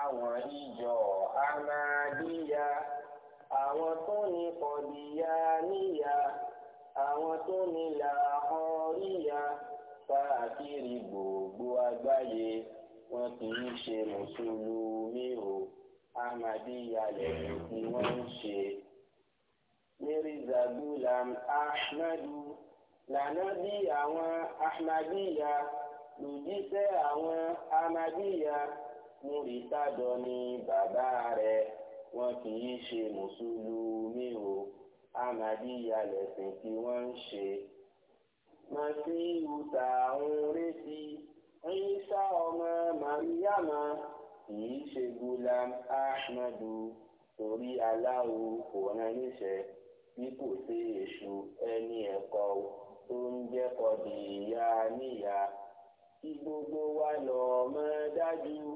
àwọn ìjọ ahmadiyya àwọn tó ní kọ̀díyà níyà àwọn tó ní làhọ́ríyà káàkiri gbogbo àgbáyé wọn kì í ṣe mùsùlùmí o ahmadiyya lẹ́yìn tí wọ́n ń ṣe. Mirza Ahmadu lànábì àwọn ahmadiyya lòjíṣẹ́ àwọn ahmadiyya. múrí tádọ ní bàbá rẹ̀ wọn kì í ṣe mùsùlùmí o amadiya lẹ̀sìn tí wọ́n ń ṣe. masihu tá à ń retí Ìsá ọmọ mariama kì í ṣe gulam ahmadu torí aláwo kò rán bí kò sí èṣù ẹni ẹkọ tó ń jẹ́kọ̀ dìyà níyà kí gbogbo wa lọ́ọ́ mọ̀ dájú.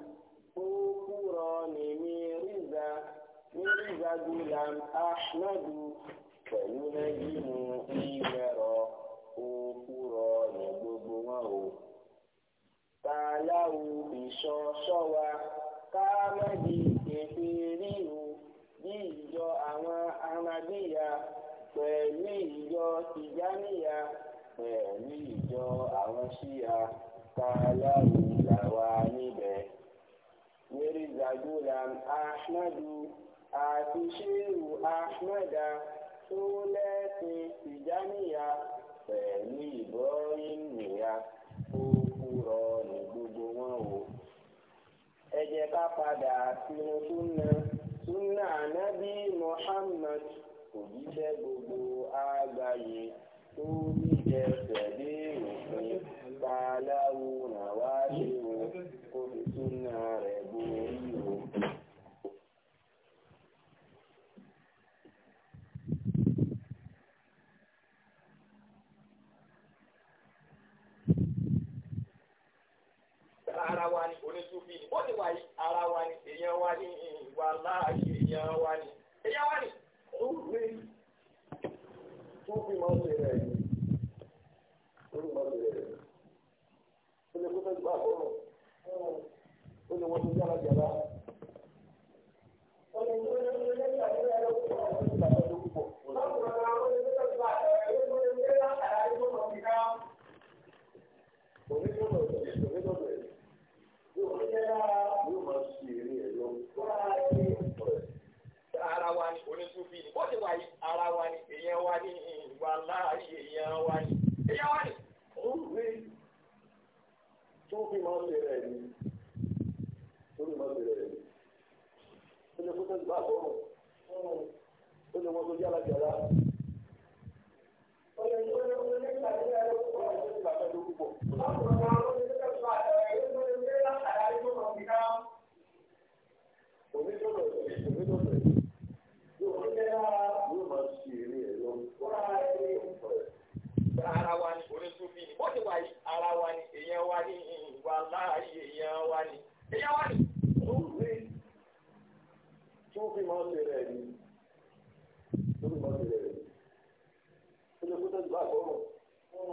kpokúrọ̀ọ̀nì Mírízà Mírízà Gulam Ahmadu pẹ̀lú nẹ́jìmù ìmẹ̀rọ kpokúrọ̀ọ̀nì gbogbo wọn o. Tàyáwó ìṣọ́ ṣọ́wa káàmẹ́dì ètè ríru bí ìjọ àwọn amadíyà pẹ̀lú ìjọ tìjáníyà pẹ̀lú ìjọ àwọn ṣíyà tàyáwó làwa níbẹ̀. mirza gulam ahmadu àti shehu ahmada tó lẹ́sìn tìjáníyà pẹ̀lú ìbọ́rin nìyà tó kúrọ ní gbogbo wọn o. ẹ jẹ́ ká padà sínú súnà súnà ànábì muhammad òjíṣẹ́ gbogbo àgbáyé tó níjẹsẹ̀ dé òfin bá aláwo náà wá ṣe o. ara wa ni onísùfì ni ó ní wà yí ara wa ni èèyàn wa ni ìwà láàyè èèyàn wa ni èèyàn wa ni. ó gbé túbí máa ń ṣe rẹ̀ ó ní máa ń ṣe rẹ̀ ó ní kó fẹ́ gbà bọ́ọ̀rọ̀ ó ní wọ́n ti yára yàrá. wa ni èèyàn wa ni ìwà láàyè èèyàn wa ni èèyàn wa ni. ó ń gbé tó fi máa ń lè rẹ̀ ni tó fi máa ń lè rẹ̀ ni ó lè kó tó gbà bọ́ọ̀ ó lè wọ́n tó yára yàrá. Ìyá wá ní òwúrẹ́ tó fi máa ṣe rẹ̀ ní. Tó fi máa ṣe rẹ̀ ní. Ó lè kó tẹ́jú bá àgbọ̀rọ̀. Ó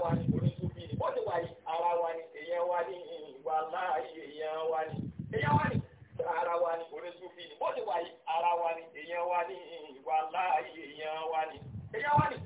wa ni kò ní sófin ni bọ́ọ̀dù wa ni ara wa ni èèyàn wa ni ìwà láàyè èèyàn wa ni èèyàn wa ni ara wa ni kò ni bọ́ọ̀dù wa ni ara wa ni èèyàn wa ni ìwà láàyè èèyàn wa ni èèyàn wa ni.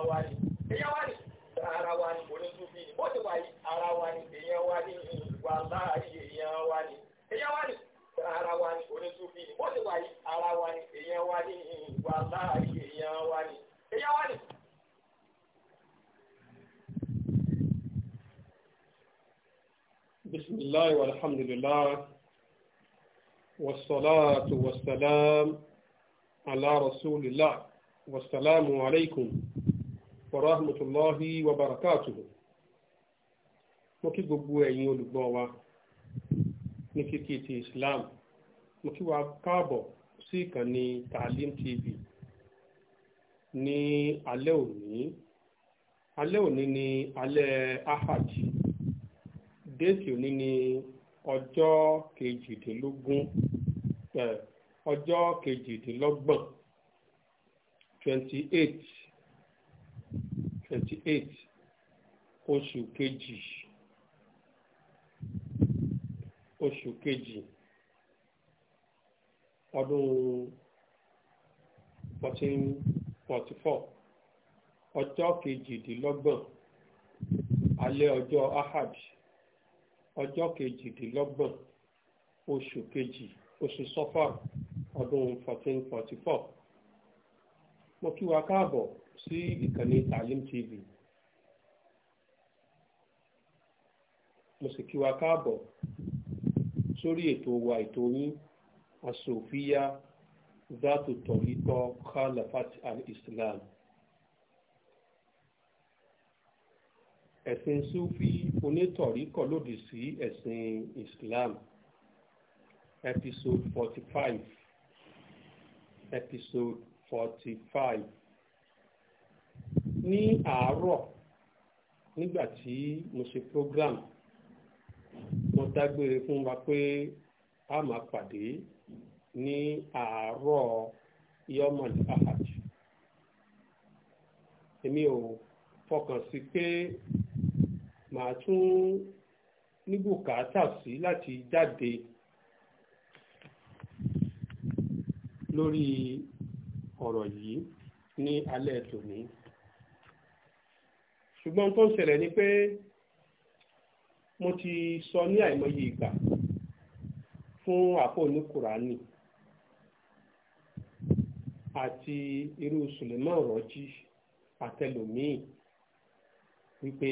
èèyàn wa ni èèyàn wa ni ara wa ni onítúbí ni bó ti wà yìí ara wa ni èèyàn wa ni بسم الله والحمد لله والصلاة والسلام على رسول الله والسلام عليكم wa rahmatullahi wa barakatuhu mo kí gbogbo ẹ̀yin olùgbọ́ wa ní kíkí ti Islam mo kí wa káàbọ̀ sí ìkànnì Taalim TV ní alẹ́ òní alẹ́ òní ni alẹ́ ahad déètì òní ni ọjọ́ kejìdínlógún eh, ọjọ́ kejìdínlọ́gbọ̀n twenty eight twenty eight oṣù kejì oṣù kejì ọdún fourteen forty four ọjọ́ kejìdínlọ́gbọ̀n alẹ́ ọjọ́ ahad ọjọ́ kejìdínlọ́gbọ̀n oṣù kejì oṣù sọ́fà ọdún fourteen forty four mo kí wa káàbọ̀ sí ìkànnì Taalim TV mo sì kí wa káàbọ̀ sórí ètò wa ètò yín asòfíà zatu tọ̀lítọ́ khalafat al-Islam ẹ̀sìn sufi onítọ̀ríkọ̀ lòdì sí ẹ̀sìn Islam episode forty five episode forty five ní àárọ̀ nígbà tí mo ṣe program mo dágbére fún wa pé a máa pàdé ní àárọ̀ yọmọl ahad èmi ò fọkàn sí pé màá tún ní bùkátà sí láti jáde lórí ọ̀rọ̀ yìí ní alẹ́ tòní ṣùgbọ́n tó ń ṣẹlẹ̀ ni pé mo ti sọ ní àìmọye ìgbà fún àpò oníkùránì àti irú Suleiman rọjí àtẹlòmíì wípé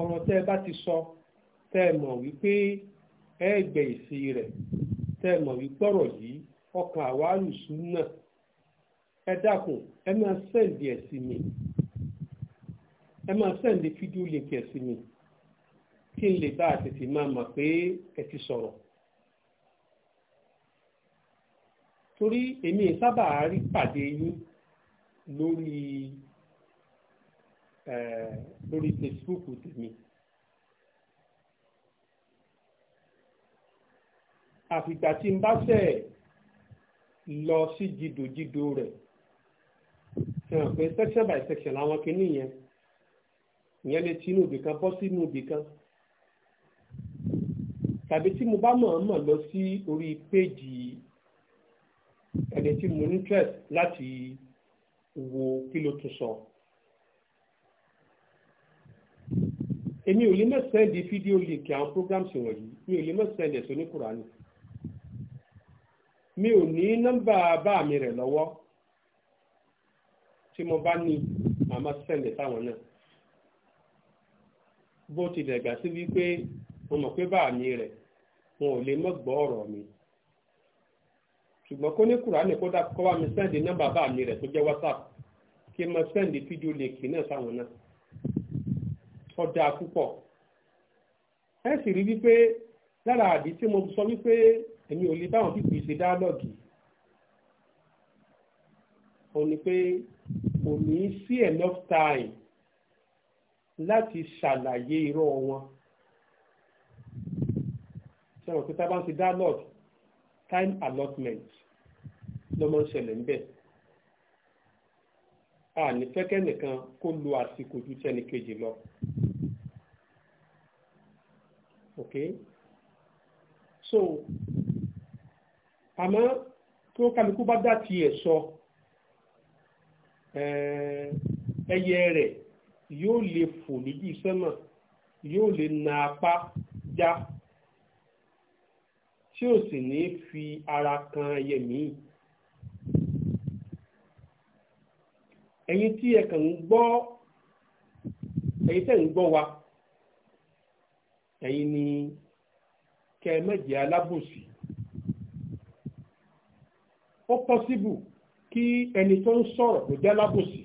ọ̀rọ̀ tẹ́ ẹ bá ti sọ tẹ́ ẹ mọ̀ wípé ẹ gbẹ̀ èsì rẹ̀ tẹ́ ẹ mọ̀ wípé ọ̀rọ̀ yìí ọkàn àwa àlùsùn náà ẹ dákun ẹ máa sẹ́ǹdì ẹ̀ mi ẹ máa sẹ́ǹdì fídíò lè kẹ̀ sí mi kí n lè bá a tètè máa mọ̀ pé ẹ ti sọ̀rọ̀. torí èmi sábà rí pàdé yín lórí lórí Facebook tèmi. àfìgbà tí n bá fẹ́ lọ sí jìdòjìdò rẹ̀ fi hàn pé section by section làwọn kìíní yẹn ìyẹn lè ti inú ibì kan bọ́ sínú ibì kan tàbí tí mo bá mọ̀ọ́mọ̀ lọ sí orí péjì ẹni tí mo ní interest láti wo kí ló tún sọ. èmi ò lè má sẹ́ndì fídíò link àwọn programs wọ̀nyí mi ò lè má sẹ́ndì ẹ̀sọ́ ní kùránì mi ò ní nọ́mbà bá mi rẹ̀ lọ́wọ́ tí mo bá ní màmá sẹ́ndì táwọn náà bó tilẹ̀ gbà sí wípé mo mọ̀ pé báà mi rẹ̀ wọn ò lè mọ́ gbọ́ ọ̀rọ̀ mi ṣùgbọ́n kó ní kùránì kó dákọ́ wá mi sẹ́ndì nọ́mbà báà mi rẹ̀ tó jẹ́ whatsapp kí n mọ sẹ́ndì fídíò lèkì náà sáwọn náà ọjà púpọ̀ ẹ sì rí wípé lára àdí tí mo sọ wípé èmi ò lè báwọn pípì ṣe dáálọ́ọ̀gì òun ni pé kò ní sí enough time láti ṣàlàyé irọ́ wọn sẹ́wọ̀n pé tábà ń ti dialogue time allotment ló máa ń ṣẹlẹ̀ ńbẹ̀ a ní fẹ́kẹ́ nìkan kó lo àsìkò ju tẹnìkejì lọ ok so àmọ́ tó kálukú bá dá tiẹ̀ sọ eh, ẹyẹ rẹ̀ yóò lè fò lójú sẹ́mà yóò lè na apá já tí ò sì ní fi ara kan ẹyẹ míì. ẹ̀yin tí ẹ kàn ń gbọ́ ẹ̀yin tẹ̀ ń gbọ́ wa ẹ̀yin ni kẹ́ ẹ má alábòsí. ó pọ́síbù kí ẹni tó ń sọ̀rọ̀ kó jẹ́ alábòsí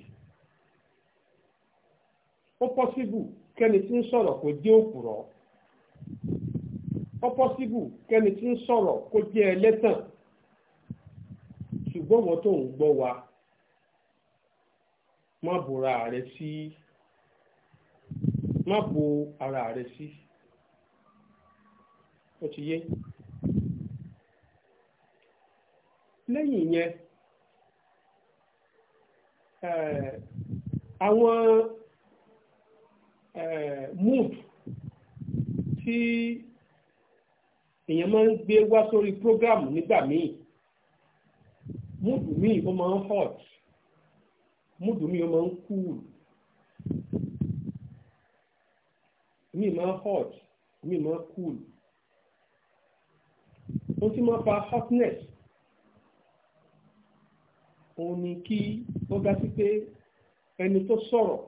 ó pọ́síbù kẹ́ni tí ń sọ̀rọ̀ kó jẹ́ òpùrọ̀ ó pọ́síbù kẹ́ni tí ń sọ̀rọ̀ kó jẹ́ ẹlẹ́tàn ṣùgbọ́n wọn tó ń gbọ́ wa má bo ara rẹ sí má bo ara rẹ sí ó ti yé lẹ́yìn yẹn àwọn. Eh, mood tí èèyàn máa ń gbé wá sórí program nígbà míì mood míì ó máa ń hot mood míì ó máa ń cool míì máa ń hot míì máa ń cool ohun tí máa fa hotness òun ni kí ó dá sí pé ẹni tó sọ̀rọ̀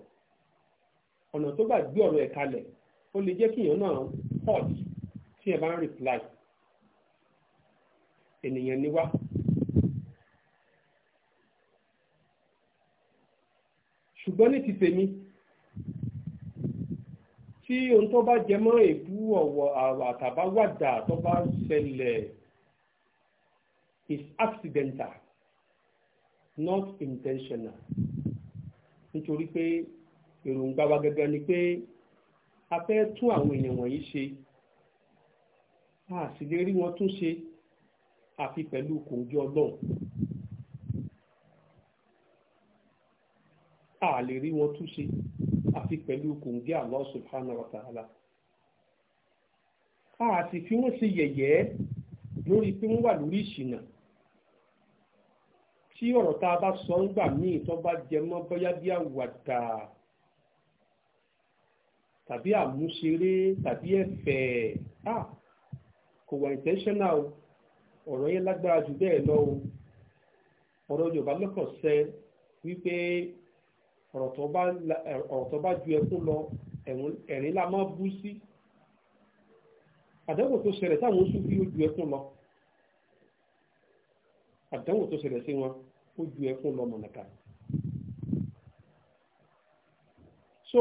ọ̀nà tó gbà gbé ọ̀rọ̀ ẹ̀ kalẹ̀ ó lè jẹ́ kí èèyàn náà hot tí ẹ bá ń reply ènìyàn ni wá. ṣùgbọ́n ní ti tèmi tí ohun tó bá jẹ mọ́ èébú ọ̀wọ̀ àtàbáwàdà tó bá ṣẹlẹ̀ is accidental not intentional nítorí pé èròǹgbà wa gẹ́gẹ́ ni pé a fẹ́ tún àwọn èèyàn wọ̀nyí ṣe a sì lè rí wọn tún ṣe àfi pẹ̀lú kòǹgì ọlọ́run a lè rí wọn tún ṣe àfi pẹ̀lú kòǹgì Allah subhanahu wa ta'ala a sì fi wọ́n ṣe yẹ̀yẹ́ lórí pé wọ́n wà lórí ìṣìnà tí ọ̀rọ̀ tá a bá sọ ń gbà míì tó bá jẹ mọ́ bóyá bí àwàdà tàbí àmúṣeré tàbí ẹ̀fẹ̀ ah kò wà intentional o ọ̀rọ̀ yẹn lágbára jù bẹ́ẹ̀ lọ o ọ̀rọ̀ Yorùbá lọ́kọ̀ sẹ wípé ọ̀rọ̀ tó bá ju ẹkún lọ ẹ̀rín la máa bú sí àdánwò tó ṣẹlẹ̀ táwọn oṣù fi ó ju ẹkún lọ àdánwò tó ṣẹlẹ̀ sí wọn ó ẹkún lọ mọ̀nàkà so.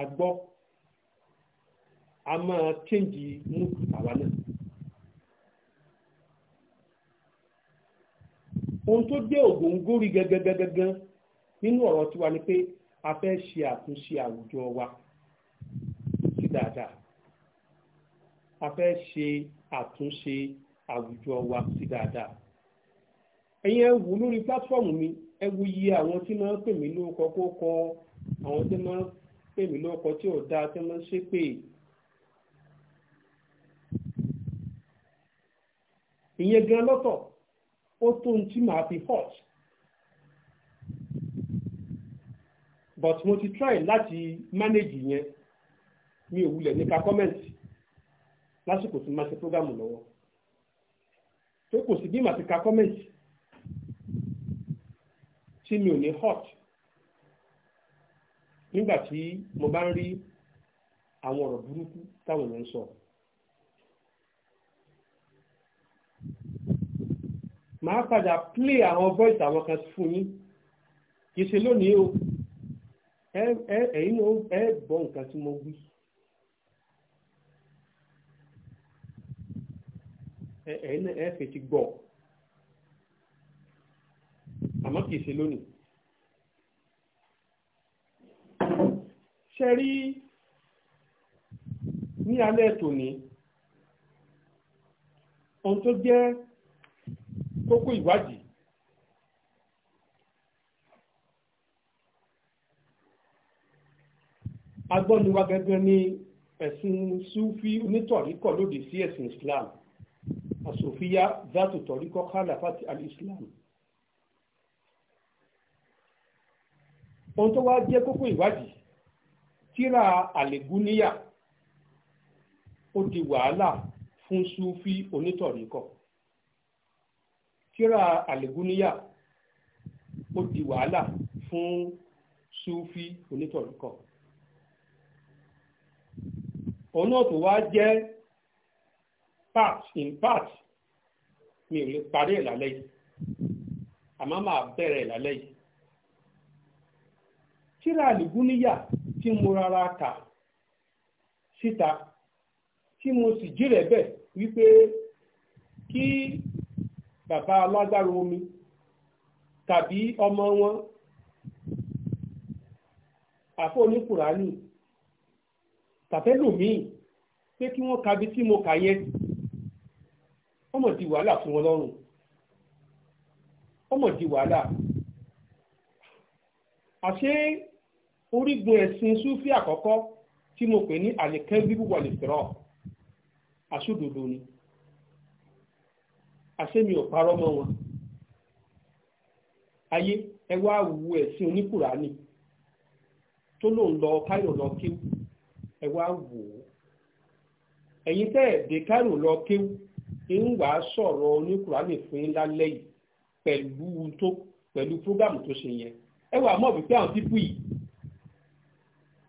a gbọ́ a máa kéǹjì mú àwa náà. ohun tó dé ògóńgóri gangan nínú ọ̀rọ̀ tiwa ni pé a fẹ́ ṣe àtúnṣe àwùjọ wa sí dáadáa a fẹ́ ṣe àtúnṣe àwùjọ wa sí dáadáa ẹ̀yin ẹ wù lórí pátọ́ọ̀mù mi ẹ wù iye àwọn tí máa ń pè mí lórúkọ kó kọ àwọn tí máa ń pè mí lóko tí ò dáa tí wọ́n ṣépè. ìyẹn gan lọ́tọ̀ ó tó ń tí màá fi hot but mo ti try láti manage yẹn mi ò wulẹ̀ nípa comment lásìkò tí mo máa ṣe program lọ́wọ́ pé kò sí bí màá ti ka comment tí mi ò ní hot nígbà tí mo bá ń rí àwọn ọ̀rọ̀ burúkú táwọn èèyàn ń sọ. màá padà play àwọn voice àwọn kan fún yín kì í ṣe lónìí o ẹ̀yin náà ẹ gbọ́ nǹkan tí mo wí. ẹ̀yin náà ẹ fẹ́ ti gbọ́ àmọ́ kì í ṣe lónìí. ṣe rí ní alẹ́ tòní ohun tó jẹ́ kókó ìwádìí agbọ́niwa gẹ́gẹ́ ní ẹ̀sìn sufi onítọ̀ríkọ̀ lòdì sí ẹ̀sìn Islam asòfíà zátò tọ̀ríkọ̀ khalafati al-Islam ohun tó wá jẹ́ kókó ìwádìí tíra àlègúníyà ó di wàhálà fún sufi onítọ̀ríkọ̀ tíra àlègúníyà ó di wàhálà fún sufi onítọ̀ríkọ̀ òun náà tó wá jẹ́ part in part mi ò lè parí ẹ̀ lálẹ́ yìí àmọ́ máa bẹ̀rẹ̀ ẹ̀ lálẹ́ yìí tíra àlègúníyà tí mo ara tà síta tí mo sì jírẹ̀ bẹ wípé kí bàbá alágbára omi tàbí ọmọ wọn àfọ oníkùránì tàbẹ́lòmíì pé kí wọ́n kabi tí mo kà yẹn ọmọ di wàhálà fún wọn lọ́rùn ọmọ di wàhálà àṣé orígun ẹ̀sìn súfì àkọ́kọ́ tí mo pè ní àlèkẹ́bíbù wàlìfẹ́rọ̀ àṣòdodo ni àṣẹ́mi ò parọ́ mọ́ wọn ayé ẹ wá wu ẹ̀sìn oníkùránì tó lòun lọ káyọ̀ lọ kéwù ẹ wá wò ó ẹ̀yin tẹ́ ẹ̀ dé káyọ̀ lọ kéwù ń wàá sọ̀rọ̀ oníkùránì fún yín lálẹ́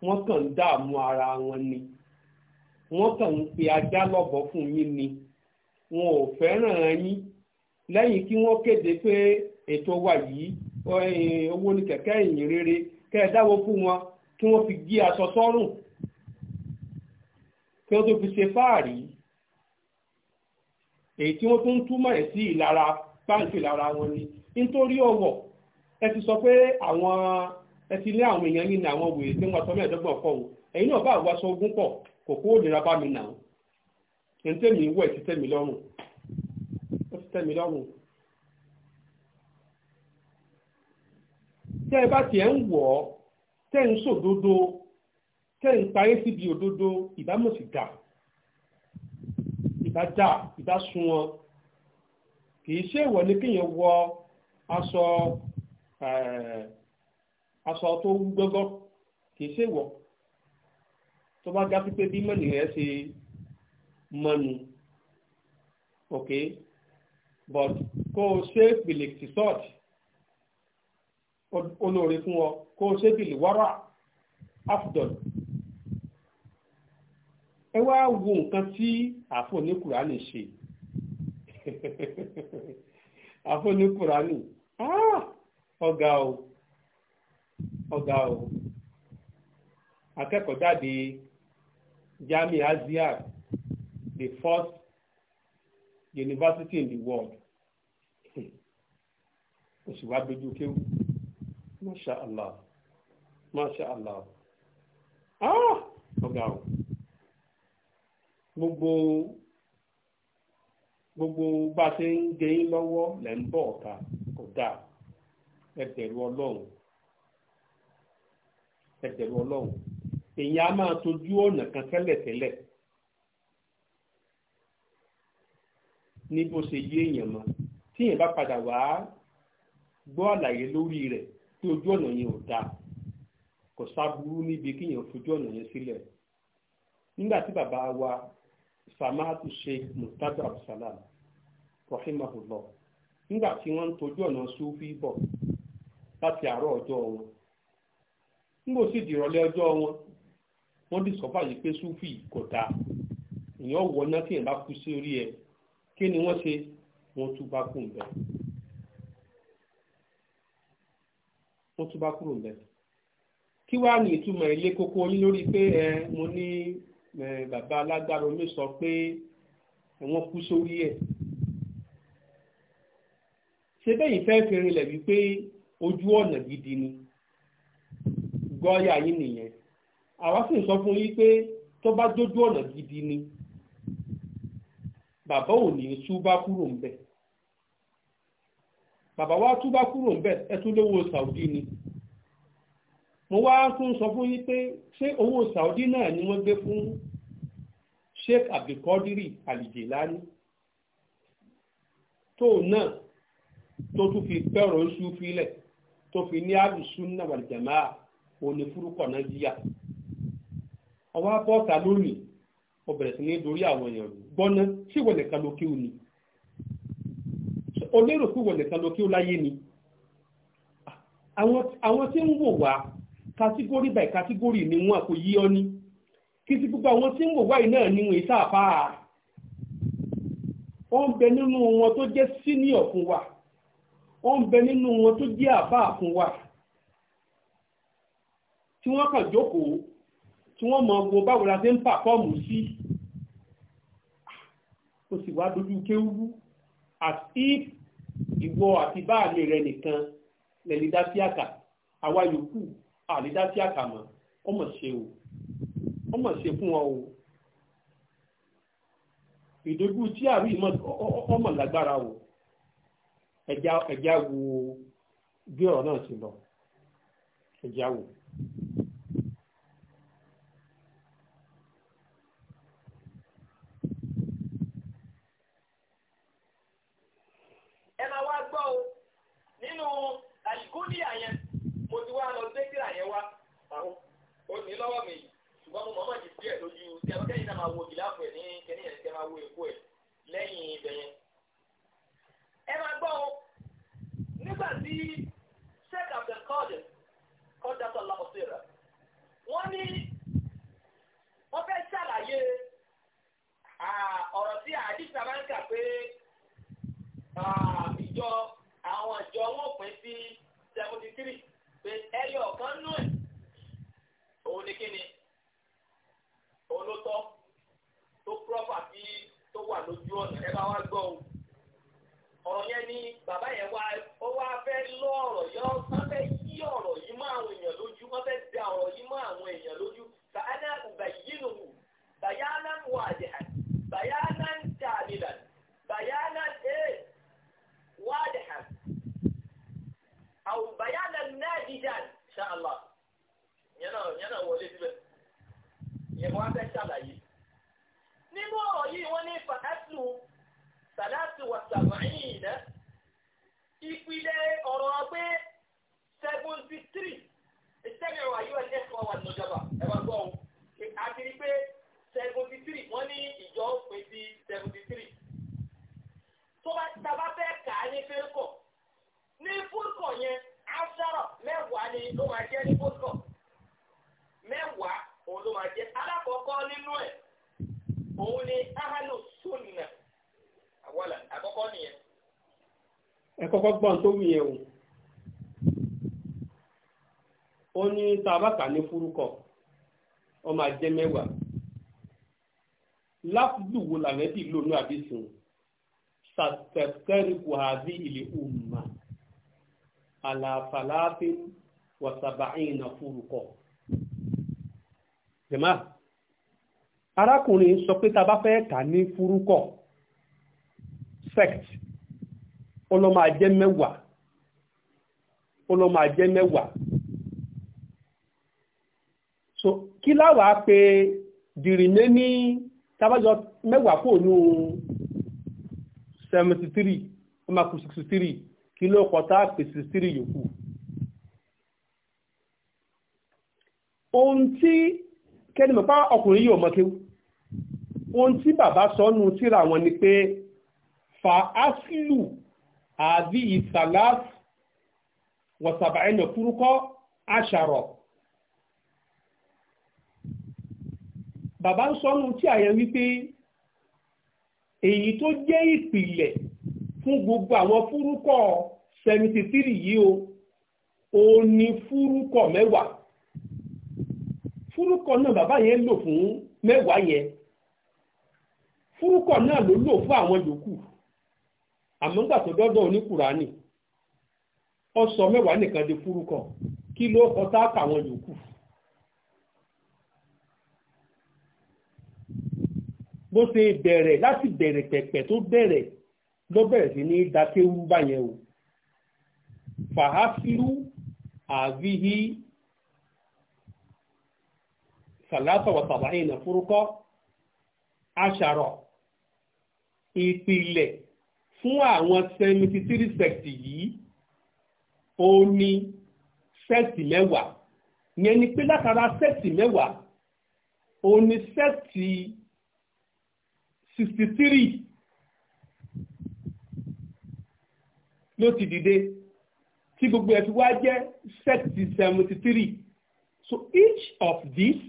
wọ́n kàn ń dààmú ara wọn ni wọ́n kàn ń pe ajá lọ́bọ̀ fún yín ni wọn ò fẹ́ràn yín lẹ́yìn kí wọ́n kéde pé ètò wa yìí eh, owó ní kẹ̀kẹ́ ìyìn rere kẹ́ ẹ dáwọ́ fún wọn kí wọ́n fi gé aṣọ sọ́rùn kí wọ́n tó fi ṣe fáàrí èyí tí wọ́n tún túmọ̀ ẹ̀ sí ìlara báńkì lára wọn ni nítorí ọ̀wọ̀ ẹ ti sọ pé àwọn ẹ ti àwọn èèyàn ní àwọn wèrè tí wọ́n aṣọ mẹ́ẹ̀ẹ́dọ́gbọ̀n pọ̀ o náà bá àwọn aṣọ ogún pọ̀ kò kó òdìrà bá mi nà ó ẹ̀ ń tẹ̀mí ti lọ́rùn ó ti lọ́rùn. tẹ́ ẹ bá tiẹ̀ ń wọ̀ ọ́ tẹ́ ń sòdodo tẹ́ ń parí síbi òdodo dà ìbá dà ìbá sun wọn kì í ṣe ìwọ ni aṣọ tó wú gọ́gọ́ kì í ṣèwọ̀ tó bá já pípé bí mọ́nì rẹ̀ ṣe mọ́nu ok but kó o ṣe bìlìkì sọ́ọ̀tì olóore fún ọ kó o ṣe bìlì wárà afdol ẹ wá wo nǹkan tí àfọ̀ní kùránì ṣe àfọ̀ní kùránì ah! ọ̀gá o. Ah, ọ̀gá o akẹ́kọ̀ọ́ jáde Jami Asia the first university in the world ó sì wá dojú kéwù masha allah masha allah ah ọ̀gá o gbogbo gbogbo bá a ṣe ń gé yín lọ́wọ́ lẹ́ ń bọ̀ ọ̀tá kò dáa ọlọ́run ẹ̀bẹ̀rù ọlọ́run èyàn á máa tójú ọ̀nà kan tẹ́lẹ̀tẹ́lẹ̀ ní bó ṣe yé èèyàn mọ́ tí èèyàn bá padà wá gbọ́ àlàyé lórí rẹ̀ tí ojú ọ̀nà yẹn ò dáa kò sábúrú níbi kéèyàn fojú ọ̀nà yẹn sílẹ̀ nígbà tí bàbá wa sheikh abdulsalam nígbà tí wọ́n ń ọ̀nà sufi bọ̀ nígbò sì dìrọ̀lẹ́ ọjọ́ wọn wọ́n dìsọ́fà yìí pé súfì kò dáa èèyàn wọ ná tí èèyàn bá kú sí orí ẹ kí ni wọ́n ṣe wọ́n tún bá kú ńbẹ. wọ́n tún bá kúrò ńbẹ. kí wàá ní ìtumọ̀ ilé kókó yín lórí pé ẹ mo ní bàbá alágbára omi sọ pé wọ́n kú sórí ẹ̀. ṣé bẹ́yìn fẹ́ fi rinlẹ̀ wípé ojú ọ̀nà gidi ni gọ́ọ̀yà yín nìyẹn àwa sì ń sọ fún yín pé tó bá dójú ọ̀nà gidi ni bàbá ò ní túbá kúrò ń bẹ̀ bàbá wa túbá kúrò ń bẹ̀ ẹ tún lówó Saudi ni mo wá tún sọ fún yín pé ṣé owó Saudi náà ni wọ́n gbé fún Sheikh Abdulkadiri Alijilani tó náà tó tún fi pẹ́rọ̀ oṣù filẹ̀ tó fi ní àdùsùn náà wal òun ni fúrúkọ̀ náà yíyà ọwọ́ abọ́ta lónìí ó bẹ̀rẹ̀ sí ní dorí àwọn èèyàn gbọ́ná sí ìwọ nìkan ló kí o ni o lérò pé ìwọ nìkan ló kí o láyé ni àwọn tí ń wò wá kátígórì báyìí kátígórì ni wọn kò yí ọ ní kí ti gbogbo àwọn tí ń wò wáyìí náà ni wọn èsà àpá wọn ń bẹ nínú wọn tó jẹ́ senior fún wa wọn ń bẹ nínú wọn tó jẹ́ àbá fún wa tí wọ́n kàn jókòó tí wọ́n mọ wo báwo la ṣe ń pàfọ́ọ̀mù sí ó sì wá dojú kéwú as if ìwọ àti báàlì rẹ nìkan lẹ́ni dá sí àkà àwa yòókù àlè dá sí àkà mọ́ ọmọ ṣe o ọmọ ṣe fún ọ o ìdógún tí àrí ọmọ lágbára o ẹja wo bí ọ̀rọ̀ náà ti lọ ẹja wo. seventy three pé ẹyọ kan nù ẹ̀ òun ni kíni òun ló tọ́ tó púrọ́pà tí tó wà lójú ọ̀nà ẹ bá wá gbọ́ o. àti wàsàbàyìn náà ìpìlẹ̀ ọ̀rọ̀ pé seventy three ìṣẹ́mi ọ̀rọ̀ àyíwá ẹ̀ kọ́ wà lọ́jọ́bà ẹ bá gbọ́ ọ́n àti rí pé seventy three wọ́n ní ìjọ pín sí seventy three tó bá tàbá fẹ́ kà á ní fẹ́rẹ́kọ̀ ní fúrúkọ̀ yẹn aṣọ́rọ̀ mẹ́wàá ni ló máa jẹ́ ní fúrúkọ̀ mẹ́wàá òun ló máa jẹ́ alákọ̀ọ́kọ́ nínú ẹ̀ òun ni ahalus àkọ́kọ́ nìyẹn. ẹ kọ́kọ́ gbọ́n tó wù yẹn o ó ní tábàkà ní fúrúkọ ó máa jẹ́ mẹ́wàá láfùdù wo làmẹ́bí lónú àbísùn sàtẹ̀tẹ̀rìkù àbí ilé umma àlàfàlàfin wàsàbàáyìn na fúrúkọ. jẹ̀má arákùnrin sọ pé tá a bá fẹ́ kà ní fúrúkọ sect ó lọ máa jẹ́ mẹ́wàá ó so kí láwàá pé the remaining tábàjọ mẹ́wàá kò nù seventy three ó máa kù sixty three kí ló kọ tá sixty three yòókù. ohun tí kẹ́ni mọ̀ pa ọkùnrin yìí ò mọ̀ kéwù ohun tí bàbá sọ nù síra wọn ni pé fa asilu àbí isalas wasaba ẹnà kúrúkọ́ àṣàrọ̀. Bàbá ń sọ́nù tí àyẹ̀ wípé èyí tó jẹ́ ìpìlẹ̀ fún gbogbo àwọn fúrúkọ̀ 73 yìí o ó ní fúrúkọ̀ mẹ́wàá fúrúkọ̀ náà bàbá yẹn lò fún mẹ́wàá yẹn fúrúkọ̀ náà ló lò fún àwọn yòókù àmọ́ nígbà tó dọ́dọ̀ oníkùránì ó sọ mẹ́wàá nìkan di fúrúkọ kí ló kọ táàkà àwọn yòókù. bó ṣe bẹ̀rẹ̀ láti bẹ̀rẹ̀ pẹ̀pẹ̀ tó bẹ̀rẹ̀ ló bẹ̀rẹ̀ sí ní dákéwú báyẹn o fàhásírú àvíhí sàlátà wà sàbáyìn àṣàrọ̀ ìpìlẹ̀ fún àwọn seventy three sẹ́ẹ̀tì yìí ó ní sẹ́ẹ̀tì mẹ́wàá yẹn ni pé látara sẹ́ẹ̀tì mẹ́wàá ó ní sẹ́ẹ̀tì sixty three ló ti dìde tí gbogbo ẹ̀ fi wá jẹ́ sẹ́ẹ̀tì seventy three so each of these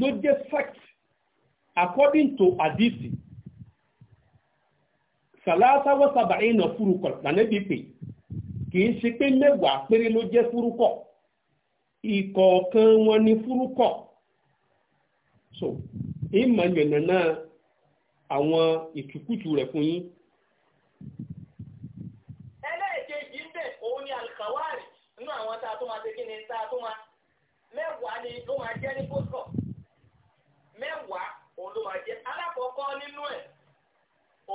ló jẹ́ sect according to hadith sàlásà wa sab'ina fúrukọ̀ lànàbí pè kì í ṣe pé mẹ́wàá péré ló jẹ́ fúrukọ̀ ìkọ̀ọ̀kan wọn ni fúrukọ̀ so ìmọ̀ yànnà náà àwọn ìtùkùtù rẹ̀ fún yín. ẹlẹ́ẹ̀kejì ń bẹ̀ òun ni alkawari nínú àwọn tá a tó máa ṣe kí ni tá a tó máa mẹ́wàá ni ló máa jẹ́ ní kóòtù.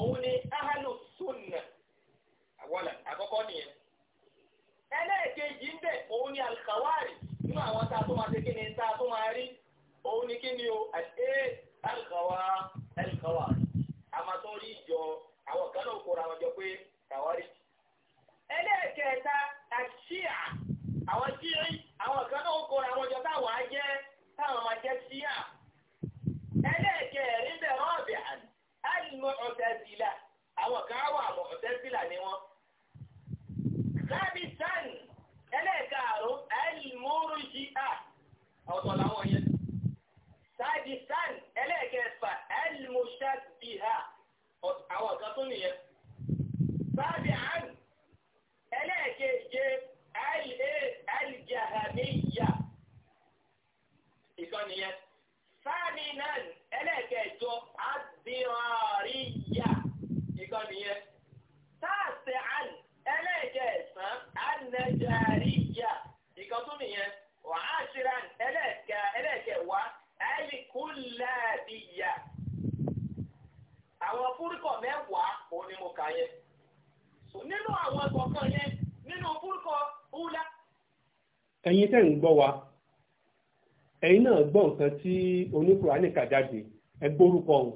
òun ni ahalu sunna àwọn àkọ́kọ́ nìyẹn ẹlẹ́ẹ̀kejì ń bẹ̀ òun ni alikawari nínú àwọn tá a tó máa ṣe kí ni tá a tó máa rí òun ni kí ni o ẹ̀yin tẹ́ ń gbọ́ wa ẹ̀yin náà gbọ́ nǹkan tí oníkùránì kà jáde ẹ òun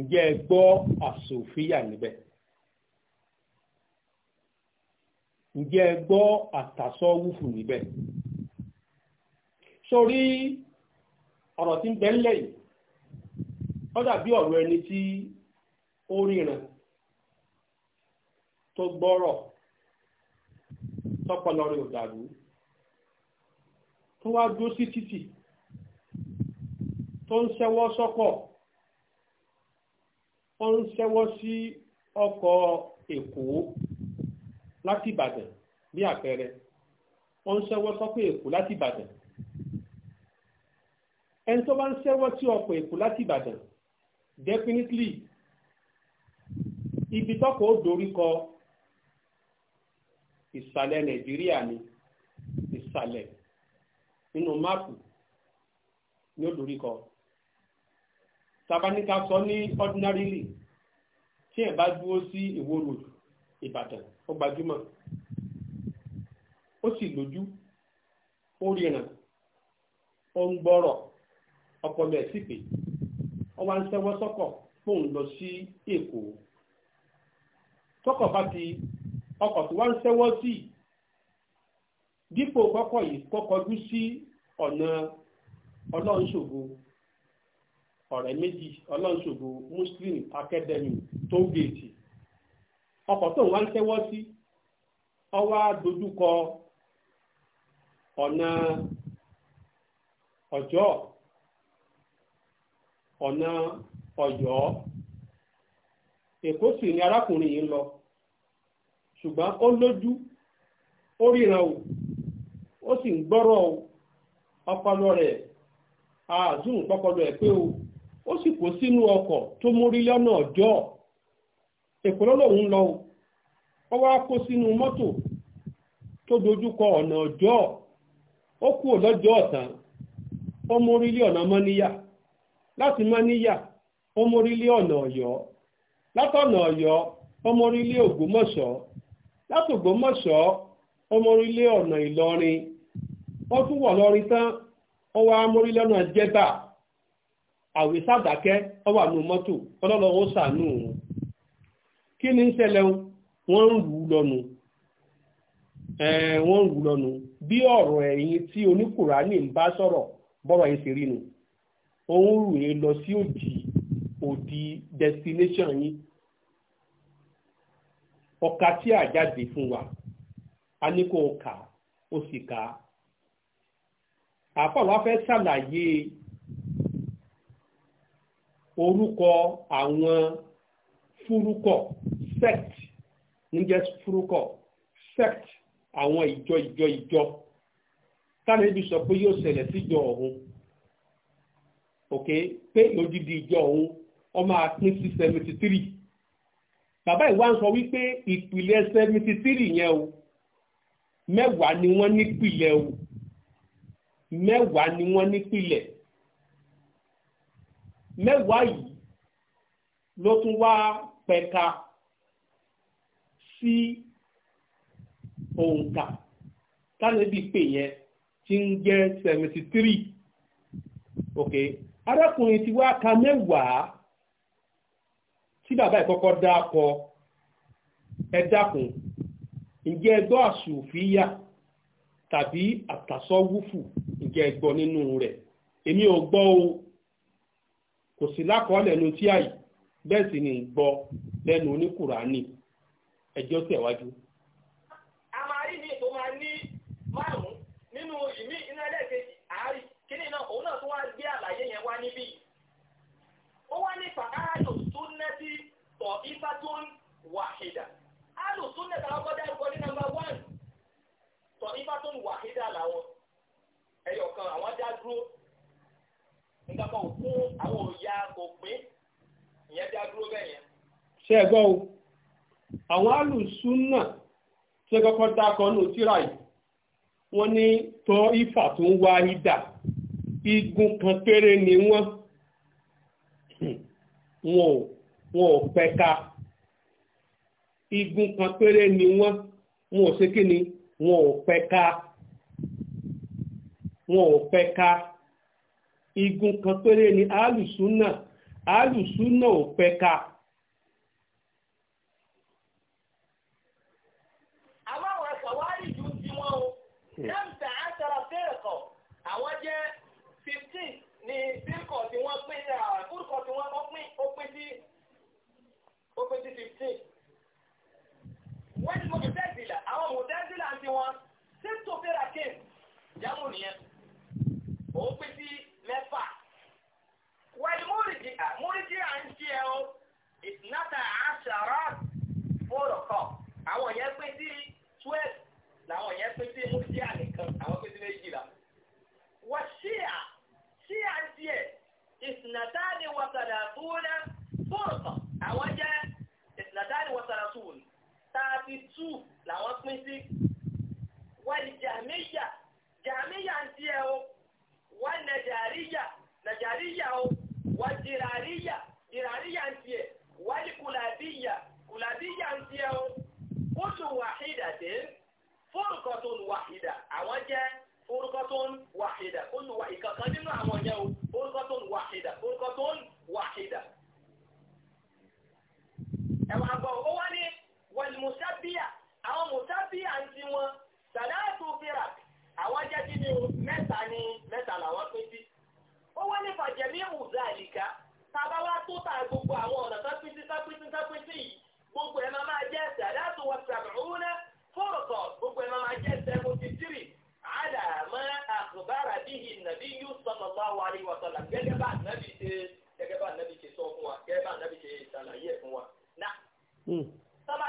ǹjẹ́ ẹ gbọ́ àsòfíà níbẹ̀ ǹjẹ́ ẹ gbọ́ àtàsọ́wùfù níbẹ̀ sórí ọ̀rọ̀ tí ń ńlẹ̀ yìí ó tọpọlọ rẹ̀ ò dàrú tó wá dúró sí títì tó ń ṣẹ́wọ́ sọ́kọ̀ ó ń ṣẹ́wọ́ sí ọkọ̀ èkó láti ìbàdàn bí àpẹẹrẹ ó ń ṣẹ́wọ́ sọ́kọ̀ èkó láti ìbàdàn ẹni tó bá ń ṣẹ́wọ́ sí ọkọ̀ èkó láti ìbàdàn definitely ibi tọ́kọ̀ ó dorí kọ ìsàlẹ̀ nàìjíríà ni ìsàlẹ̀ nínú máàpù ní olórí kọ tabaníka sọ ní ordinarily tí ẹ bá dúró sí ìwó road ìbàdàn ó gbajúmọ̀ ó sì lójú ó ríran ó ń gbọ́rọ̀ ọpọlọ ẹ̀ sì pé ó wá ń sẹ́wọ́ sọ́kọ̀ fóun lọ sí èkó tọkọ̀ bá ti ọkọ̀ tó nsewosi ń ṣẹ́wọ́ sí dípò kọ́kọ́ yìí kó sí ọ̀nà méjì muslim academy toge'ti. ọkọ̀ tó nsewosi ọwa ṣẹ́wọ́ sí ọwá dojúkọ ọ̀nà ọjọ́ ọ̀nà ọ̀yọ́ èkó sì ni arákùnrin yìí ń lọ. ṣùgbọ́n ó lójú ó ríra o ó sì ń gbọ́rọ̀ o ọpọlọ rẹ̀ àzùn pọpọlọ ẹ̀ pé o ó sì kó sínú ọkọ̀ tó mórí lọ́nà ọjọ́ èkó lọ́lọ́hún lọ ó wá kó sínú mọ́tò tó dojúkọ ọ̀nà ọjọ́ ó kú lọ́jọ́ ọ̀tàn ó mórí lé ọ̀nà mọ́níyà láti mọ́níyà ó mórí lé ọ̀nà ọ̀yọ́ látọ̀nà ọ̀yọ́ ó mórí lé ògbómọ̀ṣọ́ látògbómọ̀ṣọ́ ọmọrílé ọ̀nà ìlọrin wọ́n tún wọ̀ lọ́rin tán ọwọ́ amórílẹ̀ ọ̀nà jẹ́bà àwẹ̀ sàdákẹ́ wà nù mọ́tò ọlọ́lọ́wọ́ sànú òun kí ni ń ṣẹlẹ̀ wọ́n ń rù ú lọ́nu wọ́n ń rù ú lọ́nu bí ọ̀rọ̀ ẹ̀yìn tí oníkùránì ń bá sọ̀rọ̀ bọ́rọ̀ yìí ṣe rí nu òun rù yín lọ sí òdì òdì destination yín ọ̀ka tí a jáde fún wa a ní kó o kà ó sì fẹ́ ṣàlàyé orúkọ àwọn fúrúkọ sect níjẹ́ fúrúkọ sect àwọn ìjọ ìjọ ìjọ táwọn ibi sọ pé yóò ṣẹlẹ̀ síjọ ọ̀hún ok pé òdìdí bàbá ìwà ń sọ wípé ìpìlẹ̀ seventy three yẹn o mẹ́wàá ni wọ́n nípìlẹ̀ o mẹ́wàá ni wọ́n nípìlẹ̀ mẹ́wàá yìí ló tún wá pẹ̀ka sí òǹkà tánàbí pè yẹn tí ń jẹ́ seventy three ok arákùnrin ti wá ka mẹ́wàá. tí bàbá ìkọ́kọ́ kọ ẹ dákun ǹjẹ́ ẹ gbọ́ tàbí àtàsọ́wúfù ǹjẹ́ ẹ gbọ́ nínú rẹ̀ èmi ò gbọ́ o kò sí lákọọ́lẹ̀ nu tí àyè bẹ́ẹ̀ sì ni ń gbọ́ lẹ́nu oníkùránì ẹjọ́ tẹ̀wájú. tọ̀ ifá tó ń wàhídà alùsùn nẹ̀ta ọkọ̀ dárúkọ ní nàmbà wán tọ̀ ifá tó ń wàhídà làwọn ẹyọ kan àwọn dá dúró nígbà kan òkú àwọn òòyà òpin ìyẹn dá dúró bẹ́ẹ̀ yẹn. ṣé ẹ gbọ́ o àwọn alùsùn náà ṣe kọ́kọ́ dákọ̀ nù tíra yìí wọ́n ní tọ́ ifá tó ń wàhídà igun kan péré ni wọ́n hmm. wọn ò wọn ò pẹ̀ka igun kan péré ni wọn wọn ò ṣe kí ni wọn ò pẹ̀ka wọn ò pẹ̀ka igun kan péré ni alùsùnà alùsùnà ò pẹ̀ka. àwọn ọ̀sán wá rí ju tiwọn o. Hmm. ó pé sí fifteen wọ́n ti mọ̀tò tẹ́sílà àwọn mọ̀tẹ́sílà ti wọn ṣé tó fẹ́ra kéèmù jámù nìyẹn ó pé sí mẹ́fà wọ́n ti múrìjì à múrìjì à ń jẹ́ o ìtìnáta àṣàrà fọ́ọ̀rọ̀kọ̀ àwọn yẹn pé sí twelve làwọn yẹn pé sí múrìjì à nìkan àwọn pé sí méjìlá wọ́n ṣíà ṣíà ń jẹ́ ìtìnáta ni wọ́n kàdà fún náà thirty two làwọn pín sí wọ́n jàmíyà jàmíyà ń tiẹ̀ o wọ́n nàjàríyà nàjàríyà o wọ́n jìràríyà jìràríyà ń tiẹ̀ wọ́n kùlàbíyà kùlàbíyà ń tiẹ̀ o kótó wàhídà dé fórúkọtún wàhídà àwọn jẹ́ fórúkọtún wàhídà kótó wà ìkankan nínú àwọn yẹn o fórúkọtún wàhídà fórúkọtún wàhídà. ẹ̀wọ̀n àgbọ̀ ó wal musabbiha àwọn musabbiha ń ti wọn sàdáàtù fira àwọn jẹ́ kí ni o mẹ́ta ni mẹ́ta làwọn pín sí. ó wá nípa jẹ̀mí ìwùzà àlìká tábà wá tó ta gbogbo àwọn ọ̀nà sápínsí sápínsí sápínsí yìí gbogbo ẹ̀ máa máa jẹ́ sàdáàtù wà sàbùrùnà fọ́rọ̀tọ̀ gbogbo ẹ̀ máa máa jẹ́ seventy three àdàmọ́ àkùbára bíi nàbí yóò sọ̀tọ̀ bá wà gẹ́gẹ́ bá nàbì ṣe gẹ́gẹ́ bá nàbì ṣe sọ fún wa gẹ́gẹ́ bá nàbì ṣe ṣàlàyé fún wa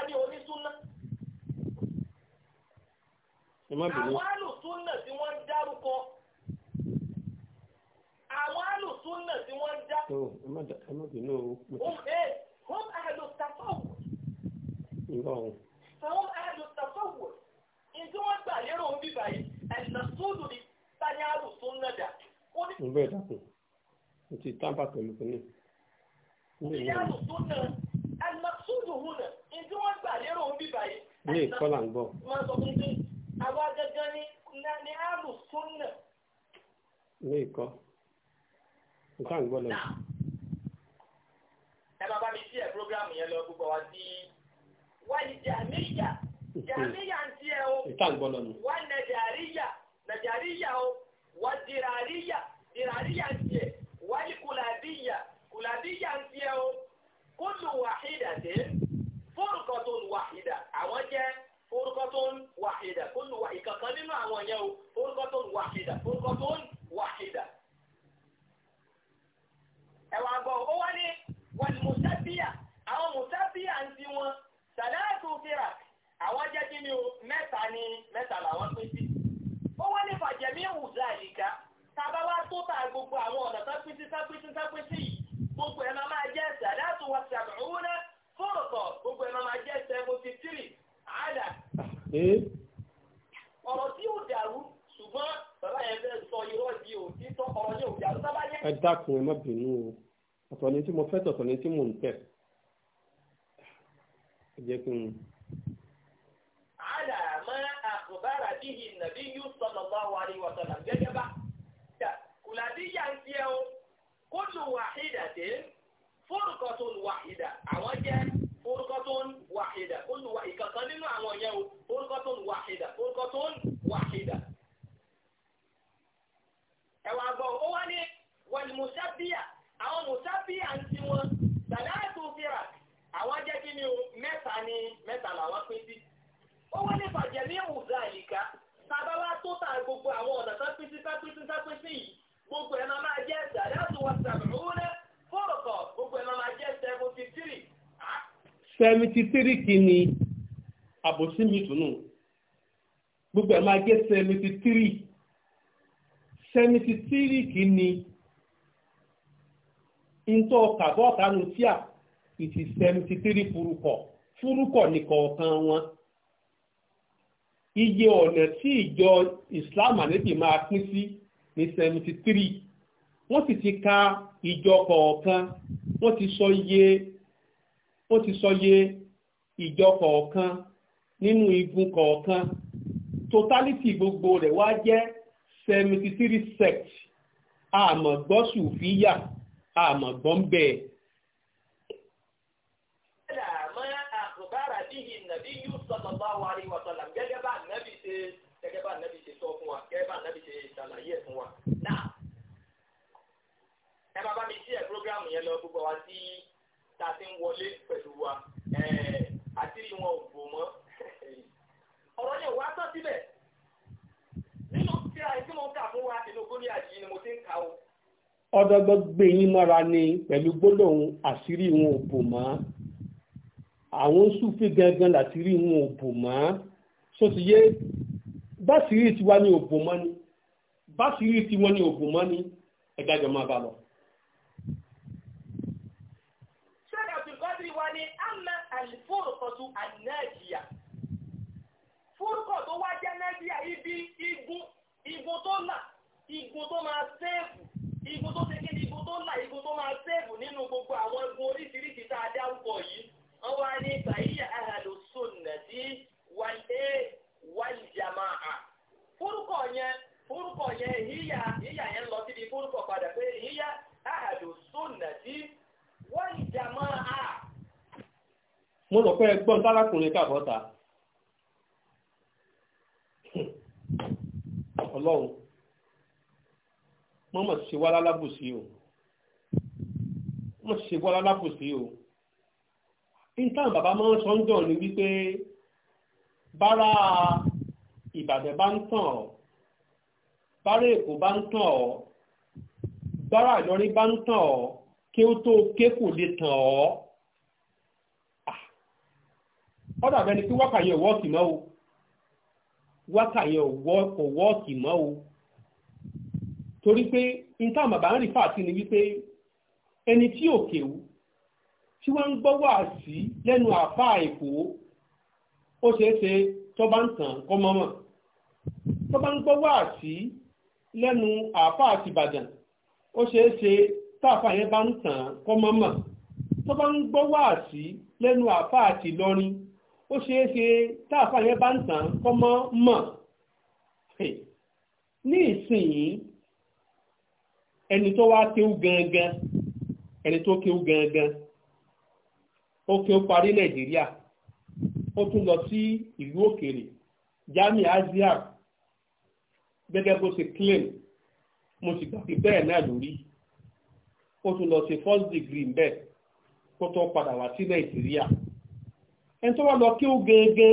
rí onísúnná. àwọn alùsúnà tí wọ́n ń dárúkọ àwọn alùsúnà tí wọ́n ń dá. ẹ má bínú o. home eh, alùsàfọ̀wò. ìrọ̀rùn. home alùsàfọ̀wò. ìdí wọ́n gbà lérò ń bíbá yìí ẹ̀nà sódù ni tani alùsúnà dà. ń bẹ́ẹ̀ dákun mo ti tábà pẹ̀lú kínní. ìyá alùsúnà. ní ìkọlà ń gbọ́. ní ìkọ́ nǹkan ń gbọ́ lọ. ẹ bá bá mi sí ẹ programu yẹn lọ gbogbo wa sí wáyé jàmíyà jàmíyà hmm. ń tiẹ̀ o wá nàjàríyà nàjàríyà o wá dìràríyà dìràríyà ń tiẹ̀ wáyé kùlàdíyà kùlàdíyà ń tiẹ̀ o kúlù wàhídà dé. fórúkọtún wàhídà àwọn jẹ́ fórúkọtún wàhídà kúlù wà ìkankan nínú àwọn yẹn o fórúkọtún wàhídà fórúkọtún wàhídà. ẹ̀wà àgbọ̀ ó wá ní wal mùsábíà àwọn mùsábíà ń ti wọn firak àwọn jẹ́ kí ni o mẹ́ta ni mẹ́ta làwọn pín sí. ta gbogbo àwọn ọ̀nà sápínsí sápínsí sápínsí yìí gbogbo fọ́ọ̀tọ̀ gbogbo ẹ̀ máa jẹ́ seventy three àádà. ọ̀rọ̀ tí ò dàrú ṣùgbọ́n bàbá yẹn fẹ́ sọ irọ́ di o títọ́ ọ̀rọ̀ yẹn ò dàrú sábà yẹn. ẹ dákun ẹ má bínú o ọ̀tọ̀ ni tí mo fẹ́ tọ̀tọ̀ ni tí mò ń tẹ̀ ẹ jẹ́ kí n. àádà máa àkùbára bíi nàbí yóò sọ̀nà bá wà ní wàtọ̀nà gẹ́gẹ́ bá. kùlàdí yà ń tiẹ̀ o kó lù wàhídà fórúkọ tó ń wà ìdá àwọn jẹ́ fórúkọ tó ń wà ìdá olùwà ìkọ̀kan nínú àwọn yẹn o fórúkọ tó ń wà ìdá fórúkọ tó ń wà ìdá. ẹ̀wà gbọ́ ó wá ní wàlmùsábíà àwọn mùsábíà ń ti wọn sàdáàtù fìrà àwọn jẹ́ kí ni mẹ́ta ni mẹ́ta làwọn pín sí. ó wá ní fàjẹ̀mí ìwùzà àyíká sábàbá tó ta gbogbo àwọn ọ̀nà sápísí sápísí sápísí yìí gbogbo ẹ̀ máa máa jẹ́ sàdáàtù wà sàbẹ̀rún seventy three kìíní àbòsí mi gbogbo ẹ̀ máa jẹ́ seventy three seventy three kìíní ntọ́ kàbọ̀ kanu ìtì seventy three furukọ furukọ wọn iye ọ̀nà tí ìjọ Islam ànẹ́bì máa pín sí ní seventy wọ́n sì ti ka ìjọ kọ̀ọ̀kan wọ́n ti sọ iye ó ti sọye ìjọ kọ̀ọ̀kan nínú igun kọ̀ọ̀kan totality gbogbo rẹ̀ wá jẹ́ seventy three sect àmọ̀gbọ́ sùfíyà àmọ̀gbọ́ ń bẹ̀. gẹ́gẹ́ bá ànábì ṣe gẹ́gẹ́ bá ẹ bá bá mi sí ẹ̀ prógrámù yẹn lọ gbogbo wa sí tá a ti ń wọlé pẹ̀lú wa àti rí wọn ò bò mọ́. ọ̀rọ̀ yẹn wá tán síbẹ̀ nínú tí a ti mọ̀ ń kà fún wa nínú gbóni àjì ni mo ti ń kà o. ọ̀dọ́gbọ́n gbé yín mọ́ra ni pẹ̀lú gbólóhùn àṣírí wọn ò mọ́ àwọn súnfẹ́ gangan làṣírí wọn ò bò mọ́ sọ́tìyé báṣírí tiwa ni ò mọ́ ni báṣírí tiwọn ni ò mọ́ ni ẹ̀dájọ́ máa bá lọ. a ànẹ́ẹ̀jìyà fúrúkọ̀ tó wá jẹ́ nẹ́ẹ̀jìyà ibi igun igun tó là igun tó máa sẹ́ẹ̀fù igun tó ṣe kíni igun tó là igun tó máa sẹ́ẹ̀fù nínú gbogbo àwọn igun oríṣiríṣi tá a dárúkọ yìí wọ́n wá ní bàyíyà ahàlùsọ̀nàdí wàlẹ́ eh, wàlìjàmáà fúrúkọ̀ yẹn fúrúkọ̀ yẹn mo rò pé ẹgbọ́n tálákùnrin kàbọ́ta ọlọ́run mo mọ̀ ṣe wá lálábùsí o mo ṣe wá lálábùsí o intan bàbá máa ń sọ ń dọ̀ ní wípé bára ìbàdàn bá ń tàn ọ́ bára èkó bá ń tàn ọ́ bára ìlọrin bá ń tàn ọ́ kí ó tó kékòó lè tàn ọ́. ó dàbẹ́ ni kí wákà yẹn wọ́ọ̀kì mọ́ o wákà yẹn kò wọ́ọ̀kì o torí pé nǹkan bàbá ń rí fàtí ni wípé ẹni tí ò kéwú tí wọ́n ń gbọ́ sí lẹ́nu àáfàá èkó ó ṣeé ṣe tó bá ń tàn kọ́ mọ́mọ́ tó bá ń gbọ́ sí lẹ́nu àáfàá ti Ìbàdàn ó ṣeé ṣe táàfà yẹn bá ń tàn kọ́ mọ́mọ́ tó bá ń gbọ́ sí lẹ́nu àáfàá ti Ìlọrin ó ṣeé ṣe táàfà bá ń tàn kọ́ mọ̀ ní ìsìnyí ẹni tó wá kéwú gangan ẹni tó kéwú gangan ó kéwú parí nàìjíríà ó tún lọ sí ìlú òkèèrè jami asia gẹ́gẹ́ bó ṣe claim mo sì gbà pé bẹ́ẹ̀ náà lórí ó tún lọ ṣe first degree ń kó tó padà wá sí nàìjíríà. ẹni tó wá lọ kí ó gẹ́gẹ́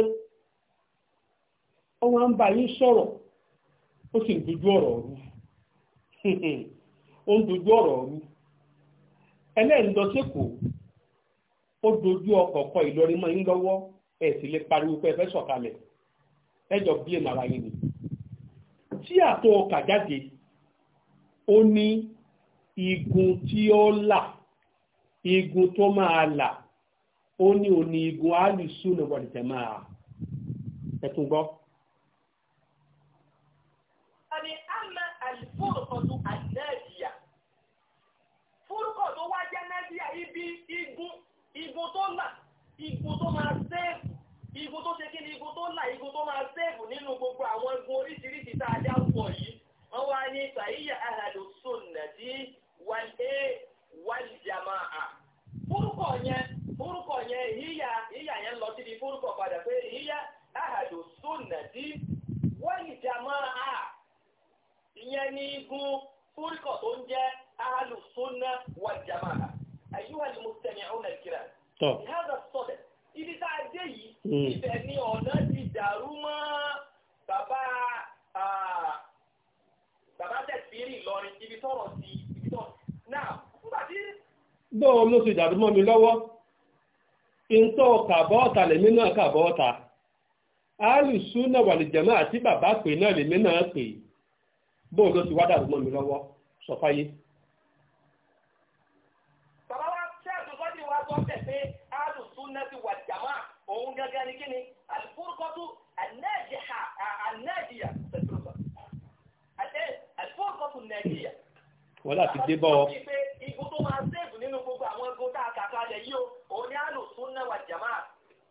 ọwọ́ ń bá yín sọ̀rọ̀ ó sì ń dojú ọ̀rọ̀ rú ó ń dojú ọ̀rọ̀ rú ẹlẹ́rìí ó dojú ọkọ̀ Ìlọrin mọ́ yín lọ́wọ́ ẹ̀ sì lè pariwo pé ẹ ni tí ọkà jáde igun tí ó là igun tó ó ní igun alùsùnà wọ̀lìtẹ̀ máa ẹ̀tún gbọ́. àmì àmà àlùfóònù àlẹ́ẹ̀dìyà fúrúkọ̀ tó wá jẹ́ nẹ́díà ibi igun igun tó là igun tó máa sẹ́ẹ̀fù igun tó ṣe kí ni igun tó là igun tó máa sẹ́ẹ̀fù nínú gbogbo àwọn igun oríṣiríṣi tá a pọ̀ yìí wọ́n wá ní sàyíyà wàlẹ́ wàlìjàmáà fúrúkọ̀ yẹn. orúkọ yẹn ìyíyà ìyíyà yẹn lọ síbi orúkọ padà pé ìyíyà ahàdù sunnati wal jamaa ìyẹn ní igun orúkọ tó ń jẹ́ ahàlù sunna wal jamaa ayyuhal mustami'una al-kiram ìhàdà sọ̀dẹ̀ ibi tá a dé yìí hmm. ibẹ̀ ni ọ̀nà ti dàrú mọ́ bàbá bàbá tẹ̀síìrì Ìlọrin ibi tọ̀rọ̀ sí ibi tọ̀rọ̀ náà bó o ló ti dàrú mọ́ mi lọ́wọ́ ìntọ́ kàbọ́ọ̀ta lèmi náà kàbọ́ọ̀ta alùsùn náà wà lè jẹ̀mọ́ àti bàbá pè náà lèmi náà pè bóun ló ti wá dàrú mọ́ mi lọ́wọ́ sọ fáyé. bàbá wa ṣé àtúntò ti wá sọ tẹ̀ pé alùsùn náà ti wà jàmá òun gángan ni kíni alifurukọ́tù anáàjìhà anáàjìyà tẹ̀síwọ̀n àti alifurukọ́tù nàìjíríà. wọ́n láti dé bọ́ ọ. ìgbó tó máa ń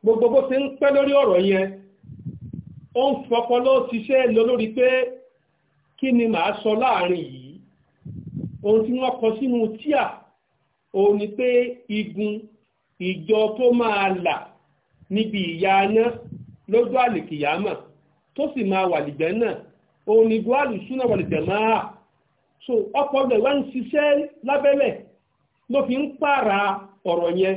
gbogbo bó ṣe ń pẹ́ lórí ọ̀rọ̀ yẹn ó ń fọpọlọ ṣiṣẹ́ lọ lórí pé kí ni màá sọ láàrin yìí ohun tí wọ́n kọ sínú tíà òun ni pé igun ìjọ tó máa là níbi ìyà aná lójú àlìkìyàmọ̀ tó sì máa wà lìgbẹ́ náà òun ni buhari súná wà lìgbẹ́ máa so ọpọlọ ìwà ń ṣiṣẹ́ lábẹ́lẹ̀ ló fi ń pààrà ọ̀rọ̀ yẹn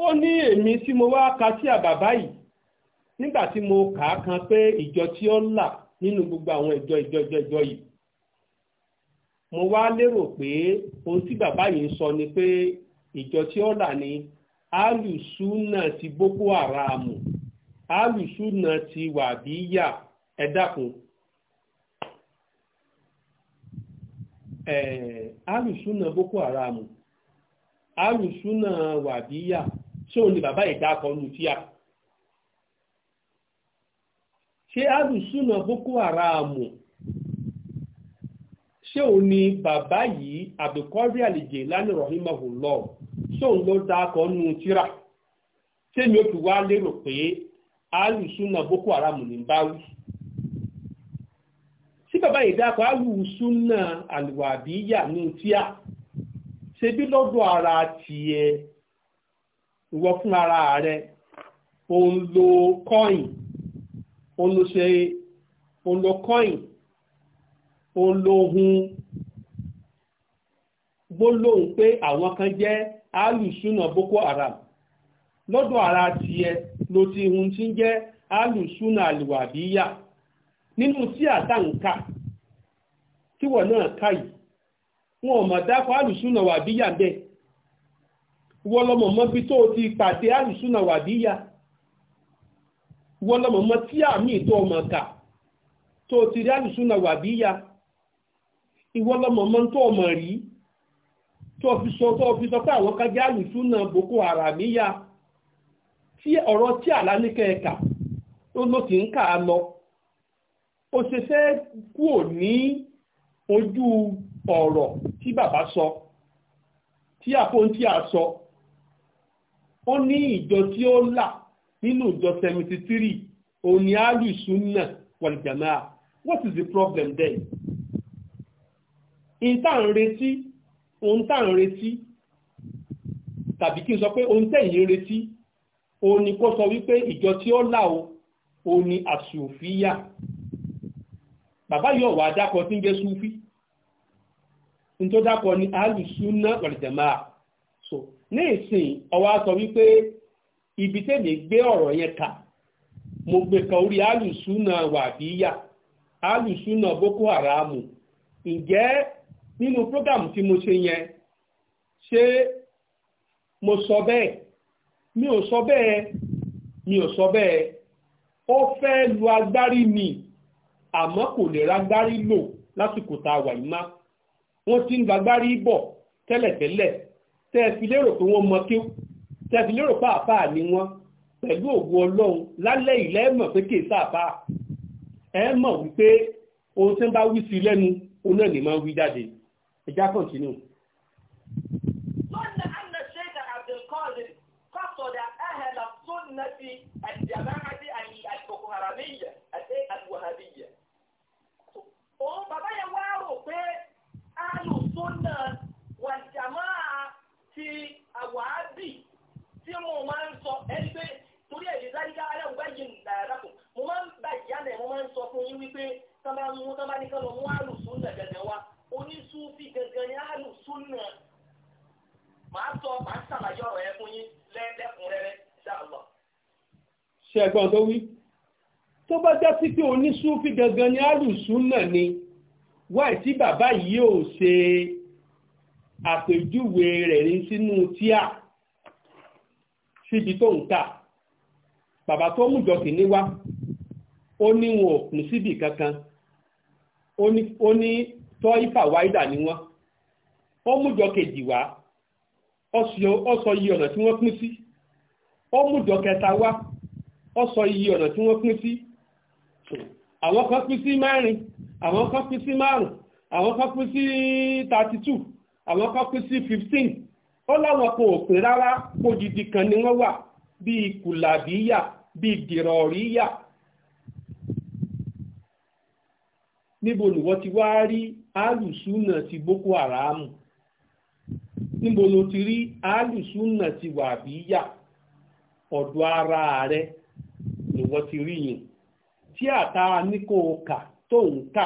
ó ní èmi tí mo wá ka sí àbàbá yìí nígbà tí mo kà á kan pé ìjọ tí ó là nínú gbogbo àwọn ìjọ ìjọ ìjọ ìjọ yìí mo wá lérò pé ohun tí bàbá yìí ń sọ ni pé ìjọ tí ó là ní na ti boko haram alùsùnà ti wàbíyà ẹ dákun alùsùnà boko haram alùsùnà wàbíyà ṣé òun ni bàbá ìdá akọni tíà ṣé alùsùnà boko haram ṣé òun ni bàbá yìí àbíkọ́rí àlejò lánàá rahimahullah ṣé òun ló dá akọni tíra tẹ́mi ó fi wá lérò pé alùsùnà boko haram ní báwí tí bàbá ìdákọ̀ alùsùnà àlùwàbíyà ní tíà ṣe bí lọ́dọ̀ ara tiẹ̀ ìwọ fún ara rẹ ò ń lo coin ò ń lo ṣe ò ń lo coin ò ń lo ohun gbólóhùn pé àwọn kan jẹ́ alùsùnà boko haram lọ́dọ̀ ara tiẹ̀ ló ti hun ti ń jẹ́ alùsùnà àlùwàbíyà nínú tí àtàǹkà tíwọ̀ náà ká yìí wọn ò mọ̀ dákọ̀ alùsùnà wàbíyà bẹ́ẹ̀ wọ́n lọ́mọ mọ́ bí tó ti pàdé àlùsùnà wàdíyà wọ́n mọ́ tí àmì tó ọmọ kà tó ti rí àlùsùnà wàdíyà ìwọ́n lọ́mọ mọ́ tó ọmọ rí tó fi sọ tó fi sọ pé àwọn kájá àlùsùnà boko haramiya tí ọ̀rọ̀ tí àláníkẹ́ ẹ̀ka ó ló ti ń kà á lọ ó ṣe fẹ́ kúò ní ojú ọ̀rọ̀ tí bàbá sọ tí àpò tí a sọ ó ní ìjọ tí ó là nínú ìjọ seventy three òní alùsùnà wàlìjàmáà what is the problem there? ìta ń retí ohun tá ń retí tàbí kí n sọ pé ohun tẹ̀yìn retí òun ni sọ wípé ìjọ tí ó là o òun ni àsùfíyà bàbá yóò wá dákọ tí ń jẹ́ súfí ní tó dákọ ni alùsùnà wàlìjàmáà ní ìsìn ọwọ́ sọ wípé ibi tèmi gbé ọ̀rọ̀ yẹn kà mo gbé kan orí alùsùnà wàbíyà alùsùnà boko haram ǹjẹ́ nínú program tí mo ṣe yẹn ṣé mo sọ bẹ́ẹ̀ mi ò sọ bẹ́ẹ̀ mi ò sọ bẹ́ẹ̀ ó fẹ́ lu agbárí mi àmọ́ kò lè ragbárí lò lásìkò tá a wà yìí má wọ́n ti ń gbagbárí bọ̀ tẹ́lẹ̀tẹ́lẹ̀ tẹ́ fi lérò pé wọ́n mọ kí tẹ́ fi lérò pé àfà ni wọ́n pẹ̀lú òwú ọlọ́run lálẹ́ ilẹ̀ mọ̀ pé kì í sàfà ẹ mọ̀ wípé ohun tí ń bá wí sí lẹ́nu onáà ní máa ń wí jáde ẹjá continue. tó bá ní ká lọ mú àlùsùn náà gẹ́gẹ́ wá onísúfì gẹ́gẹ́ ní àlùsùn náà màá sọ màá ṣàlàyé ọ̀rọ̀ yẹn fún yín lẹ́ẹ̀dẹ́kùnrẹ́rẹ́ ṣáàlọ́. ṣé tó wí tó bá já sí pé gẹ́gẹ́ ní àlùsùn náà ni wáì tí bàbá yìí ò ṣe àpèjúwe rẹ̀ ní sínú tíà síbi tó ń ta bàbá tó mú jọ kìíní wá ó ní wọn ò pín síbì kankan ó ní tọ́ ni wọ́n ó mújọ kejì wá ó sọ iye ọ̀nà tí wọ́n pín sí ó mújọ kẹta wá ó sọ iye ọ̀nà tí wọ́n pín sí àwọn kan pín sí mẹ́rin àwọn kan pín sí márùn àwọn kan pín sí thirty two àwọn kan pín sí fifteen ó láwọn pín kan ni wọ́n wà bíi kùlàbíyà bíi dìrọ̀ríyà níbo lùwọ́ ti wá rí alùsùnà ti boko haram níbo ló ti rí alùsùnà ti yà ọ̀dọ̀ ara rẹ lùwọ́ ti rí yìn tí àtà ní kò kà tó ń kà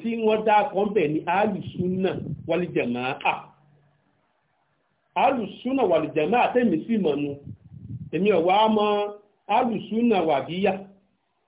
tí wọ́n dá kọ́ńbẹ̀ ní alùsùnà wàlìjẹ̀mọ́ à alùsùnà àtẹ̀mí sí èmi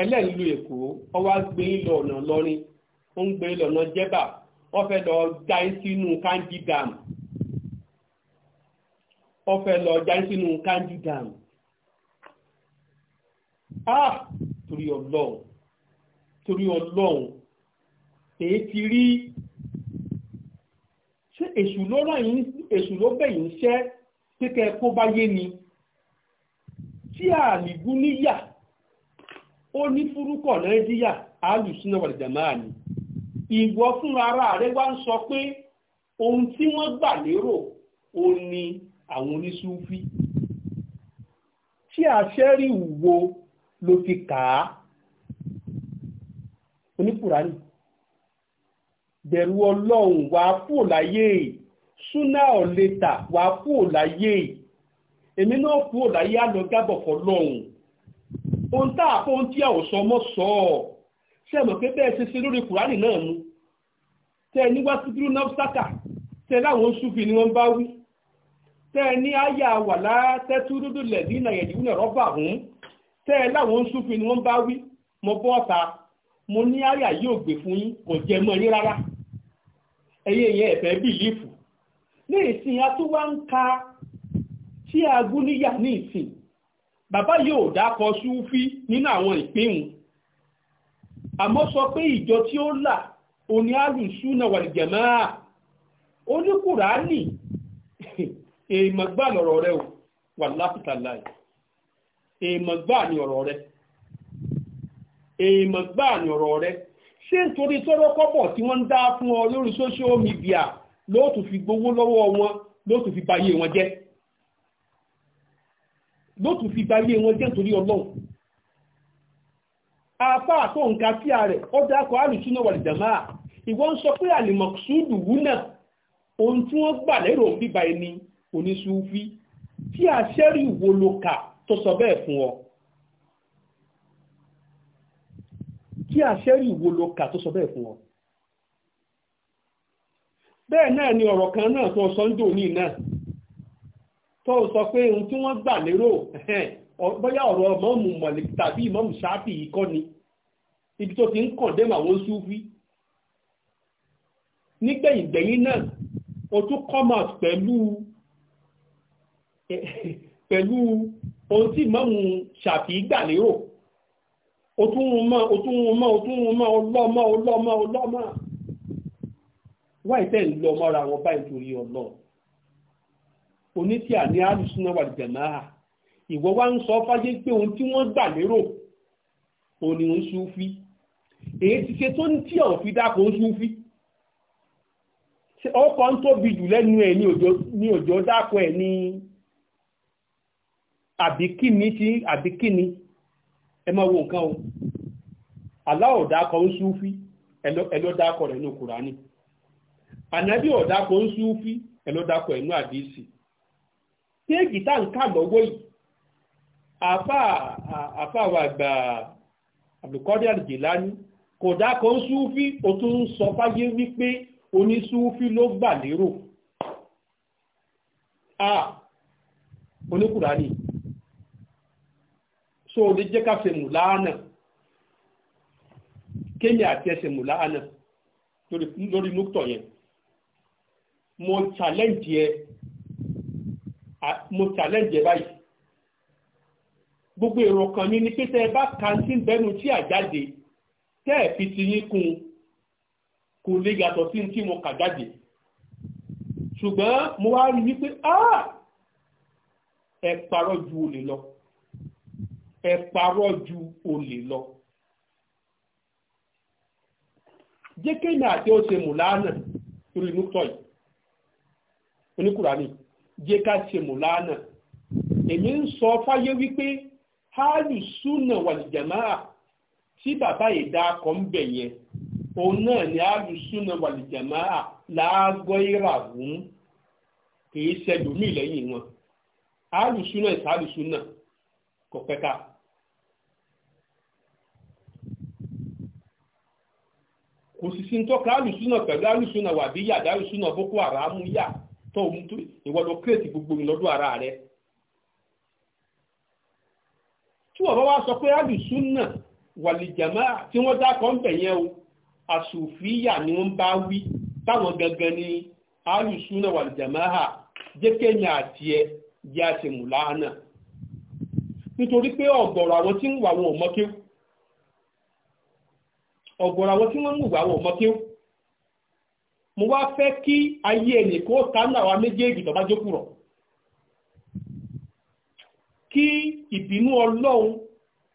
ẹlẹ́rìí èkó ọwá gbé lọ ọ̀nà lọ́rin ó ń gbé lọ ọ̀nà jẹ́bà wọ́n fẹ́ lọ já sínú kanji dam wọ́n fẹ́ lọ já sínú kanji dam ah torí ọlọ́run torí ọlọ́run èyí ti rí ṣé èṣù ló ràn yín èṣù ló bẹ̀ yín ṣẹ́ kékeré kó bá yé ni tí àlìbú níyà ó ní fúrúkọ̀ nàìjíríà alùsùnà wàlìjàmáà ni ìwọ fúnra ara rẹ wá ń sọ pé ohun tí wọ́n gbà lérò ó ní àwọn oníṣúfí tí àṣẹ́rí wo ló fi kà á oníkùránì bẹ̀rù ọlọ́run wàá fò láyé súnà ọ̀lẹ́ta wàá fò láyé èmi náà fò láyé àlọ́gàbọ̀ fọlọ́run ohun tá a fóun tí a ò sọ mọ́ sọ ọ́ ṣé ẹ mọ̀ pé bẹ́ẹ̀ ṣe ṣe lórí kùránì náà nu tẹ ẹ níwá sídúró náà sákà tẹ láwọn oṣùfì ni wọ́n bá wí tẹ ẹ ní àyà wàlá tẹ́tú dúdú lẹ̀dí nàyẹ̀dìwú náà rọ́bà hùn tẹ ẹ láwọn oṣùfì ni wọ́n bá wí mo bọ́ ọ̀tá mo ní àyà yóò gbè fún yín kò jẹ mọ́ yín rárá ẹ̀yẹ yẹn ẹ̀fẹ́ bìlífù ní ìsìn atúwá ń ka tí a gún níyà ní ìsìn bàbá yóò dákọ súfí nínú àwọn ìpínhùn àmọ́ sọ pé ìjọ tí ó là oní alùsúnà wàlìjàmáà oníkùránì èèmọ̀ gbà lọ́rọ̀ rẹ o wà láfíkà láì èèmọ̀ gbà ní ọ̀rọ̀ rẹ èèmọ̀ gbà ní ọ̀rọ̀ rẹ ṣé nítorí tọ́rọ́ kọ́bọ̀ tí wọ́n ń dá fún ọ lórí social media ló tún fi gbowó lọ́wọ́ wọn ló fi bayé wọn jẹ́ yóò tún fi balẹ̀ wọn jẹ́ torí ọlọ́run apá àtọ̀ nǹkan tí a rẹ̀ ó dákọ̀ alùsùnà wà lìjàmá ìwọ ń sọ pé àlìmọ̀súdù wúnà ohun tí wọ́n gbà lérò ń bíba ẹni oníṣúfí tí a ṣẹ́rí wo lo kà tó kà tó sọ bẹ́ẹ̀ fún ọ bẹ́ẹ̀ náà ni ọ̀rọ̀ kan náà tó sọ́ńdò ní náà tó sọ pé ohun tí wọ́n gbà lérò bóyá ọ̀rọ̀ mọ́mù mọ̀lẹ́ tàbí mọ́mù ṣáàpì yìí kọ́ ni ibi tó ti ń kàn dé màwọn súfí nígbẹ̀yìngbẹ̀yìn náà o tún come out pẹ̀lú pẹ̀lú ohun tí mọ́mù ṣáàpì gbà lérò o tún rún mọ́ o tún rún mọ́ o tún rún mọ́ ọlọ́mọ́ ọlọ́mọ́ ọlọ́mọ́ wáìtẹ́ ń lọ mọ́ra wọn báyìí torí ọlọ́run onitia ní alùsùnà wà jẹ̀máà ìwọ wá ń sọ fáyé pé ohun tí wọ́n gbà lérò òun ni ń súfí èyí ti ṣe tó ń tí ọ̀ fi dákò ń súfí ọkọ̀ ń tóbi jù lẹ́nu ẹ̀ ní òjò ẹ̀ ní àbíkíni tí àbíkíni ẹ máa wo nǹkan o Allah dákọ̀ ń súfí ẹlọ́ dákọ̀ rẹ̀ ní Kùránì ànábì ń dákọ̀ ẹ̀ ní àdìsí téèjì tá ń kà lọ́wọ́ yìí àfà àfà wa gbà Abdulkadir Al-Jilani kódà kan súfí o tún ń sọ fáyé wípé onísúfí ló gbà lérò a oníkùránì so o lè jẹ́ ká ṣe mù láàánà kéèyàn àti ẹsẹ̀ mù láàánà lórí lórí núktọ̀ yẹn mo challenge yẹn mo challenge ẹ báyìí gbogbo èrò kan mi ni pé tẹ ẹ bá kantin bẹnu tí àjáde tẹ ẹ fi ti yín kún kò lè yàtọ̀ sí tí mo kà jáde ṣùgbọ́n mo wá rí wípé ah! ẹ parọ́ ju olè lọ ẹ parọ́ ju olè lọ. jẹ́ kéèmì àti ó ṣe lórí nútọ̀ yìí oníkùrà ni jẹ́ ká ṣe mùláànà èmi ń sọ fáyé wípé hálù súnà wàlìjàmáà tí bàbá ìdá kọ́ ń bẹ̀ yẹn òun náà ni hálù súnà wàlìjàmáà láàgọ́ ìràwùn kìí ṣẹlòmí lẹ́yìn wọn hálù súnà ìsálù súnà kò pẹ́ka. kò sì sí ń tọ́ka hálù súnà pẹ̀lú hálù súnà wàbí yàdá hálù súnà boko haram yà. tó ìwọ ló kírètì gbogbo yìí lọ́dún ara rẹ tí wọ́n bá wá sọ pé alùsùnà wàlìjàmá tí wọ́n dákọ̀ ń o ni wọ́n bá wí táwọn gangan ni alùsùnà wàlìjàmá hà jẹ́kẹ́yìn àti ẹ jẹ́ náà nítorí pé ọ̀gọ̀rọ̀ àwọn tí mo wá fẹ́ kí ayé ẹnì kó tánú àwa méjèèjì tó jókù rọ̀ kí ìbínú ọlọ́run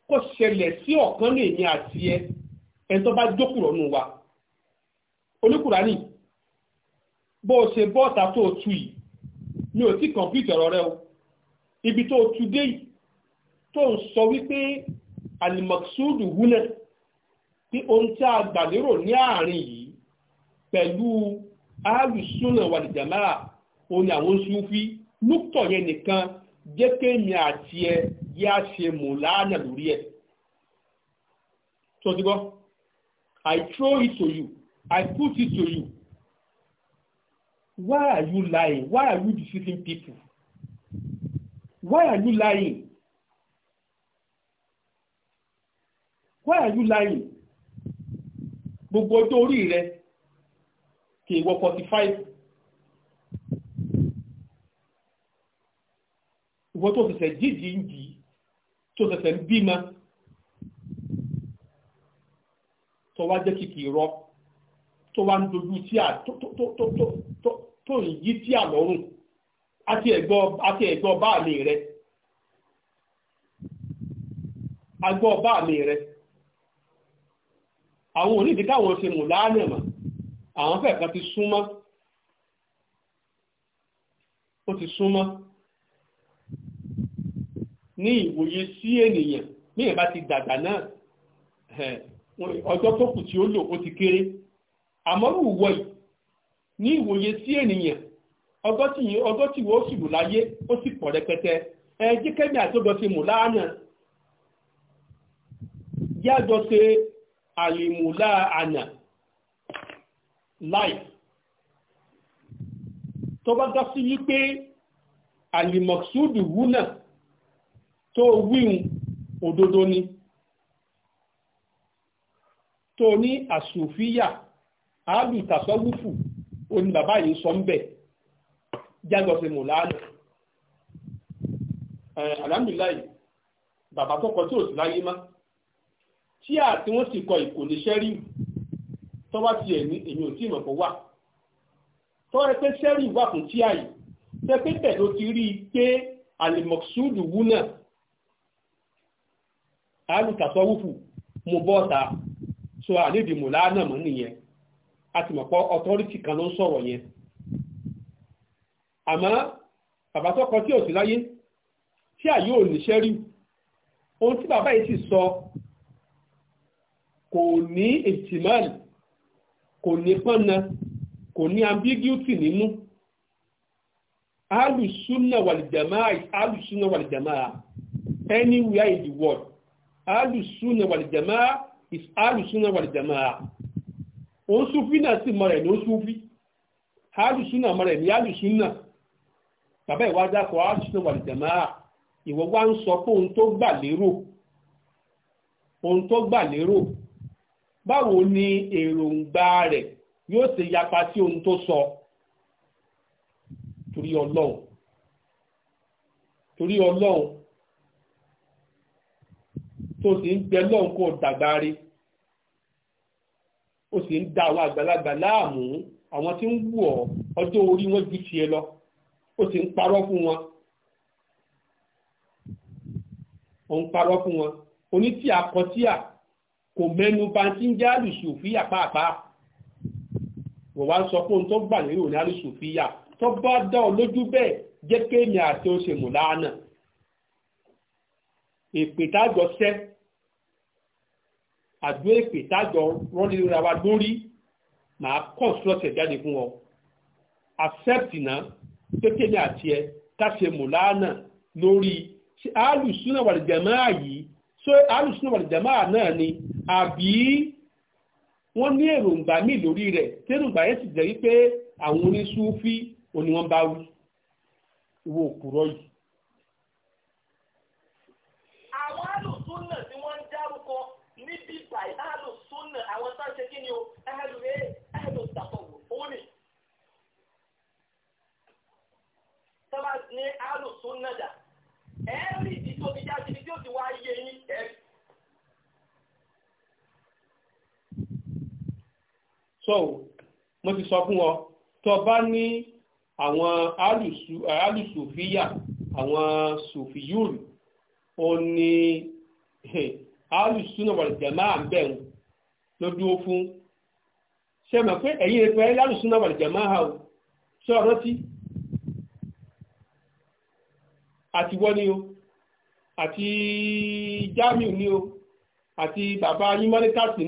kó ṣẹlẹ̀ sí ọ̀kan ní èmi àti ẹ ẹni tó jókù rọ̀ nù wa olùkùránì bó o ṣe bọ́ọ̀ta tó o tu yìí ni ò tí kọ̀ǹpútà ọ̀rọ̀ rẹ o ibi tó o tu dé yìí tó ń sọ wípé alimọ̀súdù húnẹ̀ pé ohun tí a gbàlérò ní àárín yìí pẹ̀lú alùsùnà wàlìjàmá òní àwọn sufi núkọ̀ yẹn nìkan jẹ́ kéèmì àti ẹ yá ṣe mò lánà lórí ẹ̀ tó ti gbọ́ I throw it to you I put it to you why are you lying why are you deceiving people why are you lying why are you lying gbogbo ọjọ́ orí rẹ kì 45 wọ forty five ìwọ tó ṣẹ̀ṣẹ̀ jíjì ń rọ tó wá ń dojú tí à tó ń yí tí à lọ́rùn àti ẹ̀gbọ́ báàlì rẹ agbọ́ báàlì rẹ àwọn onídìí káwọn ṣe àwọn fẹ̀ẹ́ kan ti súnmọ́ ó ti súnmọ́ ní ìwòye sí ènìyàn ní ìbá ti dàgbà náà ọjọ́ tó kù tí ó lò ó ti kéré àmọ́ ìwọ yìí ní ìwòye sí ènìyàn ọjọ́ tí wọ́n sì lò láyé ó sì pọ̀ rẹpẹtẹ ẹ jẹ́ àtọ́jọ́ ti mù láàánà yájọ́ ṣe àlèmùlá àná Life. tó bá dá sí wípé àlìmọ̀súdù wúnà tó wíhun òdodo ni tó ní àsòfíyà àádùtàsọ́wùfù òní bàbá yìí sọ ń bẹ̀ jágọ́ sí mùláàdù alhamdulilayi bàbá tó kọ tí ò sí láyé má tí àti wọ́n sì kọ ìkòníṣẹ́ríwù tó bá tiẹ̀ ní èmi ò tí ì mọ̀ kó wà tó rẹ pé sẹ́rì wà fún tíà yìí tẹ pé tẹ̀ló ti rí i pé àlìmọ̀súdù wúnà alùtàsọ́wùfù mo bọ́ ta so àlébi mò lánà mọ́ nìyẹn a ti mọ̀ pé ọtọ́rìtì kan ló ń sọ̀rọ̀ yẹn àmọ́ bàbá tó kọ tí ò sí láyé tí àyè ò ní sẹ́rì ohun tí bàbá yìí sì sọ kò ní ètìmọ́lì kò ní pọ́nna kò ní ambiguity nínú alùsúnà wàlìjàmáà alùsúnà wàlìjàmáà anywhere in the world alùsúnà wàlìjàmáà is alùsúnà wàlìjàmáà òun súfí náà sì mọ rẹ̀ ní ó súfí alùsúnà mọ rẹ̀ ní alùsúnà bàbá ìwádà kọ alùsúnà wàlìjàmáà ìwọ wá ń sọ pé ohun tó gbà lérò ohun tó gbà lérò báwo ni èròǹgbà rẹ̀ yóò ṣe yapa sí ohun tó sọ torí ọlọ́run torí ọlọ́run tó sì ń bẹ lọ́run kó dàgbà rí ó sì ń da àwọn àgbàlagbà láàmú àwọn tí ń wù ọ́ ọjọ́ orí wọn ju tiẹ̀ lọ ó sì ń parọ́ fún wọn ó ń parọ́ fún wọn onítìá kọtíà kò mẹ́nu bá ti ń jẹ́ àlùsùfíyà pàápàá wọ́n wá ń sọ pé ohun tó gbà lérò ní àlùsùfíyà tó bá dá ọ lójú bẹ́ẹ̀ jẹ́ kéèmì àti oṣù mùláánà èpè tájọ sẹ́ àdó èpè tájọ rọ́lẹ́ra wa lórí màá kọ́ sọ́ọ̀tẹ̀ jáde fún ọ accept náà pé kéèmì àti ẹ káṣe mùláánà lórí alùsùnà wàlìjàmáà yìí so alùsùnà wàlìjàmáà náà ni àbí wọ́n ní èròǹgbà míì lórí rẹ̀ tẹ́rùgbà yẹn sì jẹ́ wípé àwọn oníṣúfí òní wọ́n bá wí ìwọ òkúrọ̀ yìí. àwọn alùsùnà tí wọ́n dárúkọ níbi ìbàyí alùsùnà àwọn tó ń ṣe kí o so mo ti sọ fún ọ tó bá ní àwọn alùsùfíyà àwọn sùfìyùn ó ní alùsùnà wàlìjàmá à ń bẹ̀rù ló dúró fún ṣe mọ̀ pé ẹ̀yìn ẹ̀fẹ́ alùsùnà wàlìjàmá ha o ṣe ọ̀rọ̀ tí àti wọ́n ni o àti jamiu ni o àti bàbá yín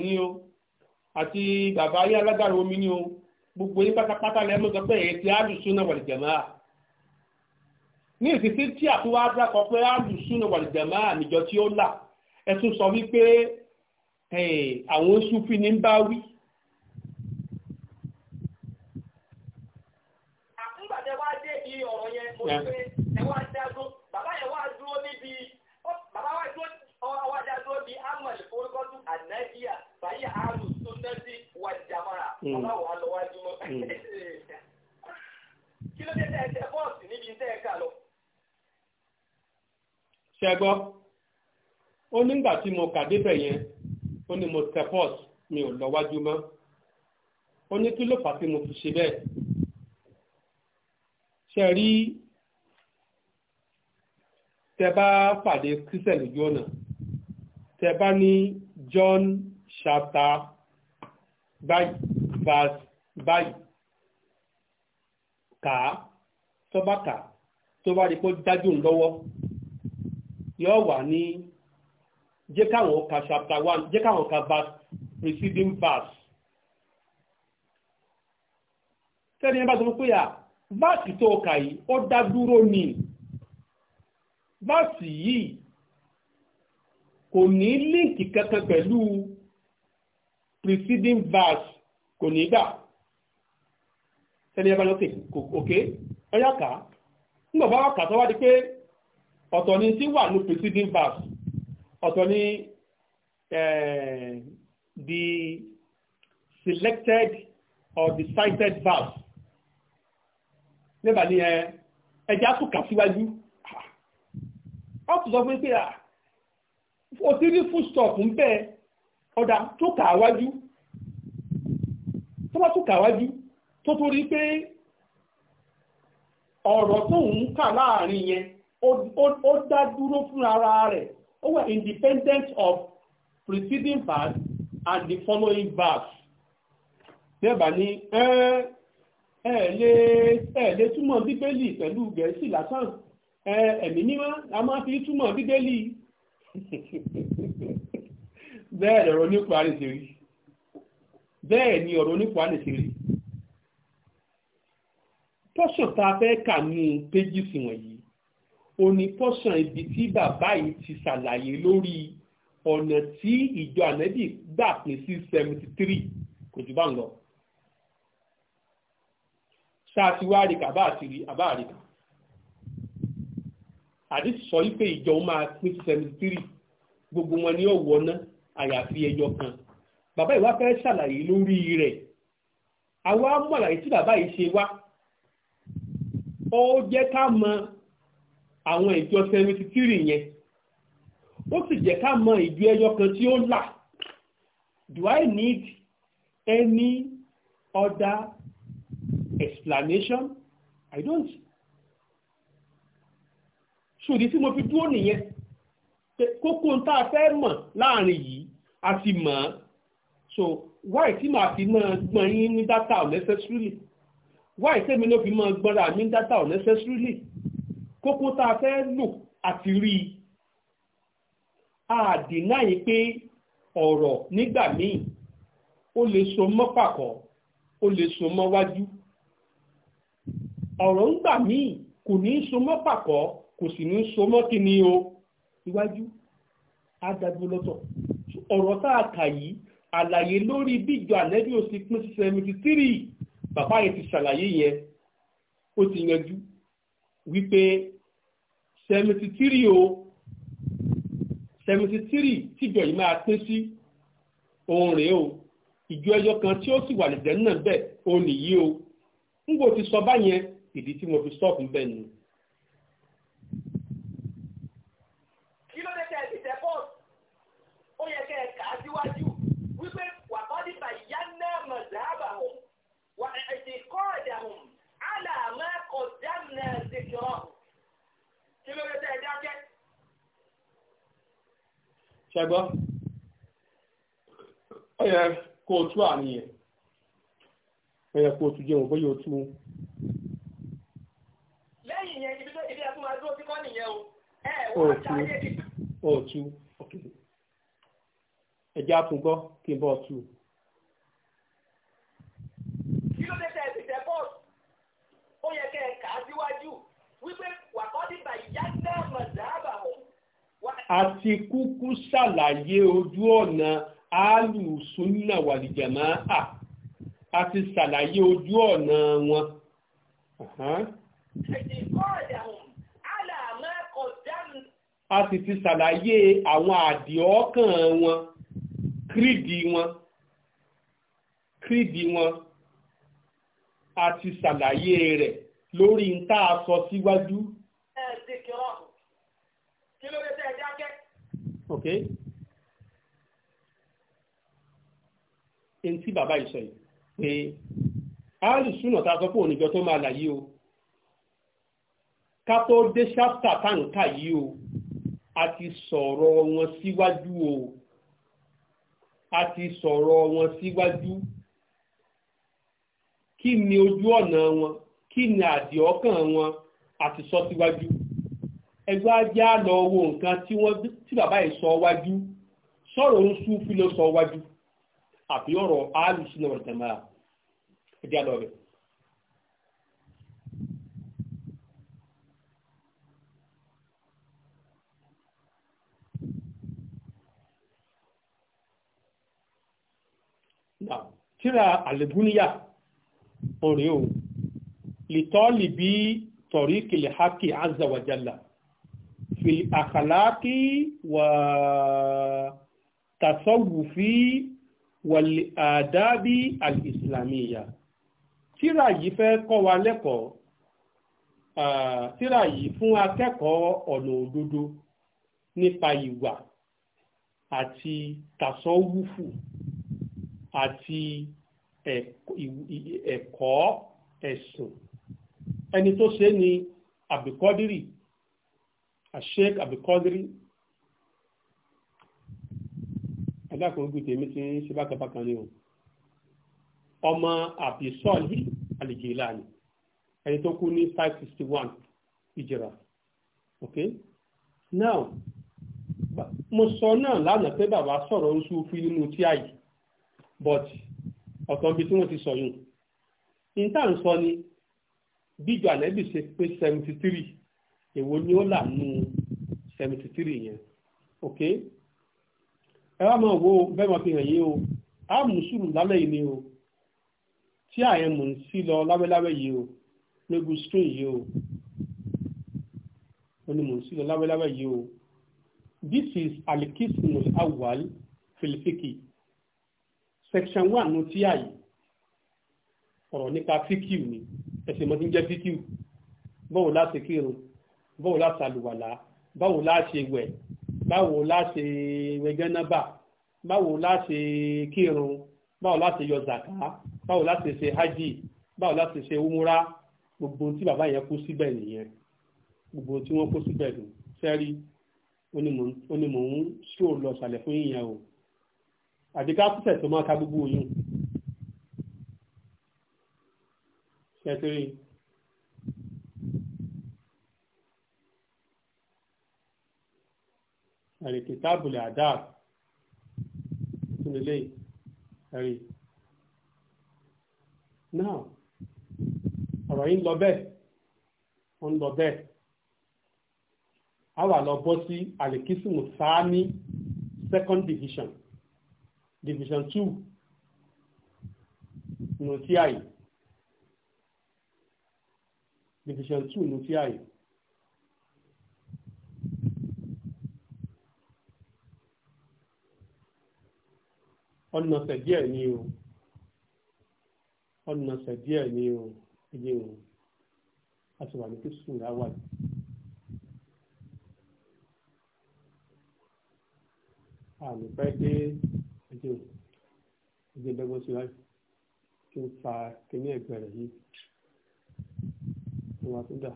ni o àti bàbá yín alágbára omi ni o gbogbo yín pátápátá lẹ́mú sọ pé èyí ti alùsùnà wal jamaa ní ìsìsí tí àtúwá dákọ pé alùsùnà wal jamaa níjọ tí ó là ẹ tún sọ wípé àwọn sufi ní ń bá wí. àtúgbàdé wá dé iye ọ̀rọ̀ yẹn mo ní aláwọ̀ alọ́wájú mọ́ kí ló dé tẹ́ ẹ tẹ bọ́ọ̀sì níbi tẹ́ ẹ kà lọ. ṣẹgbọ́ ó nígbà tí mo kà débẹ̀ yẹn ó ní mo tẹ bọ́ọ̀sì mi ò lọ́wájú mọ́ ó ní kí ló fà tí mo fi ṣe bẹ́ẹ̀ ṣe rí tẹ bá pàdé kírísẹ̀ lójú ọ̀nà tẹ bá ní John chapter báyìí verse báyìí kà á tó bá kà tó bá rí kó dájú lọ́wọ́ yóò wà ní jẹ́ káwọn ka chapter one jẹ́ káwọn ka verse preceding verse. sẹ́ni ẹ bá sọ pé à verse tó kà yìí ó dá dúró ni verse yìí kò ní líǹkì kankan pẹ̀lú preceding verse kò ní gbà tẹ́lẹ̀ bá lókè òkè ọyá kà á nígbà bá wà kà tó wá di pé ọ̀tọ̀ ni tí wà ní preceding verse ọ̀tọ̀ ni the selected or decided verse nígbà ní ẹjẹ́ á tún kà síwájú á tún sọ fún pé ó ti rí full ń bẹ́ẹ̀ ọ̀dà tó kà á wájú wá tún kàwájú tó tó rí pé ọ̀rọ̀ tó ń kà láàrin yẹn ó dá dúró fún ara rẹ̀ ó wà independent of preceding verse and the following verse dẹ́bà ní ẹ́ ẹ̀ lè túmọ̀ bíbélì pẹ̀lú gẹ̀ẹ́sì lásán ẹ̀mí mímọ́ la máa fi túmọ̀ bíbélì bẹ́ẹ̀ lọ̀rọ̀ nípa àríṣiríṣi bẹ́ẹ̀ ni ọ̀rọ̀ oníkùá lè ṣe rí pọ́ṣọ̀ tá a fẹ́ kà ní péjì sí wọ̀nyí ó ní pọ́ṣọ̀ ibi tí bàbá yìí ti ṣàlàyé lórí ọ̀nà tí ìjọ ànábì gbà pín sí seventy three kò jù bá ń lọ ṣáà ti wá àríkà bá àtìrí àbá àríkà àdìsí sọ wípé ìjọ máa pín sí seventy three gbogbo wọn ni ó wọ ná àyàfi ẹyọ kan bàbá ìwá fẹ́ ṣàlàyé lórí rẹ̀ àwa mú àlàyé tí bàbá yìí ṣe wá ó jẹ́ ká mọ àwọn ìjọ seventy three yẹn ó sì jẹ́ ká mọ ìjọ ẹyọ kan tí ó là do I need any other explanation I don't ṣòdì tí mo fi dúró nìyẹn kókó ń tá a fẹ́ mọ̀ láàrin yìí a ti mọ̀ ọ́ so why tí màá fi máa gbọ́n yín ní data unnecessarily why tẹ́mi ló fi máa gbọ́nra mi ní data unnecessarily kókó tá a fẹ́ lò àti rí i àdínà yìí pé ọ̀rọ̀ nígbà míì ó lè so mọ́ pàkọ́ ó lè so mọ́ wájú ọ̀rọ̀ ńgbà míì kò ní so mọ́ pàkọ́ kò sì ní so mọ́ kíni o iwájú á dájú lọ́tọ̀ ọ̀rọ̀ tá a kà yìí àlàyé lórí bíjọ ànẹ́bí ò sí pín sí seventy three bàbá yìí ti ṣàlàyé yẹn ó ti yanjú wípé seventy three o seventy three tíjọ yìí máa pín sí òun rèé o ìjọ ẹyọ kan tí ó sì wà lẹ́jẹ̀ náà bẹ́ẹ̀ òun nìyí o ń gbò ti sọ báyẹn ìdí tí mo fi sọ́ọ̀kù bẹ́ẹ̀ nù. ṣẹgbọ́ ó yẹ kó o tú yẹ kó o tú jẹun bóyá o tú. lẹ́yìn yẹn ibi tó ibi ẹ̀fún máa dúró kíkọ́ nìyẹn o ẹ wọ́n ṣe ayé bí. o tú ok ẹ̀jẹ̀ àtúngọ́ kí n bọ́ tú. kí ló dé tẹ̀ ẹ̀sìn bọ́ọ̀sì ó yẹ kẹ́ ẹ̀ kà á síwájú wípé àti kúkú ṣàlàyé ojú ọ̀nà alùsùnà wàlìjàmá à àti ṣàlàyé ojú ọ̀nà wọn. a sì ti ṣàlàyé àwọn àdìọ́kàn wọn kírìdì wọn kírìdì wọn a ti ṣàlàyé rẹ̀ lórí ń tá a sọ síwájú. Si Ok, ntí bàbá yìí sọ yìí pé áàlù súnà tá a sọ pé òníjọ tó máa là yìí o ká dé ṣáptà táǹkà yìí o a ti sọ̀rọ̀ wọn síwájú o a ti sọ̀rọ̀ wọn síwájú kí ni ojú ọ̀nà wọn kí ni àdìọ́kàn wọn a ti sọ síwájú. Si ẹgbẹ́ ajá lọ wo nǹkan tí bàbá yìí sọ wájú sọ̀rọ̀ ń sú fi ló sọ wájú àbí ọ̀rọ̀ alùsùn náà tẹ̀mọ́ ẹjá lọ rẹ̀. tíra àlẹ́gúníyà ọ̀rẹ́ o lè tọ́ lè bí tọ̀rí kìlẹ̀ hákì azza في الأخلاق والتصوف والآداب الإسلامية tíra yìí fẹ́ kọ́ wa lẹ́kọ̀ọ́ tíra yìí fún akẹ́kọ̀ọ́ ọ̀nà òdodo nípa ìwà àti tasọ́wúfù àti ẹ̀kọ́ ẹ̀sùn ẹni tó ṣe ni àbíkọ́dírì Sheikh Abdulkadiri adákùnrin gbé tèmi ti ń ṣe bákàbákan ni o ọmọ àbísọ́ọ̀lì Al-Jilani ẹni tó kú ní five sixty one ìjìrà ok now mo sọ náà lánàá pé bàbá sọ̀rọ̀ oṣù fún inú tí àyè but ọ̀tàn bíi tí wọ́n ti sọ yìí níta ń sọ ni bíjọ àlẹ́bí ṣe pé seventy three èwo ni ó là nù seventy three yẹn ok ẹ wá máa wo bẹ́ẹ̀ máa fi hàn yín o a mùsùlù lálẹ́ yìí ni o tí àyẹn mò ń sí lọ láwẹ́láwẹ́ yìí o lógun stone yìí o ó ní mò ń sí lọ láwẹ́láwẹ́ yìí o this is alikismus awal filifiki section one ló tí àyè ọ̀rọ̀ nípa fíkìú ni ẹ̀sìn mọ́tí ń jẹ́ fíkìú bọ́ọ̀ láti kírun báwo la ṣàlùwàlá báwo la ṣe wẹ̀ báwo la ṣe wẹ̀gẹ́nàbà báwo la ṣe kírun báwo la ṣe yọ zàká báwo la ṣe ṣe hajj báwo la ṣe ṣe umura gbogbo tí bàbá yẹn kú síbẹ̀ nìyẹn gbogbo tí wọ́n kú síbẹ̀ nù sẹ́rí ó ní mò ń ṣó lọ ṣàlẹ̀ fún yìnyẹn o àbí ká tó máa ka gbogbo yìí ẹ̀rì kìtàbùlẹ̀ àdáàb nílé ẹ̀rì náà ọ̀rọ̀ yìí ń lọ bẹ́ẹ̀ ó ń lọ bẹ́ẹ̀ a wà lọ bọ́ sí alikisimu sáání second division division two nù division two nù ọ̀nàṣẹ̀ díẹ̀ ni o ọ̀nàṣẹ̀ díẹ̀ ni o ẹ̀yẹ o a sì wà ní kí sùn láwà yìí. àmì pẹ́ dé ẹ̀jẹ̀ o ẹ̀jẹ̀ dẹ́gbọ́n sí láì kí n fa kíní ẹ̀gbẹ́ rẹ̀ yìí wọ́n wá tún dà.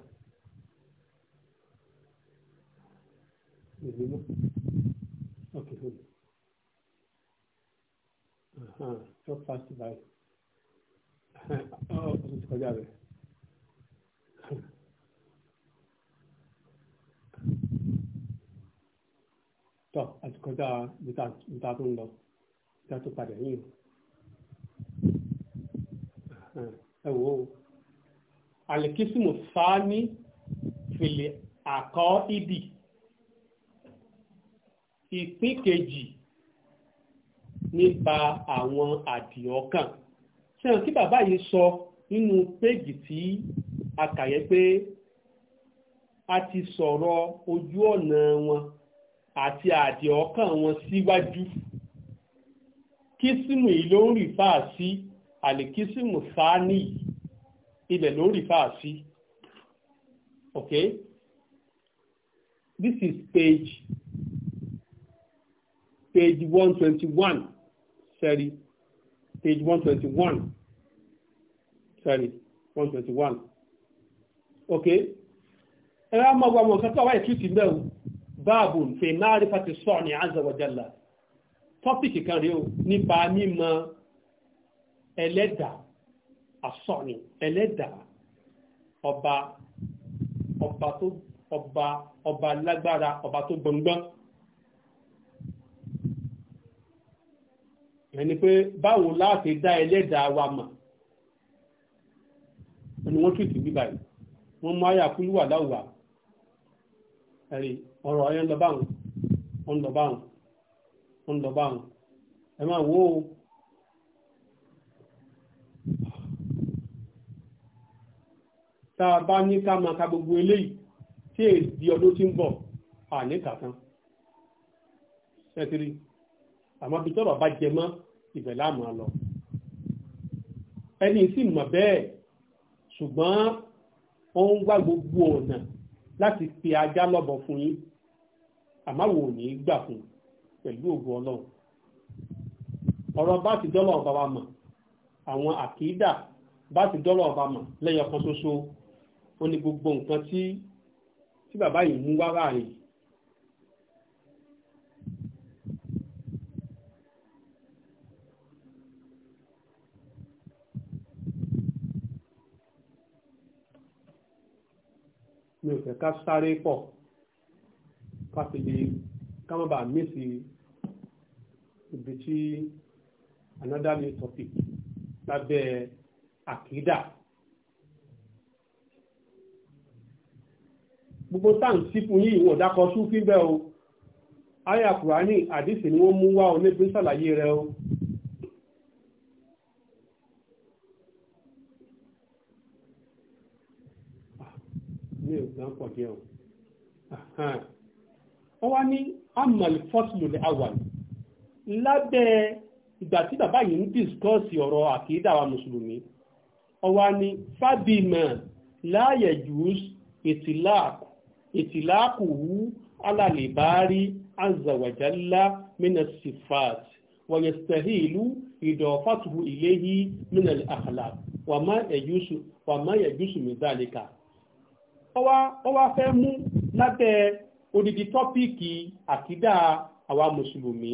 Ìlú náà. Okay, hold Ah, eu faço vai. Oh, olha To, a tylko da, da, da rundo, da tu parę in. Ewo. Alikisimu sani fili akọ ibi. Ìpín nípa àwọn àdìọ́kàn ṣẹ́yàn kí bàbá yìí sọ nínú péjì tí a kàyẹ́ pé a ti sọ̀rọ̀ ojú ọ̀nà wọn àti àdìọ́kàn wọn síwájú kìsìmù yìí ló ń rí fáà sí àlèkìsìmù sáání ilẹ̀ ló ń rí fáà sí this is page page one twenty one sẹ́rí page one twenty one sẹ́rí one twenty one Okay. ẹ wá mọ̀ gbàmọ̀ kẹ́kọ̀ọ́ wáyé tìtì mẹ́wù báàbù fi máàrí fati sọ́ọ̀ni azza wa jalla tọ́pìkì kan rí o nípa mímọ̀ ẹlẹ́dà àsọ̀ni ẹlẹ́dà ọba ọba tó ọba ọba lágbára ọba tó gbọngbọ́n yẹn ni pé báwo láti dá ẹlẹ́dàá wa mọ̀ ẹni wọ́n tìtì bí báyìí wọ́n mú àyà kúlú wà láwùwà ẹ̀rí ọ̀rọ̀ ẹ̀ ń lọ báwọn ń lọ báwọn ń lọ báwọn ẹ máa wò ó tá a bá ní ká máa ka gbogbo eléyìí tí èdè ọdún tí ń bọ̀ àníkà kan ṣẹ́tìrì àmọ́ bí tọ́rọ̀ bá jẹ mọ́ ibẹ̀ la máa lọ ẹni sì mọ̀ bẹ́ẹ̀ ṣùgbọ́n ó ń wá gbogbo ọ̀nà láti pe ajá lọ́bọ̀ fún yín àmáwò ò ní gbà fún pẹ̀lú ògùn ọlọ́run ọ̀rọ̀ bá ti dọ́lọ̀ ọba wa mọ̀ àwọn àkídà bá ti dọ́lọ̀ ọba mọ̀ lẹ́yọkan ṣoṣo ó ní gbogbo nǹkan tí bàbá yìí mú wá láàrin yìí yẹn ká sáré pọ̀ ká fi lè ká má bàa mísì ibi tí another new topic lábẹ́ àkídà. gbogbo táà ń sí fún yìí wọ́n dákọ̀ sún fíbẹ̀ o aya kùránì àdìsí ni wọ́n mú wá ọ níbi sàlàyé rẹ o. nǹkan pọ̀ díẹ̀ o ó wá ní amal fọ́sùlùlẹ̀ awàl lábẹ́ ìgbà tí bàbá yìí ń dìskọ́sì ọ̀rọ̀ àkídà wa mùsùlùmí ó wá ní fábìmà láàyè jùs ìtìláàkù ìtìláàkù wú alàlèbárí azàwàjálá mínàsífàt wàyẹ̀sítẹ̀hìlú ìdọ̀fàtùhù ìléhí mínàlì àkàlà wàmá ẹ̀yúsù mìdálíkà ọwa wá fẹ́ mú lábẹ́ odidi tọ́píìkì àkídà àwa mùsùlùmí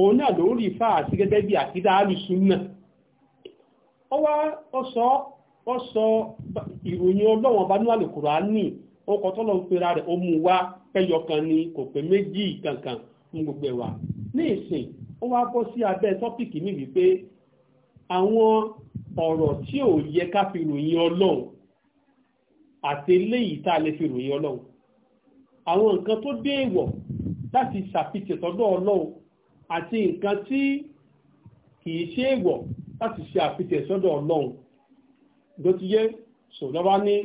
òun náà ló rí fà àti gẹ́gẹ́ bí àkídà alùsùnà sọ ọlọ́wọ̀n bá ọkọ̀ tọ́lọ̀ ń pera rẹ̀ ni kò pé méjì kankan gbogbo ní ìsìn ó wá bọ́ sí abẹ́ mi wípé àwọn yẹ ká fi ròyìn ọlọ́run àti eléyìí tá a lè fi ròyìn ọlọ́run àwọn nǹkan tó dé èèwọ̀ láti ṣàfihàn sọ́dọ̀ ọlọ́run àti nǹkan tí kìí ṣe èèwọ̀ láti ṣe àfihàn sọ́dọ̀ ọlọ́run ló ti yẹ sọ̀lọ́wá ní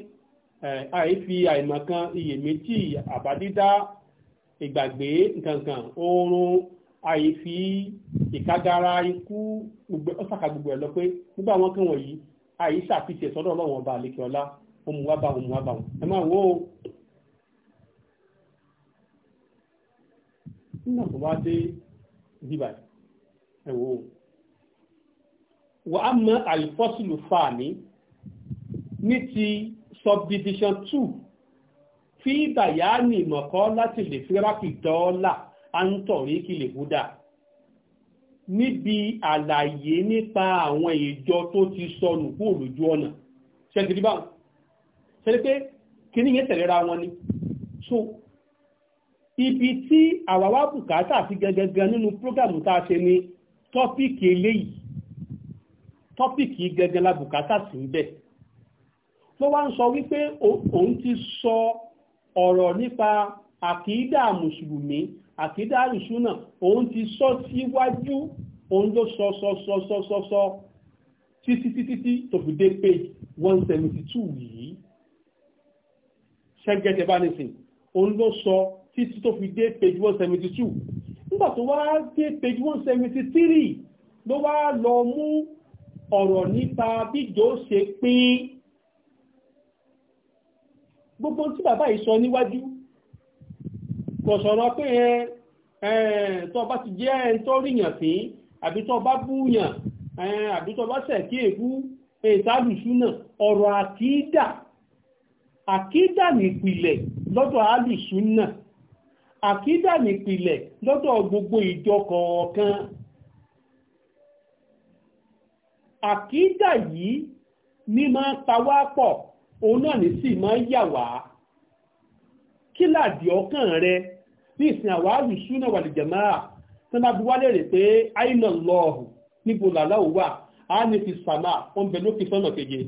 àìfi àìmọ̀kan iyèméjì àbádídá ìgbàgbé nǹkankan oorun àìfi ìkágara ikú ọ̀sàkà gbogbo ẹ̀ lọ pé nígbà wọn kàn wọ̀nyí àìsàfihàn sọ́dọ̀ ọlọ́run ọba àlekèọlá òmùwàbà òmùwàbà ẹ máa wò ó nígbà tó wá dé bíbà ẹ wò ó wà mọ àlùfọ́sùlù fàání ní ti subdivision two fi bàyáàní mọ̀kọ́ láti lè fíráàkì dọ́ọ́là à ń tọ̀rí kí lè húdà níbi àlàyé nípa àwọn ìjọ tó ti sọnù kúrò lójú ọ̀nà ṣẹ́ntìrí ṣe pé kíní yẹn tẹ̀lera wọn ni so ibi tí àwa wá bùkátà sí gẹ́gẹ́gẹ́ nínú prógàmù tá a ṣe ni tọ́pìkì eléyìí tọ́pìkì gẹ́gẹ́ la bùkátà sí ń bẹ̀ ló wá ń sọ wípé òun ti sọ ọ̀rọ̀ nípa àkídà mùsùlùmí àkídà àrùsúnà òun ti sọ síwájú òun ló sọ sọ sọ sọ sọ sọ títí títí tó fi dé page one seventy two yìí ṣẹ́gẹ́tẹ̀ bá nìsìn òun ló sọ títí tó fi dé page one seventy two nígbà tó wá dé page one seventy three ló wá lọ mú ọ̀rọ̀ nípa bíjọ́ ṣe pín gbogbo tí bàbá yìí sọ níwájú kò sọ̀rọ̀ pé tó bá ti jẹ́ ẹni tó ríyàn sí àbí tó bá búyàn àbí tó bá ṣẹ̀ kí èkú ètàlùsúnà ọ̀rọ̀ àkídà àkídà nìpìlẹ̀ lọ́dọ̀ alùsùnà àkídà nìpìlẹ̀ lọ́dọ̀ gbogbo ìjọ kọ̀ọ̀kan àkídà yìí ní máa tawá pọ̀ òun náà ní sì máa yà wá kí làdì ọkàn rẹ ní ìsìn àwọn alùsùnà wà lè jẹ̀máà tí wọ́n bá bu wálé rè pé àìnà lọ́ọ̀hùn níbo làláwò wà á ní fi sàmà wọn bẹ lókè sọ́nà keje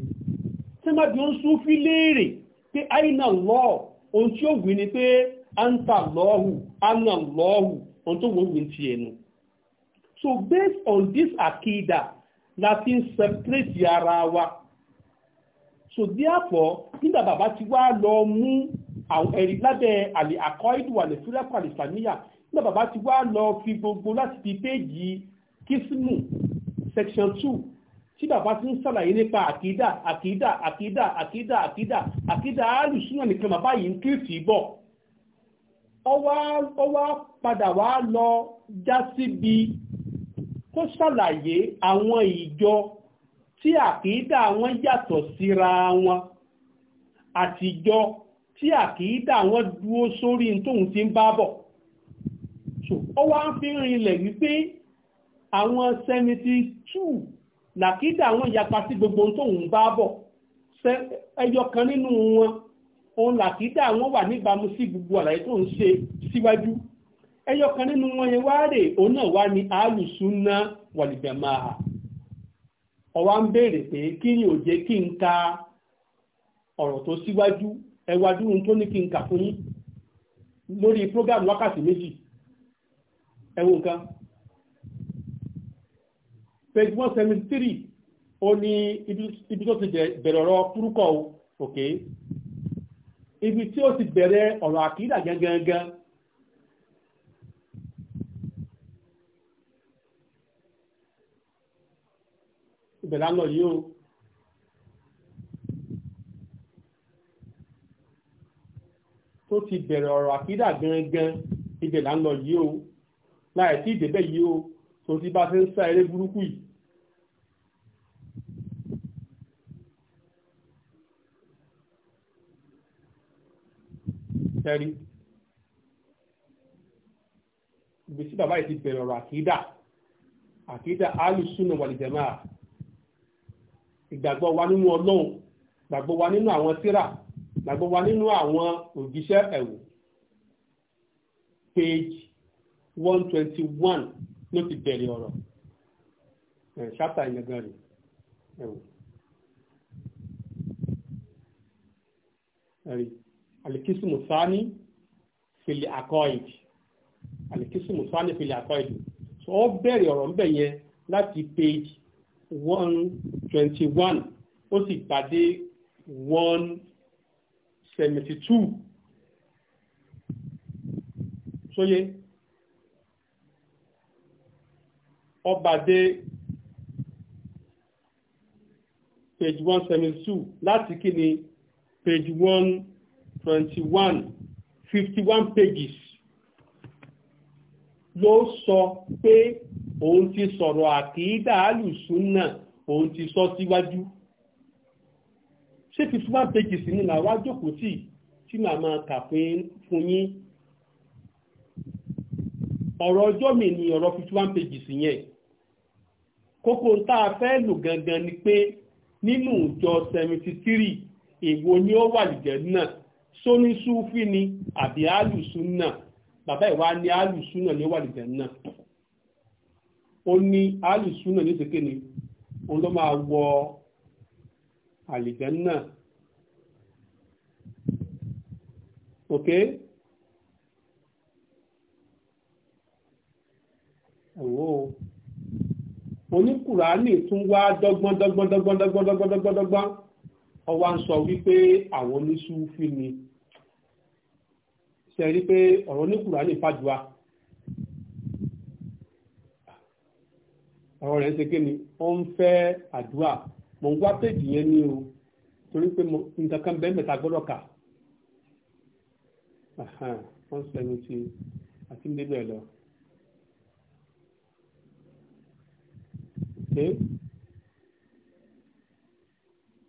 tí wọ́n bá bí wọ́n sún fi léèrè pé àìnà lọ́ ohun tí ó wí ni pé anta lọ́hù anna lọ́hù ohun tó wọ́n wí ti ẹnu. so based on this akida láti ń separate ara wa so therefore nígbà bàbá ti wá lọ mú àwọn ẹ̀rí lábẹ́ àlè àkọ́ ìdù àlè fúlẹ́kọ̀ àlè sàníyà nígbà bàbá ti wá lọ fi gbogbo láti fi péjì kìsìmù section two tí bàbá ti ń sàlàyé nípa àkídà àkídà àkídà àkídà àkídà àkídà alùsùnà nìkan bàbá yìí ń kírìtì bọ̀ ọwá padà wá lọ já síbi kó sàlàyé àwọn ìjọ tí àkídà wọn yàtọ̀ síra wọn àtijọ́ tí àkídà wọn dúró sórí tóun ti ń bá bọ̀ ó wá ń fi rinlẹ̀ wípé àwọn seventy làkídà àwọn ìyapa sí gbogbo tóun bá bọ̀ ẹyọ kan nínú wọn òun làkídà àwọn wà níbàámu sí gbogbo àlàyé tó ń ṣe síwájú ẹyọ kan nínú wọn yẹn wá rè òun náà wá ní alùsùnà wàlìjàmáà ọwá ń béèrè pé kí ni ò jẹ́ kí n ka ọ̀rọ̀ tó síwájú ẹwà dúró tó ní kí n kà fún yín lórí program wákàtí méjì ẹwọ nǹkan page one seventy three ó ní ibi tó ti bẹ̀rẹ̀ ọ̀rọ̀ púrúkọ̀ o ok ibi tí ó ti bẹ̀rẹ̀ ọ̀rọ̀ àkídà gangan ìbẹ̀rẹ̀ lọ yìí o. tó ti bẹ̀rẹ̀ ọ̀rọ̀ àkídà gangan ibẹ̀ là ń lọ yìí o láì tí ìdébẹ̀ yìí o tó ti bá ṣe ń sá eré burúkú yìí sẹ́rí ibi tí bàbá yìí ti bẹ̀rẹ̀ ọ̀rọ̀ àkídà àkídà alùsùnà wàlìjẹ̀mà ìgbàgbọ́ wa nínú ọlọ́run ìgbàgbọ́ wa nínú àwọn tírà ìgbàgbọ́ wa nínú àwọn òjíṣẹ́ ẹ̀wò page one twenty one ló ti bẹ̀rẹ̀ ọ̀rọ̀ ẹ̀ ṣáta ìyẹn gan rè ẹ̀wò alikisimu sani fili akọ́ìd alikisimu sani fili akọ́ìd so ó bẹ̀rẹ̀ ọ̀rọ̀ ńbẹ̀ yẹn láti page one twenty one ó sì pàdé one seventy two sóyè ó pàdé page one seventy two láti kí ni page one. 21 51 pages ló sọ pé òun ti sọ̀rọ̀ àkídà alùsùnà òun ti sọ síwájú ṣé 51 pages ni làwọn àjòkó tí tí màá máa kà fún yín ọ̀rọ̀ ọjọ́ mi ni ọ̀rọ̀ 51 pages yẹn kókó tá a fẹ́ lò gangan ni pé nínú ìjọ 73 èwo ni ó wà lìjẹ́ náà sóní súfì ni àbí alùsúnà bàbá ìwà ni alùsúnà ní wàlìjẹ náà ó ní alùsúnà ní òsèké ni òun ló máa wọ àlìjẹ náà ok ẹ̀wọ́ oníkùránì tún wá dọ́gbọ́n ọwá ń sọ wípé àwọn oníṣúfì ni ṣe rí pé ọ̀rọ̀ ní kùránì fàdùà ọ̀rọ̀ rẹ̀ ń ṣe kéni ó ń fẹ́ àdúà mò ń wá péjì yẹn ní o torí pé nǹkan kan bẹ́ẹ̀ mẹ́ta gbọ́dọ̀ kà one seventy àti ń débẹ̀ lọ.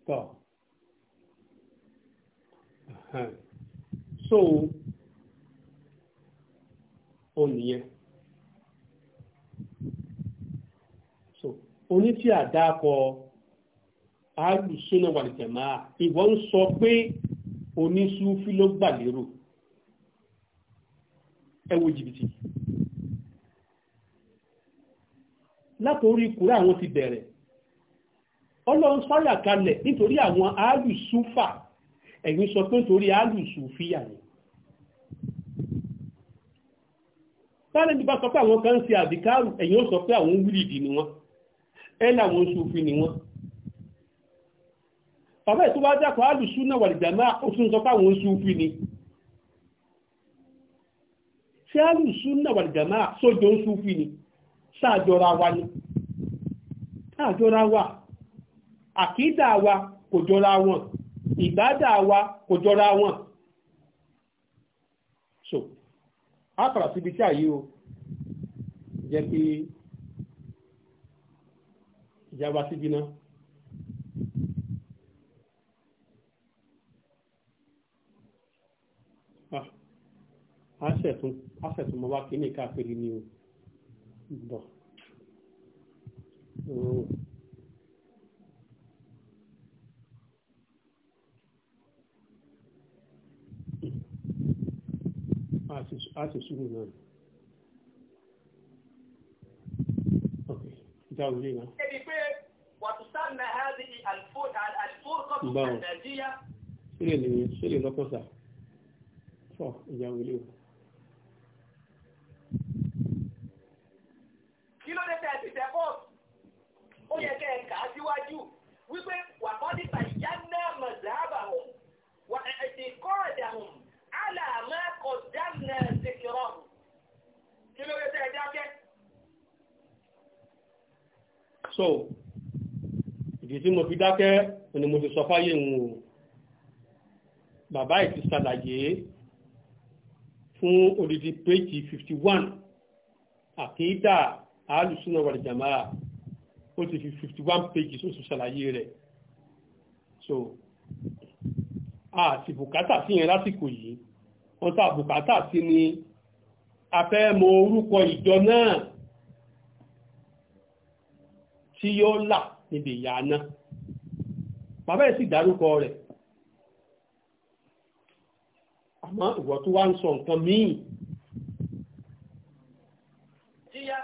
tọ́ so ó nìyẹn so onítìá dákọ alùsùnà wàlìjàmá ìwọ ń sọ pé onísúfí ló gbà lérò ẹ wo jìbìtì látòrí kúrẹ́ àwọn ti bẹ̀rẹ̀ ọlọ́run sáyà kalẹ̀ nítorí àwọn alùsúfà ẹ̀yin sọ pé nítorí alùsúfíà ni tálẹ̀ bí bá sọ pé àwọn kan ṣe àdìkárù sọ pé àwọn wíìlìdì ni wọ́n ẹ̀ làwọn Sufi ni wọ́n bàbá ètò wá dákọ̀ alùsúnà wà lìjàmá ó tún sọ pé àwọn Sufi ni ṣé alùsúnà wà wọn wa wọn á padà síbi tí àyè o jẹ́ pé ìjàmbá síbi náà. asẹ̀tún ah, asẹ̀tún mọ́ wá kí ní káàkiri ni o bọ̀. á sì sùúrù náà ni. ìjà òun léyìn. ẹbí pé wàtúsánná hàdí àlùfóòkọ́tù nàìjíríà. sílẹ̀ lọ́kọ̀ọ́sà fọ́ ìjà òun so ìdí tí mo fi dákẹ́ ni mo ti sọ fáyé ń o bàbá ìti ṣàlàyé fún odidi péjì fifty one àkídà àálùsúná jamaa ó ti fi fifty one pages ó ṣàlàyé rẹ̀ so àti bùkátà sí yẹn lásìkò yìí wọ́n ta bùkátà sí ni a fẹ́ mọ orúkọ ìjọ náà tí yóò là níbi ìyá náà bàbá ẹ̀ sì dárúkọ rẹ̀ àmọ́ ìwọ tó wá ń sọ nǹkan míì. ìyá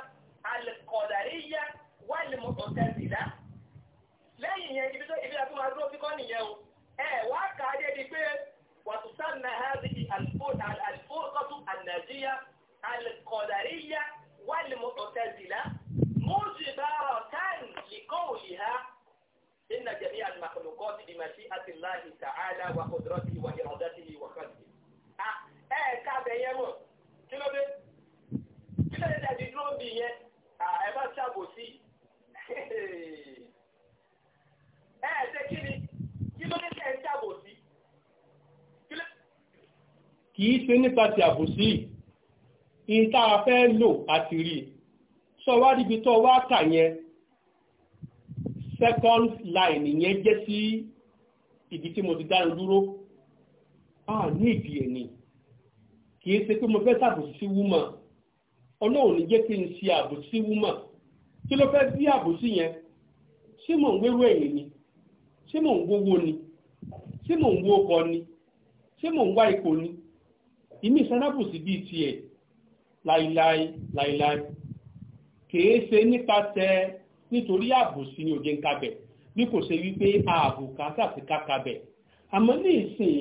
alìkọ̀dàríyá wà ní mọ̀tọ̀tẹ̀sílá lẹ́yìn yẹn ibi tó ibi àti máa dúró kíkọ́ فإن جميع المخلوقات بمشيئة الله تعالى وقدرته وإرادته وخلقه ẹ ká bẹ yẹn mọ kí ló dé kí ló dé tàbí dúró bì yẹn ẹ má ṣàbòsí ẹ ṣe kí ni kí ló dé tẹ̀ ń ṣàbòsí. kì í ṣe nípa ti àbòsí ìta fẹ́ lò àti rí sọ wá níbi tó wá kà yẹn second line yẹn jẹ́ ibi tí mo ti dánu dúró a ní ìdí ẹ̀ ni kì ṣe pé mo fẹ́ ṣàbòsí sí wúmọ̀ ọlọ́run ní jẹ́ kí n ṣe àbòsí sí wúmọ̀ kí ló fẹ́ bí àbòsí yẹn ṣé mò ń ẹ̀yìn ni ṣé mò ń wówó ni ṣé mò ń wó ọkọ ni ṣé mò ń wá ipò ni ìmí ìsanábòsí bíi tiẹ̀ nítorí àbòsí ni òde ń kabẹ̀ bí kò ṣe wípé ààbò kàtà sí kákabẹ̀ àmọ́ ní ìsìn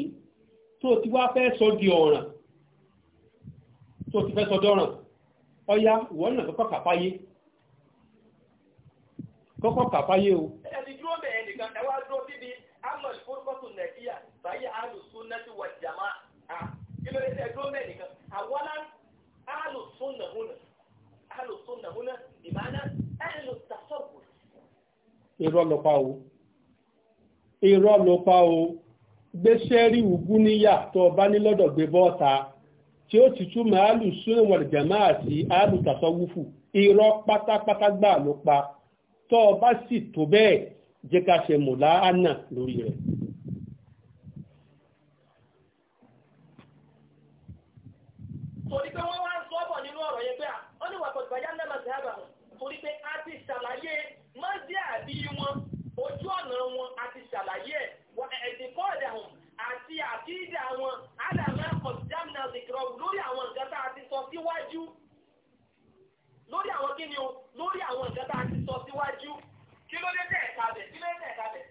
tó ti wá fẹ́ sọ di ọ̀ràn tó ti fẹ́ sọ dọ́ràn ọya ìwọ́n náà kọ́kọ́ kàfáyé kọ́kọ́ kàfáyé o. ẹni dúró bẹ̀rẹ̀ nìkan ẹ wá dúró bíbi ahmed fúrúkọ́tù nàìjíríà báyìí alùsùn náà ti wà jàmá kí ló dé tẹ dúró bẹ̀rẹ̀ nìkan àwọn alùsùn nàhúnà alùsùn nàhúnà ìmáná irọ́ ló pa o irọ́ ló pa o gbéṣẹ́ rí ugú níyà tó bá ní lọ́dọ̀ gbé bọ́ọ̀ta tí ó ti túmọ̀ alùsùn wal jamaa àti alùtàsọ́wúfù irọ́ pátápátá gbà ló pa tó bá sì tó bẹ́ẹ̀ jẹ́ ká ṣe mùlá ánà lórí rẹ̀. torí pé lórí àwọn kí ni o lórí àwọn nǹkan tá a ti sọ síwájú kí ló dé tẹ̀ ẹ̀ka bẹ̀ kí ló dé tẹ̀ ẹ̀ka bẹ̀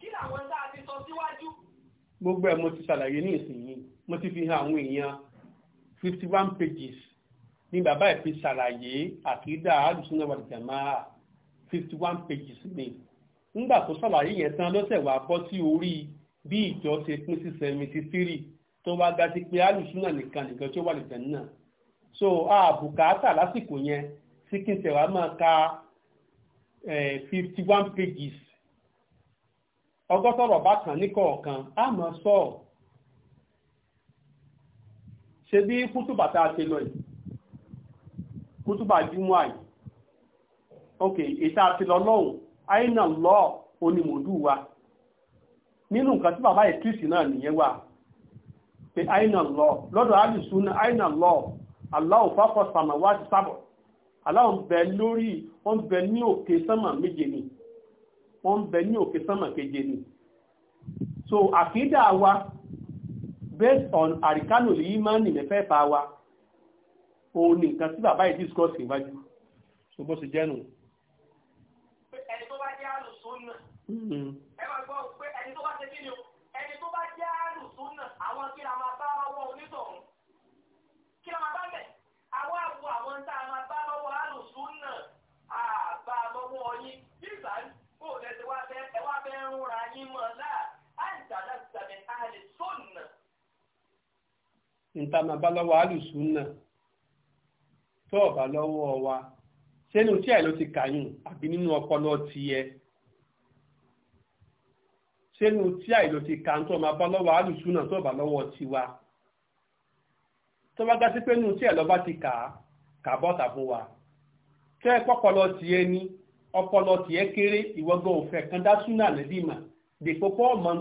kí làwọn tá a ti sọ síwájú. gbogbo ẹ̀ mo ti ṣàlàyé ní ìsinyìí mo ti fi hàn àwọn èèyàn fifty one pages ní bàbá ẹ̀ fi ṣàlàyé àkídà àdùsúnà wal jamaa fifty one pages ni nígbà tó ṣàlàyé yẹn tán lọ́sẹ̀ wá bọ́ sí orí bí ìjọ ṣe pín sí seventy three tó wá gá sí pé àdùsúnà nìkan nìkan tó wà lè náà so àbùkátà lásìkò yẹn sí kí máa ka fifty one pages ọgọ́sọ̀rọ̀ bá kàn ní kọ̀ọ̀kan á máa sọ ṣe bí kútùbà tá a ṣe lọ yìí kútùbà ok àti àìnà wa nínú nǹkan tí bàbá ìkìsì náà nìyẹn wà pé àìnà lọ lọ́dọ̀ àlùsùn àìnà Allahu fáfọ sàmàwá ti sábọ̀ Allahu ń bẹ lórí wọ́n bẹ ní òkè sánmà méje ni wọ́n bẹ ní òkè sánmà keje ni so àkídà wa based on àríkánò yìí máa ń nìyẹn fẹ́ fa wa òun ni nǹkan tí bàbá yìí discuss ìwájú so bó ṣe jẹ́ nù. ẹni tó bá jẹ́ àlùsùn hmm. níta bá lọ́wọ́ alùsùn náà tó ọ̀bà lọ́wọ́ wa sẹ́nu tí àìló ti kàyùn àbí nínú ọpọlọ tiẹ̀ sẹ́nu tí àìló ti kà tó máa bá lọ́wọ́ alùsùn náà tó ọ̀bà lọ́wọ́ tiwa tó bá dá pé nínú tí bá ti kà á kà wa tẹ́ ní kéré ìwọ́gbọ́n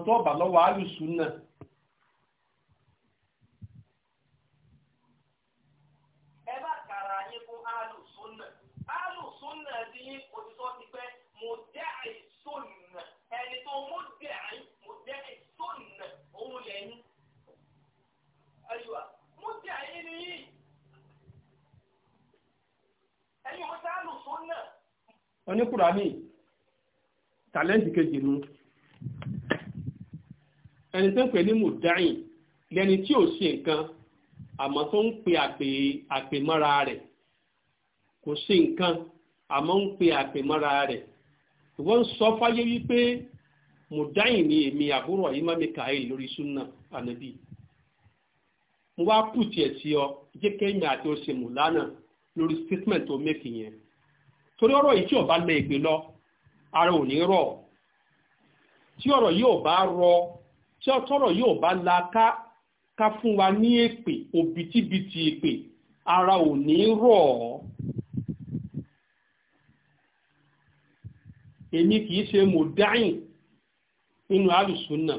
oníkùránì tàlẹ́ǹtì kejì nu ẹni tó ń pè ní mùdáyìn lẹni tí ò ṣe nǹkan àmọ́ tó ń pe àpè àpèmọ́ra rẹ̀ kò ṣe nǹkan àmọ́ ń pe àpèmọ́ra rẹ̀ wọ́n sọ fáyé wípé mùdáyìn ni èmi àbúrò ayímá mikael lórí súnà ànábì mo wá kùtì ẹ̀ sí ọ jẹ́ kẹ́yìn àti oṣù mùlánà lórí statement tó mẹ́kì yẹn torí ọ̀rọ̀ yìí tí ọba bá lọ ara ò ní tí ọ̀rọ̀ yìí bá rọ tí ọ̀tọ̀rọ̀ yìí bá la ká ká fún wa ní èpè òbítíbitì èpè ara ò ní rọ̀ èmi kì í ṣe mùdáìn nínú àlùsùnà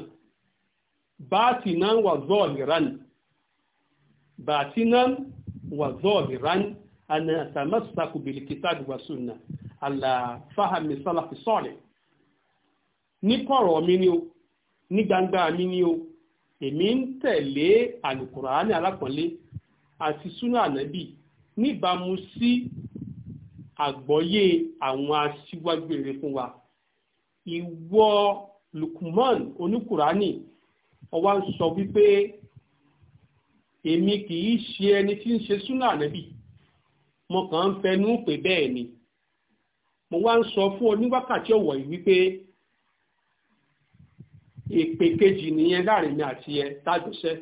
báàtì náà wà zọ́ọ̀lì rán báàtì náà wà zọ́ọ̀lì rán. أن نتمسك بالكتاب والسنة على فهم السلف الصالح ní kọ̀rọ̀ mi ni o ní gbangba mi ni o èmi ń tẹ̀lé àlùkùránì alápọ̀nlé àti súnà ànábì níbàámu sí àgbọ́yé àwọn aṣíwájú èrè fún wa ìwọ Lukman oníkùránì ọwá ń sọ wípé èmi kì í ṣe ẹni tí ń ṣe súnà ànábì mo kàn ń fẹnu pé bẹ́ẹ̀ ni mo wá ń sọ fún ọ ní wákàtí ọ̀wọ̀ yìí wípé èpè kejì nìyẹn láàrin mi àti ẹ tájọṣẹ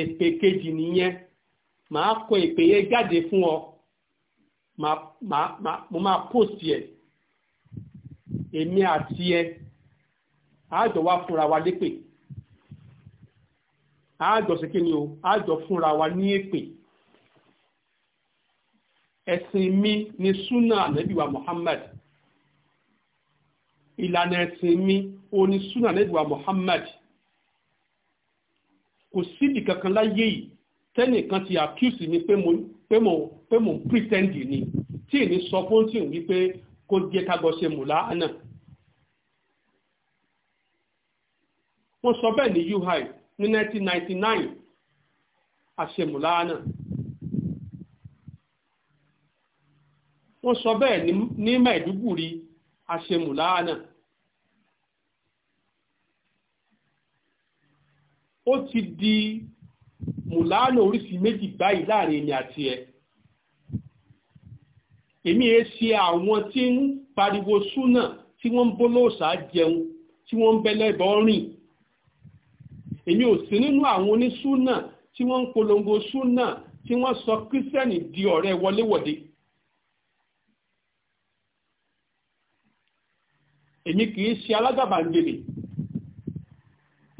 èpè kejì nìyẹn màá kọ èpè yẹn jáde fún ọ mo máa post ẹ èmi àti ẹ àjọ wá fúnra wa lépè àjọ sí kí ni o àjọ fúnra wa ní èpè ẹ̀sìn mi ni súnà ànábìwá Muhammad ìlànà ẹ̀sìn mi ò ní súnà ànábìwá Muhammad kò síbi kankan láyé yìí tẹ́nìkan ti accuse mi pé mo pé mo pé mo pretend ni tí ìní sọ fún tí ìwí pé kó jẹ́ ká gbọ́ ṣe mùlá náà. wọ́n sọ bẹ́ẹ̀ ní UI ní 1999 àṣemùlá wọ́n sọ bẹ́ẹ̀ ní Maiduguri àṣemùláànà ó ti di mùláànà oríṣi méjì báyìí láàrin èmi àti ẹ èmi ẹ e ṣe àwọn tí ń pariwo súnà tí wọ́n ń bólóòsà jẹun tí wọ́n ń bẹ́lẹ́bọ̀ rìn èmi ò sí nínú àwọn onísúnà tí wọ́n ń polongo súnà tí wọ́n sọ kírísítẹ́nì di ọ̀rẹ́ wọléwọ̀de èmi kì í ṣe alágàbàǹgbèlè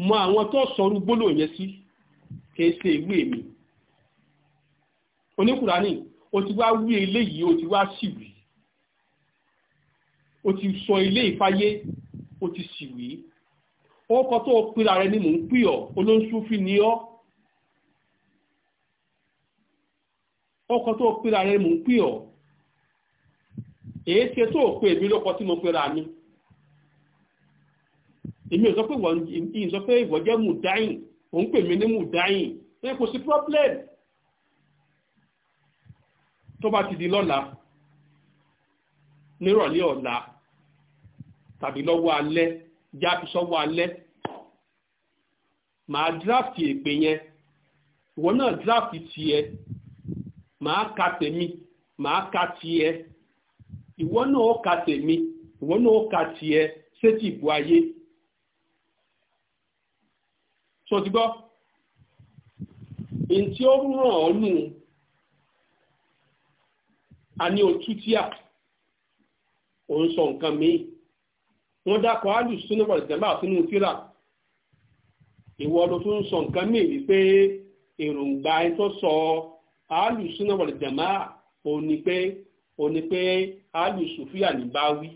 mọ àwọn tó sọrú gbólò yẹn sí kì í ṣe ìwé mi oníkùránì o ti wá wí eléyìí o ti wá sì wí o ti sọ ilé ìfáyé o ti sì wí ọkọ̀ tó pèrà rẹ ni mò ń pè ọ́ olóńsúfì ni ọ́ ọkọ̀ tó pèrà rẹ mò ń pè ọ́ èé ṣe tó pè mí lọ́kọ̀ tí mo pèrà mi èmi ò sọ pé ìyìn sọ pé ìwọ jẹ́ mùdáyìn òun pè mí ní mùdáyìn ẹ kò sí problem tó bá ti di lọ́la nírọ̀lẹ́ ọ̀la tàbí lọ́wọ́ alẹ́ já fi sọ́wọ́ alẹ́ màá draft èpè yẹn ìwọ náà draft tiẹ̀ màá ka tèmi màá ka tiẹ̀ ìwọ náà ka tèmi ìwọ náà ka tiẹ̀ sétí ìbò ayé tó ti gbọ́ èyí tí ó ràn ọ́ nù a ní òtútíà ò ń sọ nǹkan míì wọ́n dákọ̀ alùsùn nípa ìjàmbá sínú tíra ìwọ ló tún sọ nǹkan míì wípé èròǹgbà ẹni tó sọ alùsùn nípa ìjàmbá òun pé òun pé alùsùn fíyà ní bá wí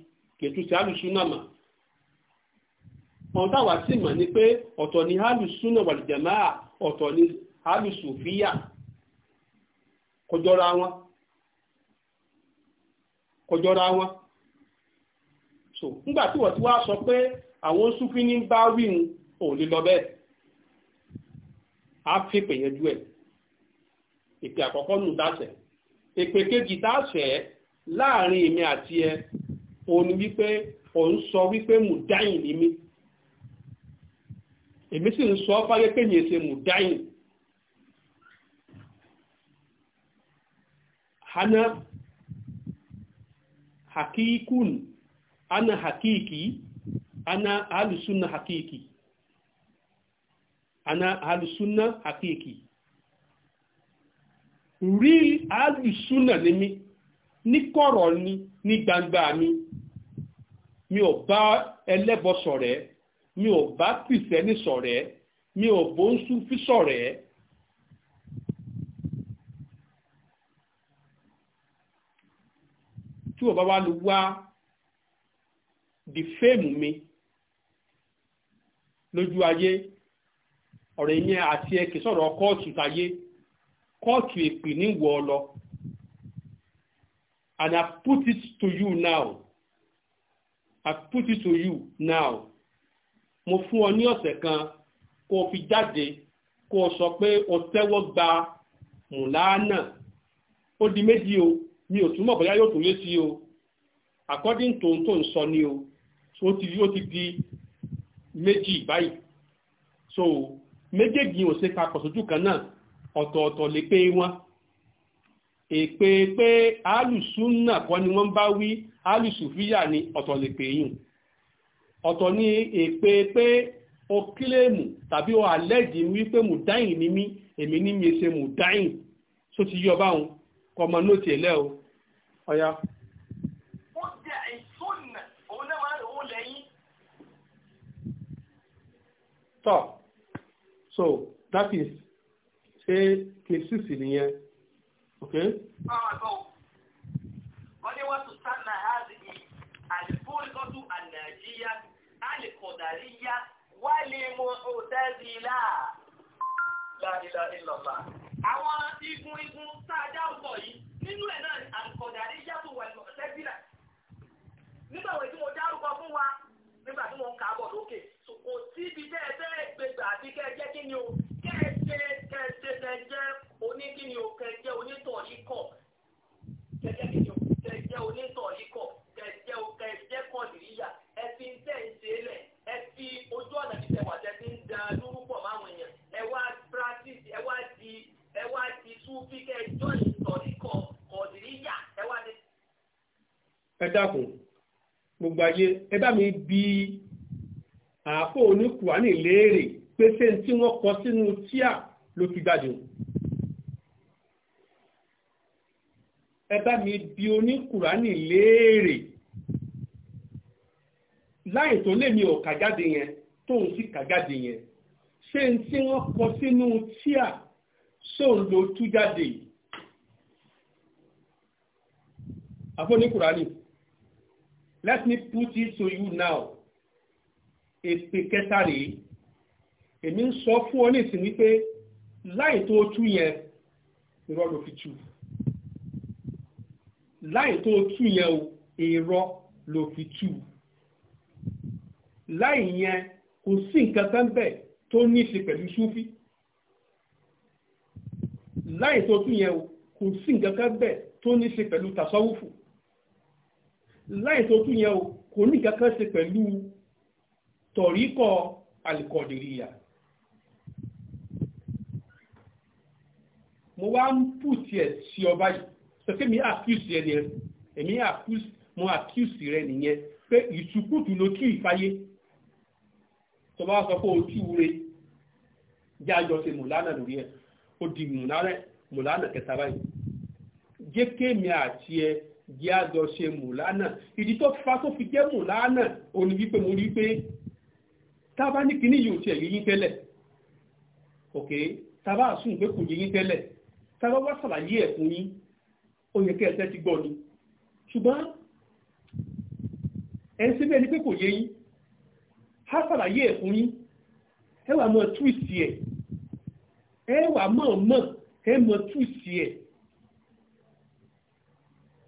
sí alùsùn náà mà ọ̀n táwa sì mọ̀ ni pé ọ̀tọ̀ ni alùsúnà wàlìjàmáà ọ̀tọ̀ ni wọn so nígbà wọ́n ti wá sọ pé àwọn súfí ní bá wíhun ò lè lọ bẹ́ẹ̀ á fi pè yẹn jú ẹ̀ ìpè àkọ́kọ́ nù dáṣẹ̀ ìpè kejì dáṣẹ̀ láàrin èmi àti èmi sì ń sọ fáyé pé mi èsè mú dáyìn hana hakikun hakiki ana alusunna ana hakiki rí alusunna ni mi ní kọ̀rọ̀ ni ní gbangba mi mi ò bá mi ò bá kìrìsẹ́nì ṣọ̀rẹ́ mi ò bó ń sún fi tí o bá wá lè wá di fẹ́ẹ̀mù mi lójú ayé ọ̀rọ̀ ìyẹn àti ẹ sọ̀rọ̀ kóòtù táyé kóòtù èpè níwọ lọ and I put it to you now I put it to you now mo fún ọ ní ọ̀sẹ̀ kan kó o fi jáde kó o sọ pé o tẹ́wọ́ gba mùláánà ó di méjì o mi ò túmọ̀ bóyá yóò tún lé sí o according to ohun tó ń sọ ni o so ó ti ó ti di méjì báyìí so méjèèjì ò ṣe papọ̀ sójú kan náà ọ̀tọ̀ọ̀tọ̀ lè pé wọn èpè pé alùsùn náà kọ́ ni wọ́n bá wí alùsùn fíyà ni ọ̀tọ̀ lè pè yùn ọ̀tọ̀ ni èpè pé o kílèmù tàbí o àlẹ́jì wípé mùdáyìn ni mí èmi ní mi ṣe mùdáyìn tó ti yọ báwọn kọmọ nóòtì ẹ̀lẹ́ o ọ̀yá. ó jẹ́ ìsúnà òun náà máa ń òun lẹ́yìn. tọ́ so that is ṣé kìí sísì nìyẹn okay. Uh, no. kọ̀dàríyá wálé mo òtẹ́bílà láìlà ìlọ̀lá. Àwọn igun igun tá a dá ọ̀pọ̀ yìí nínú ẹ̀ náà àkọ̀dàríyá tó wà òtẹ́bílà. Nígbà wo tí mo dárúkọ fún wa nígbà tí mo ń kàábọ̀ lókè kò síbi tẹ́ ẹ fẹ́ gbẹgbà àti kẹ́ ẹ jẹ́ kí ni o kẹ́ ẹ ṣe kẹ́ ẹ ṣe kẹ́ ẹ jẹ́ oní kí ni o kẹ́ ẹ jẹ́ onítọ̀ yìí kọ̀ kẹ́ kí ni o kẹ́ ẹ jẹ́ onítọ̀ yìí kọ̀ ẹ jẹ́ kọ́ ìríyà ẹ fi ń tẹ̀ ń ṣe lẹ̀ fi ojú ọ̀nà tí tẹ̀wà tẹ́ ti ń da lórúkọ máwọn èèyàn ẹ wá practice ẹ wá di ẹ wá di súnfí kẹ ẹjọ́ ìtọ̀rí kọ kọ̀ọ̀dìríyà ẹ wá di. ẹ dákun gbogbo ayé ẹ bá mi bi àáfò oníkùránì léèrè pé ṣé n tí wọ́n kọ sínú tíà ló fi gbàdùn. ẹ bá mi bi oníkùránì léèrè láì tó lè mi ò kà jáde yẹn tóun sì kà jáde yẹn ṣé n tí wọ́n kọ sínú tíà sóun ló tú jáde yìí. àfọ́ní kùránì let me put it to you now èpè kẹta rèé èmi ń sọ fún ọ ní ìsìn wípé láì tó tú yẹn irọ́ ló fi tú láì tó tú yẹn o irọ́ ló fi tú láì yẹn kò sí nǹkan kan bẹ́ẹ̀ tó ní ṣe pẹ̀lú súfí láì tó tún yẹn kò sí nǹkan kan bẹ́ẹ̀ tó ní ṣe pẹ̀lú tasawufu láì tó tún yẹn kò ní nǹkan kan ṣe pẹ̀lú tọ̀ríkọ̀ alikọ̀dìríyà. mo wá ń pùtì ẹ̀ sí ọba yìí sọ pé mi àkíyèsí ẹni ẹ èmi àkíyèsí mo àkíyèsí rẹ nìyẹn pé ìtukùtù ló tú ìfáyé tó bá sọ pé ojú re jẹ́ àjọ ṣe mùlánà lórí ẹ̀ ó di mùlánà kẹta báyìí jẹ́ kéèmì àti ẹ jẹ́ àjọ ṣe mùlánà ìdí tó fa tó fi jẹ́ mùlánà ò ní wípé mo rí pé tábà ní kíní yóò tiẹ̀ yíyín tẹ́lẹ̀ ok tábà sùn pé kò yíyín tẹ́lẹ̀ tábà wá sàlàyé ẹ̀ fún yín ó yẹ kí ẹ tẹ́tí gbọ́ ni ṣùgbọ́n ẹ ń síbẹ̀ ni pé kò yé á sàlàyé ẹ̀ fún yín ẹ wà mọ̀ túwìsì ẹ̀ ẹ wà mọ̀ mọ̀ ẹ mọ̀ túwìsì ẹ̀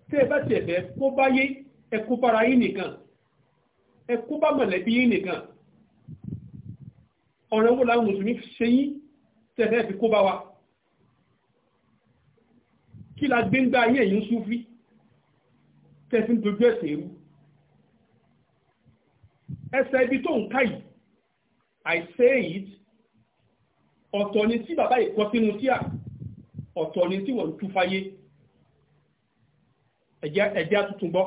tẹ́ ẹ bá tiẹ̀ bẹ́ẹ̀ kó báyé ẹ kó bára yín nìkan ẹ kó bá mọ̀lẹ́bí yín nìkan ọ̀rọ̀ wo làwọn mùsùlùmí ṣe yín tẹ́ ẹ fi kó bá wa kí la gbé ń gbá ayé ẹ̀yìn súnfí tẹ́ fi ń dojú ẹ̀sìn rú ẹsẹ̀ ibi tó ń ká yìí i say it ọ̀tọ̀ ni tí bàbá ìkọ́ sínú tíà ọ̀tọ̀ ni tí wọ́n tú fáyé ẹ̀jẹ̀ àtútù gbọ́.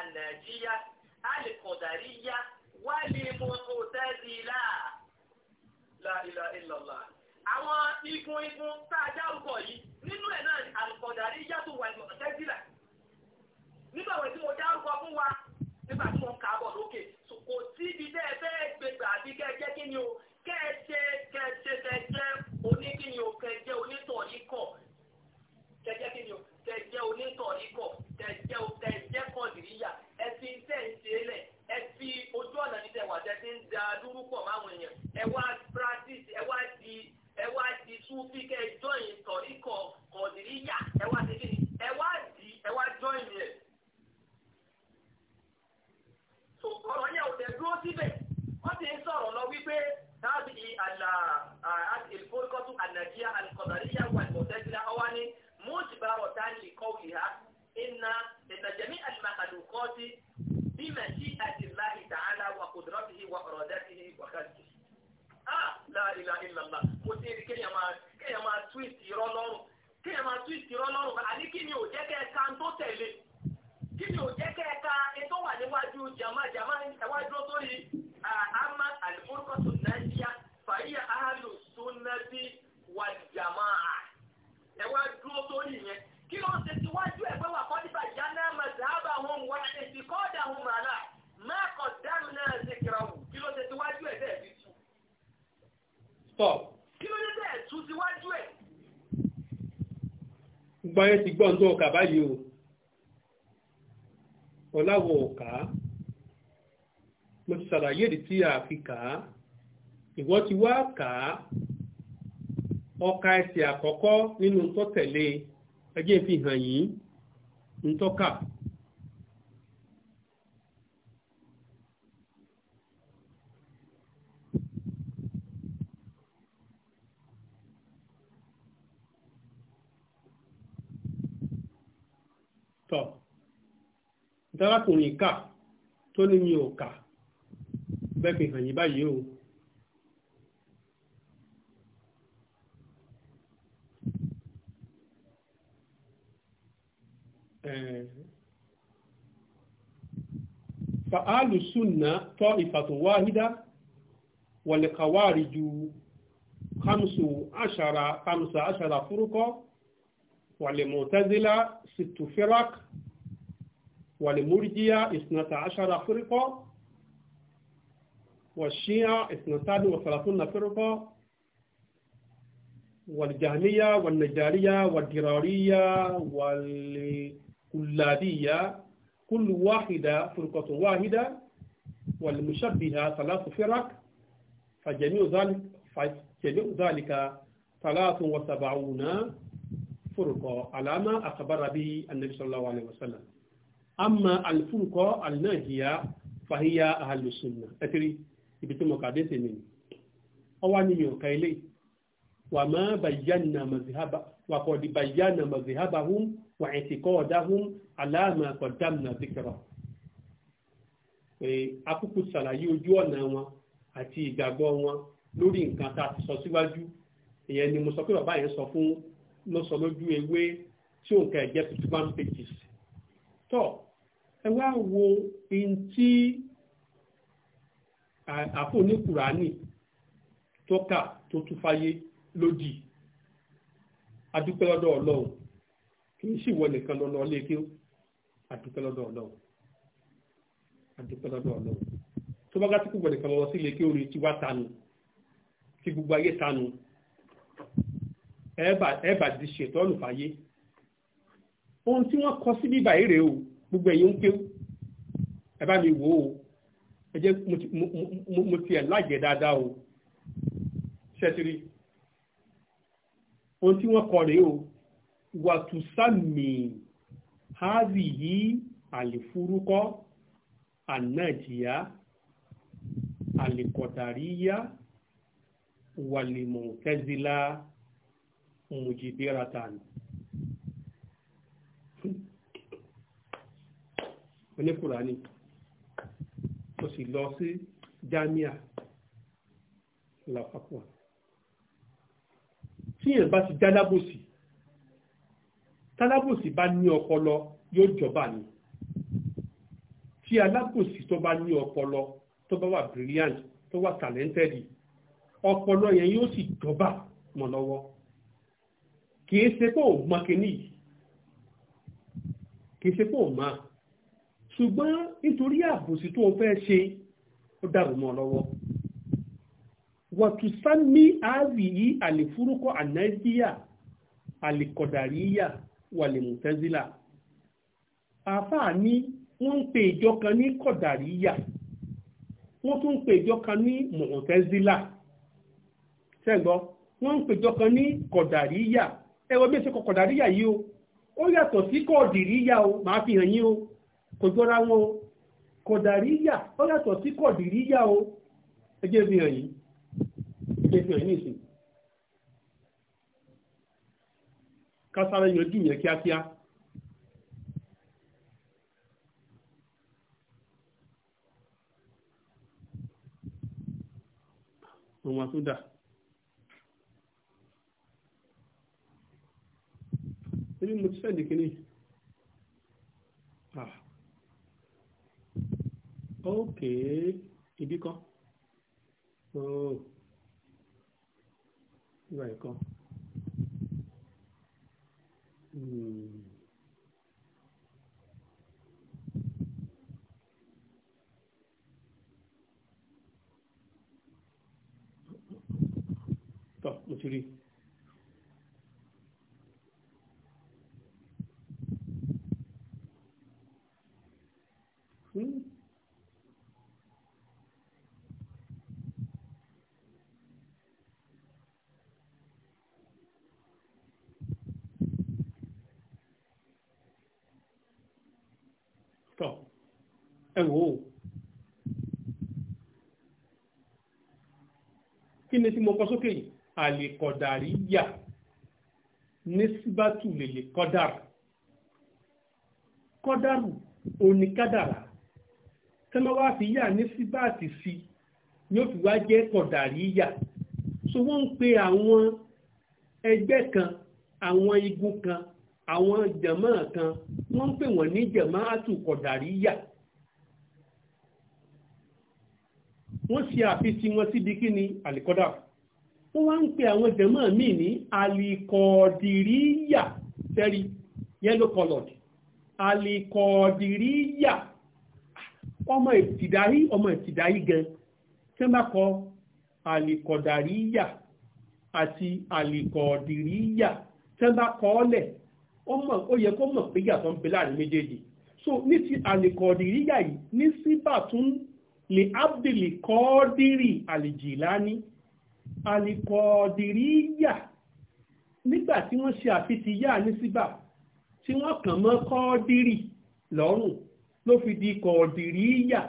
الناجية القدرية والمعتزلة لا إله إلا الله àwọn igun igun tá a dárúkọ yìí nínú ẹ̀ náà àlùkọ̀dàrí yàtọ̀ wà ní ọ̀tẹ́sílà nígbà wẹ̀ tí mo dárúkọ fún wa nígbà tí mo ń kàábọ̀ lókè kò sí ibi tẹ́ ẹ fẹ́ gbégbà àbí kẹ́ ẹ jẹ́ kí ni o kẹ́ ẹ ṣe kẹ́ ẹ ṣe kẹ́ ẹ jẹ́ oníkíni o kẹ́ ẹ gbogbo ayé ti gbọ́n tó ọkà báyìí o ọ̀làwọ̀ ọ̀kà mo ti ṣàlàyé èdè tí a fi kà á ti wá kà á ọkà ẹsẹ̀ àkọ́kọ́ nínú fi hàn yín ń kà tó ní mi ò kà bẹ́ẹ̀ fi hàn yín báyìí o. fa'alu sunna ta'ifatu wahida wal khawariju khamsu ashara khamsa ashara furuqa wal mu'tazila sittu firaq والمرجية 12 فرقة والشيعة 32 فرقة والجهمية والنجارية والدرارية والكلابية كل واحدة فرقة واحدة والمشبهة ثلاث فرق فجميع ذلك فجميع ذلك ثلاث وسبعون فرقة على ما أخبر به النبي صلى الله عليه وسلم amma alfurqa alnajiya fahiya ahlus sunna ẹtiri ibi tí mo kà dé sèmi ni ọwọ́ ni mi ò ka ilé wa ma bayyana mazhaba wa qad bayyana mazhabahum wa i'tiqadahum ala ma qaddamna dhikra akúkú sàlàyé ojú ọ̀nà wọn àti ìgbàgbọ́ wọn lórí nǹkan tá ti sọ síwájú ìyẹn ni mo sọ pé bàbá yẹn sọ fún ló sọ lójú ewé tí òǹkà ẹ̀jẹ̀ fifty one pages tọ́ ẹ wá wo in tí àfọ̀nìkùránì tọ́ka tó tún fáyé lódì adúpẹ́ lọ́dọ̀ ọlọ́run kì í sì wọ nìkan lọ́nà ọlẹ́kẹ́ adúpẹ́ lọ́dọ̀ ọlọ́run adúpẹ́ lọ́dọ̀ ọlọ́run tó bá gàtí kúgbọ̀n nìkan lọ́wọ́ sí ilẹ̀kẹ́ orin tí wá tanu tí gbogbo ayé tanu ẹ̀ẹ́bà di ṣètọ́nù fáyé ohun tí wọ́n kọ sí bíbá èrè o gbogbo ẹ̀yin ń kéwú ẹ bá mi wò ó ẹ jẹ́ mo ti ẹ̀ lájẹ̀ dáadáa o ṣẹ́tìrì ohun tí wọ́n kọ rèé o wàtúsàmì háàzì yìí àlìfúrúkọ ànájìyá àlìkọ̀dàríyá wàlìmọ̀tẹ́zìlá mùjìdíratan. oníkùránì mo sì lọ sí jamia lọ́pàpọ̀ tíyẹn bá ti jálábòsì tálábòsì bá ní ọpọlọ yóò jọba ni tí alábòsì tó bá ní ọpọlọ tó bá wà brilliant tó wà talented ọpọlọ yẹn yóò sì jọba mọ́ lọ́wọ́ kìí ṣe pé òun mọ kínní yìí kìí ṣe pé òun máa ṣùgbọ́n nítorí àbòsí tó o fẹ́ ṣe ó dàrú mọ́ lọ́wọ́ wàtúsánmí ààbìyí àlèfúrúkọ ànájíyà àlèkọ̀dàríyà wàlèmùtẹ́zílà àfáà ní wọ́n ń pè ìjọ kan ní kọ̀dàríyà wọ́n tún ń pè ìjọ kan ní mùtẹ́zílà ṣẹ́gbọ́ wọ́n ń pè ìjọ kan ní kọ̀dàríyà ẹ̀wọ̀n bí ẹ ṣe kọ̀dàríyà yìí o ó yàtọ̀ sí kọ̀dìríyà o màá fi hàn yín o kò jọra wọn o kọ̀dàríyà ó yàtọ̀ sí kọ̀dìríyà o ẹgbẹ́ fi hàn yìí ẹgbẹ́ fi hàn yìí nìsín kásáré yanjú yẹn kíákíá òun àtúndà ebi mo ti fẹ́ dìkínì ah ókè ibi kan ooo ìwà ìkan tọ́ mo ti rí hmm ẹ wò ó kí ni tí mo kọ sókè yìí àlèkọ̀dàrí yà nísìbátù lèlè kọ́dàrù kọ́dàrù oníkádàrà tẹ́lẹ̀ wá fi yà nísìbátì sí yóò fi wá jẹ́ kọ̀dàrí yà so wọ́n ń pe àwọn ẹgbẹ́ kan àwọn igun kan àwọn jàmáà kan wọ́n ń pè wọ́n ní jàmáàtù kọ̀dàrí yà. wọ́n ṣe àfisí wọn síbi kí ni àlìkọ́dà wọ́n wá ń pe àwọn jẹ̀mọ́ míì ní àlìkọ̀ọ̀dìríyà sẹ́rí yellow colored àlìkọ̀ọ̀dìríyà ọmọ ìtìdáyí ọmọ ìtìdáyí gan tí wọ́n bá kọ àlìkọ̀dàríyà àti àlìkọ̀ọ̀dìríyà tí wọ́n bá kọ ọ́lẹ̀ ó yẹ kó mọ̀ pé yàtọ̀ ń bẹ láàrin méjèèjì so ní ti àlìkọ̀ọ̀dìríyà yìí ní síbà tún lè abdìlì kọ́ọ́dìrì àlìjìláni àlìkọ́ọ́dìrì yà nígbà tí wọ́n ṣe àfitì yà ní síbà tí wọ́n kàn mọ́ kọ́ọ́dìrì lọ́rùn ló fi di kọ́ọ́dìrì yà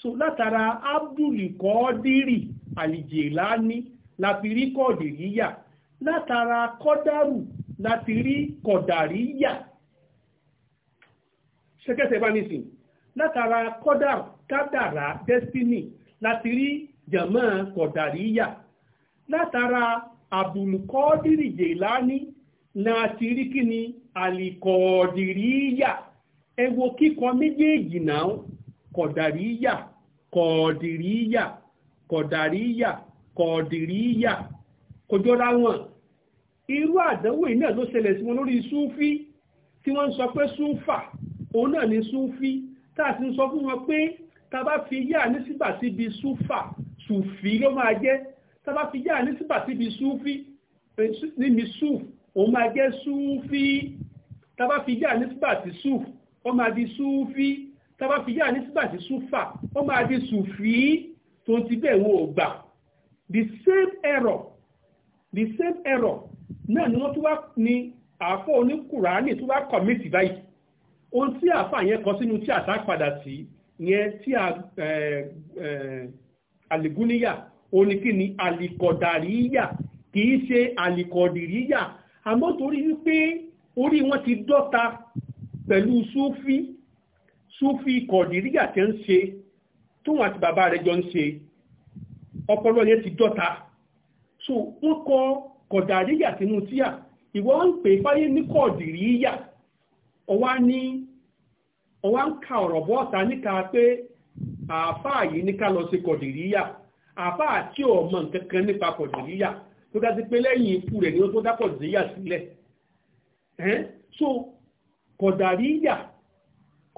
so látara abdìlì kọ́ọ́dìrì àlìjìláni la fi rí kọ́ọ́dìrì yà látara kọ́dàrù la fi rí kọ̀dàrí ṣẹkẹsẹ bá nísìn látara kọ́dàrù kádàrá destiny láti rí jẹ̀mọ́ kọ̀dàríyà látara abdulkadiri jelani láti rí kíni alikọ̀ọ̀dìríyà ẹ wo kíkọ méjèèjì náà kọ̀dàríyà kọ̀ọ̀dìríyà kọ̀dàríyà kọ̀ọ̀dìríyà kò jọra wọn irú àdánwò yìí náà ló ṣẹlẹ̀ sí wọn lórí súfí tí wọ́n ń sọ pé súfà òun náà ni súfí tá a ti ń sọ fún wọn pé tàbá fi yá ní síbà síbi súfà sùfì ló máa jẹ́ tàbá fi yá ní síbà síbi súfì eh, níbi súf ó máa jẹ́ súfì tàbá fi yá ní síbà sí súf ó máa di súfì tàbá fi yá ní síbà sí súfà ó máa di sùfì tó ti bẹ́ẹ̀ wọn ò gbà the same error the same error náà ni wọ́n tún wá ní àáfọ̀ oníkùránì tó wá kọ̀mìtì báyìí ohun tí àáfà yẹn kọ sínú tí àtà padà sí yẹn tí àlìgúníyà eh, eh, oníkíni àlìkọ̀dàríyà kìí ṣe àlìkọ̀dìríyà àmọ́ torí wípé orí wọn ti dọ́ta pẹ̀lú súfí súfí kọ̀dìríyà tẹ́ ń ṣe tóun àti bàbá rẹ̀ jọ ń ṣe ọpọlọ yẹn ti dọ́ta so wọ́n kọ kọ̀dàríyà sínú tíyà ń pè fáyé ní kọ̀dìríyà ọwá ní wọ́n wá ń ka ọ̀rọ̀ bọ́ọ̀ta níka pé àáfàá yìí ní ká lọ sí kọ̀dìríyà àáfàá tí ò mọ̀ nǹkan nípa kọ̀dìríyà tó dá sí pé lẹ́yìn ikú rẹ̀ ni ó tó dá kọ̀dìríyà sílẹ̀ so kọ̀dàríyà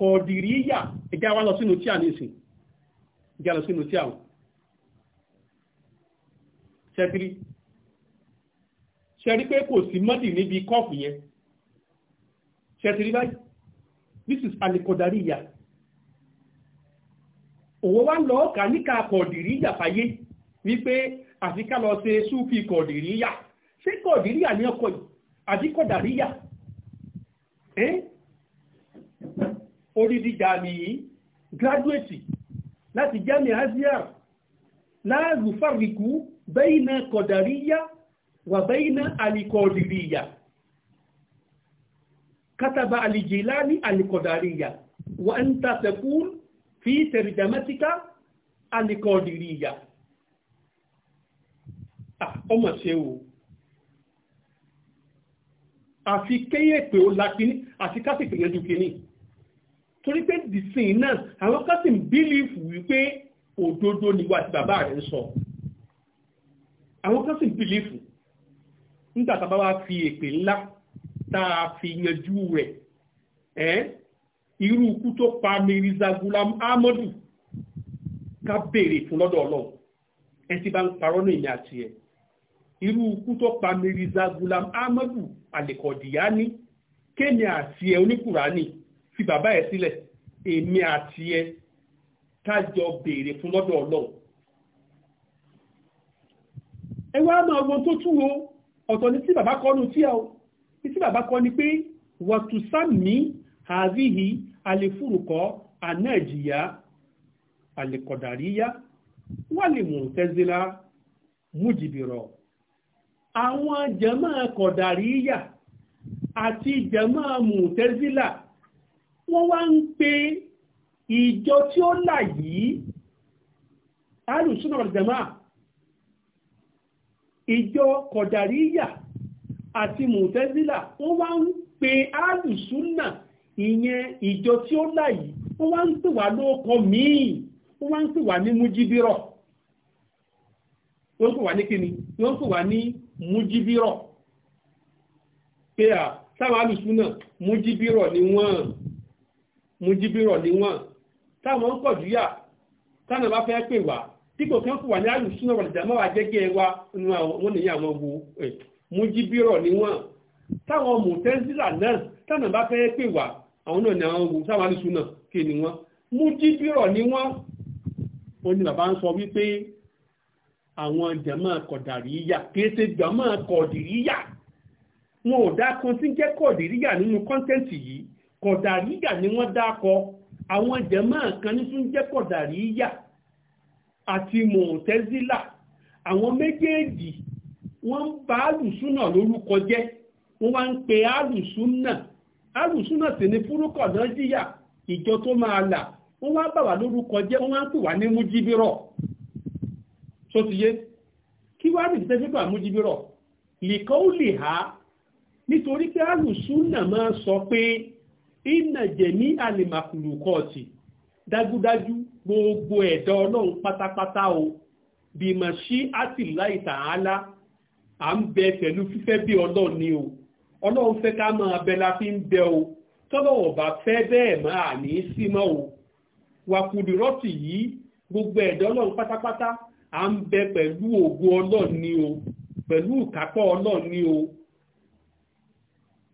kọ̀dìríyà ẹ̀já wa lọ sínú tí à ní ìsìn ẹ̀já lọ sínú tí àwọn ṣẹ́bírí ṣẹ́rí pé kò sí mọ́dì níbi kọ́ọ̀fù yẹn ṣẹ́tìrí báyìí this is alikodariya òwò wá lọ ọ̀kà níka kọ̀dìríyà fàyè wípé àfi ká lọ ṣe súfì kọ̀dìríyà ṣé kọ̀dìríyà ní ọkọ̀ yìí àbí kọ̀dàríyà ẹ́ orídìí jàmì yìí gíráduwétì láti jàmì azia láàrùfàrìkú bẹ́yìnà kọ̀dàríyà wà bẹ́yìnà alikọ̀dìríyà kataba alijilani alikọdariya wa ń ta sẹkún fi tẹrìdàmẹtíkà alikọdiriya ọmọ ah, ṣe o àfi kéyè pé ó la kíní àti kásìkò yẹn ju kíní torí pé dìsìn náà àwọn kásìn bílífù wípé òdodo ni wà tí bàbá rẹ̀ ń sọ àwọn kásìn bílífù nígbà tá a bá wá fi èpè ńlá taa a fi yanjú rẹ̀ ẹ́ irú ikú tó pa Mirza Ghulam Ahmadu ká béèrè fún lọ́dọ̀ ọlọ́run ẹ ti bá ń parọ́ ní ìyẹn àti ẹ̀ irú ikú tó pa Mirza Ghulam Ahmadu Al-Qadiani kéèmì àti ẹ oníkùránì fi bàbá ẹ sílẹ̀ èmi àti ẹ kájọ béèrè fún lọ́dọ̀ ọlọ́run ẹ wá máa wọn tó tú o ọ̀tọ̀ ní tí bàbá kọ́nu tí a o títí bàbá kọ́ ni pé wàtúsàmì àríhì àlefúrukọ anáàjìyà àlekọ̀dàríyá wà lè mú tẹ́sílá mújìbìrọ̀ àwọn jẹ́mọ́ kọ̀dàríyà àti jẹ́mọ́ mú tẹ́sílá wọ́n wá ń pe ìjọ tí ó là yìí alùsùnà ìjọ kọ̀dàríyà àti mùtẹ́sílà wọ́n wá ń pe alùsùnà ìyẹn ìjọ tí ó láyìí wọ́n wá ń pè wá lóko míì wọ́n wá ń pè ní mújíbírọ̀ pé à táwọn alùsùnà mújíbírọ̀ ni wọ́n mújíbírọ̀ ni wọ́n táwọn ní jẹ́gẹ́ wa wọn nìyí mújíbírọ̀ ni wọ́n táwọn mùtẹ́sílà náà táwọn bá fẹ́ pè wá àwọn náà ni àwọn ogun táwọn alùsùn náà kí ni wọ́n mújíbírọ̀ ni wọ́n ó ní bàbá ń sọ wípé àwọn jàmá kọ̀dàríyà kéèsè jàmá kọ̀dìríyà wọn ò dákun tí ń jẹ́ kọ̀dìríyà nínú kọ́ńtẹ́ǹtì yìí kọ̀dàríyà ni wọ́n dákọ àwọn jàmá kan ní tún jẹ́ kọ̀dàríyà àti mùtẹ́sílà àwọn méjèèjì wọ́n ń ba alùsúnà lórúkọ jẹ́ wọ́n wá ń pe alùsúnà alùsúnà sì ni fúrúkọ̀ náà jìyà ìjọ tó máa là wọ́n wá bà wá lórúkọ jẹ́ wọ́n wá ń pè wá ní mújíbírọ̀ tó ti yé kí wá rí ìtẹ́jú pé àmújíbírọ̀ lìkọ́ ó lè há nítorí pé alùsúnà máa sọ pé iná jẹ̀mí àlèmàkùlùkọ́ọ̀tì dájúdájú gbogbo ẹ̀dá ọlọ́run pátápátá o bìmọ̀ sí àtìláì tààlà à ń bẹ pẹ̀lú fífẹ́ bí ọlọ́run ni o ọlọ́run fẹ́ ká máa bẹ la fi ń bẹ o tọ́lọ́wọ̀ bá fẹ́ bẹ́ẹ̀ máa ní í sí mọ́ o wàkùdìrọ́tì yìí gbogbo ẹ̀dọ́ ọlọ́run pátápátá à ń bẹ pẹ̀lú ògo ọlọ́run ni o pẹ̀lú ìkápọ̀ ọlọ́run ni o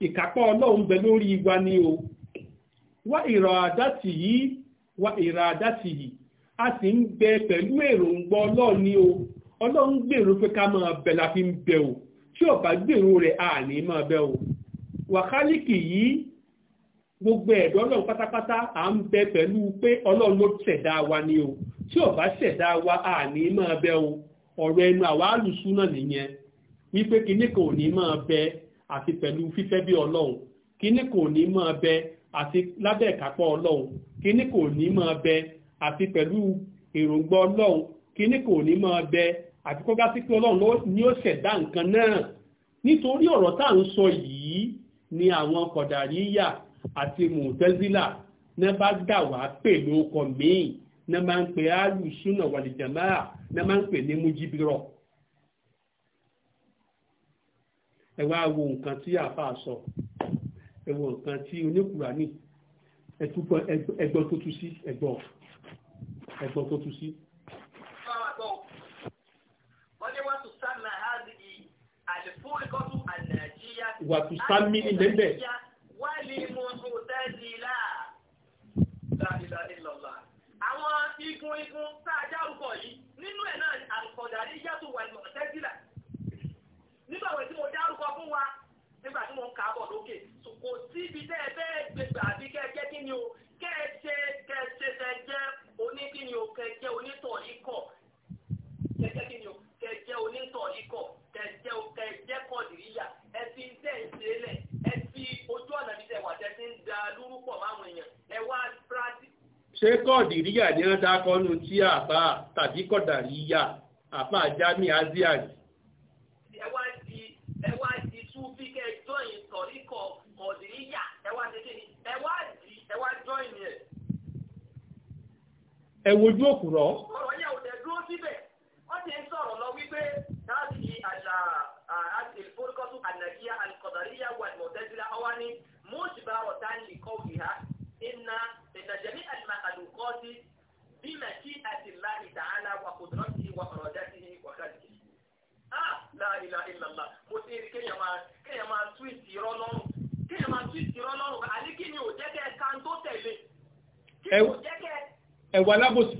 ìkápọ̀ ọlọ́run bẹ lórí wa ni o wá ìrọ̀ àdátì yìí wá ìrọ̀ àdátì yìí a sì ń bẹ ọlọ́run gbèrò pé ká máa bẹ̀ la fi ń bẹ o tí ó bá gbèrò rẹ̀ a ní máa bẹ o wàhálìkì yìí gbogbo ẹ̀dọ́ ọlọ́run pátápátá à ń bẹ pẹ̀lú pé ọlọ́run ló ṣẹ̀dá wa ni o tí ó bá ṣẹ̀dá wa a ní máa bẹ o ọ̀rọ̀ ẹnu àwa àlùsù náà nìyẹn wípé kinní kan ò ní máa bẹ àti pẹ̀lú fífẹ́ bí ọlọ́run kinní kan ò ní máa bẹ àti lábẹ́ ìkápọ̀ ọlọ́run kinní kan ò ní máa bẹ àti pẹ̀lú èròǹgbà ọlọ́run kinní kan ò ní máa bẹ àti kó gásí pé ọlọ́run ni ó ṣẹ̀dá nǹkan náà nítorí ọ̀rọ̀ tá à ń sọ yìí ni àwọn kọ̀dàríyà àti mùtẹ́zílà náà bá gbà wá pè lóko míì náà máa ń pè áàlù súnà wàlìjàmá náà máa ń pè ní mújíbírọ̀ ẹ wá wo nǹkan tí àáfàá sọ ẹ wo nǹkan tí oníkùránì ẹgbọ́n tó tú sí ẹgbọ́n tó tú sí. wàtú sámi ní lẹ́lẹ̀. wálé mo tún tẹ́jì láà igun igun tá a járúkọ yìí nínú ẹ̀ náà àkọ̀dà ní yàtò wà ní ọ̀tẹ́jì là. nígbà wo tí mo dárúkọ fún wa nígbà tí mo ń kàábọ̀ lókè kò síbi tẹ́ ẹ bẹ́ẹ̀ gbẹgbẹ́ àbí kẹ́ ẹ jẹ́ kí o kẹ́ ẹ ṣe kẹ́ ẹ ṣe kẹ́ ẹ o kẹ́ ẹ jẹ́ onítọ̀ ikọ̀ kẹ́ ẹ jẹ́ fi iṣẹ́ ìṣẹ̀lẹ̀ ẹ fi ojú ọ̀nà bíi tẹ̀wà tẹ́ ti ń da ni wọ́n dákọ́ nu tí àbá tàbí kọ̀dà ríyà àbá jami azia rí. ẹ wá di ẹ wá di túbí ríyà ẹ wá wojú ọ̀rọ̀ yẹn ò dúró síbẹ̀ wọ́n ti ń lọ wípé láti àjà fàrọ́tù ànàkíyà àlùkọ̀dàríyà wà mọ̀tẹ́sílá ọwá ní mọ́ṣùbà ọ̀tá lè kọ́ wì ha iná ìtàjẹ̀mí àlùmá àlùkọ́ sí bí mẹ́tí àti lá ìtàhálà wà kòtòrọ́tì wà ọ̀rọ̀dá sí wàkàtì. ah la ilaha illallah mo ti rí kéèyàn máa kéèyàn máa tú ìtìrọ́ lọ́rùn kéèyàn máa tú àní kí ni ò jẹ́ kẹ́ kan tó tẹ̀lé kí alábòsí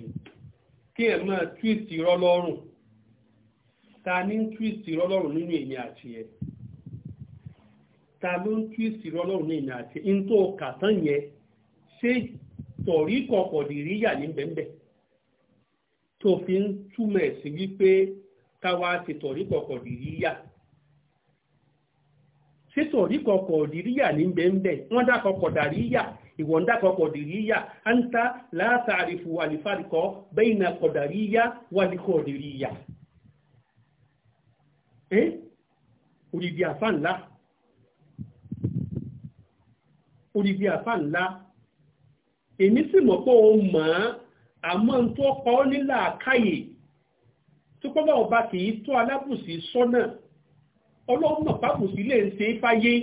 kí ẹ̀ máa tú ìtìrọ́ lọ́rùn ta ní ń tú ìtìrọ́ lọ́rùn nínú èmi àti ẹ̀. ta ló ń tú ìsìrí ọlọ́run ní ìmì àti in tó kà tán yẹn ṣé tọ̀rí kọ̀ọ̀kọ̀dì rí yà ní bẹ́ẹ̀ tó fi ń túmọ̀ sí wípé káwa ti tọ̀rí kọ̀ọ̀kọ̀dì rí yà ṣé tọ̀rí kọ̀ọ̀kọ̀dì rí yà ní bẹ́ẹ̀ wọ́n dá kọ̀ọ̀kọ̀dà rí yà ìwọ̀n dá kọ̀ọ̀kọ̀dì rí yà áńtà látàrífù àlìfàríkọ rí yà. orí bí àfà ńlá èmi sì mọ̀ pé òun mọ̀ ọ́n àmọ́ ń tó kọ́ ọ́ nílà káyè tó pọ́nbà ọba kì í tó alábùsí sọ́nà ọlọ́run mọ̀ pábùsí lè ń ṣe é fáyé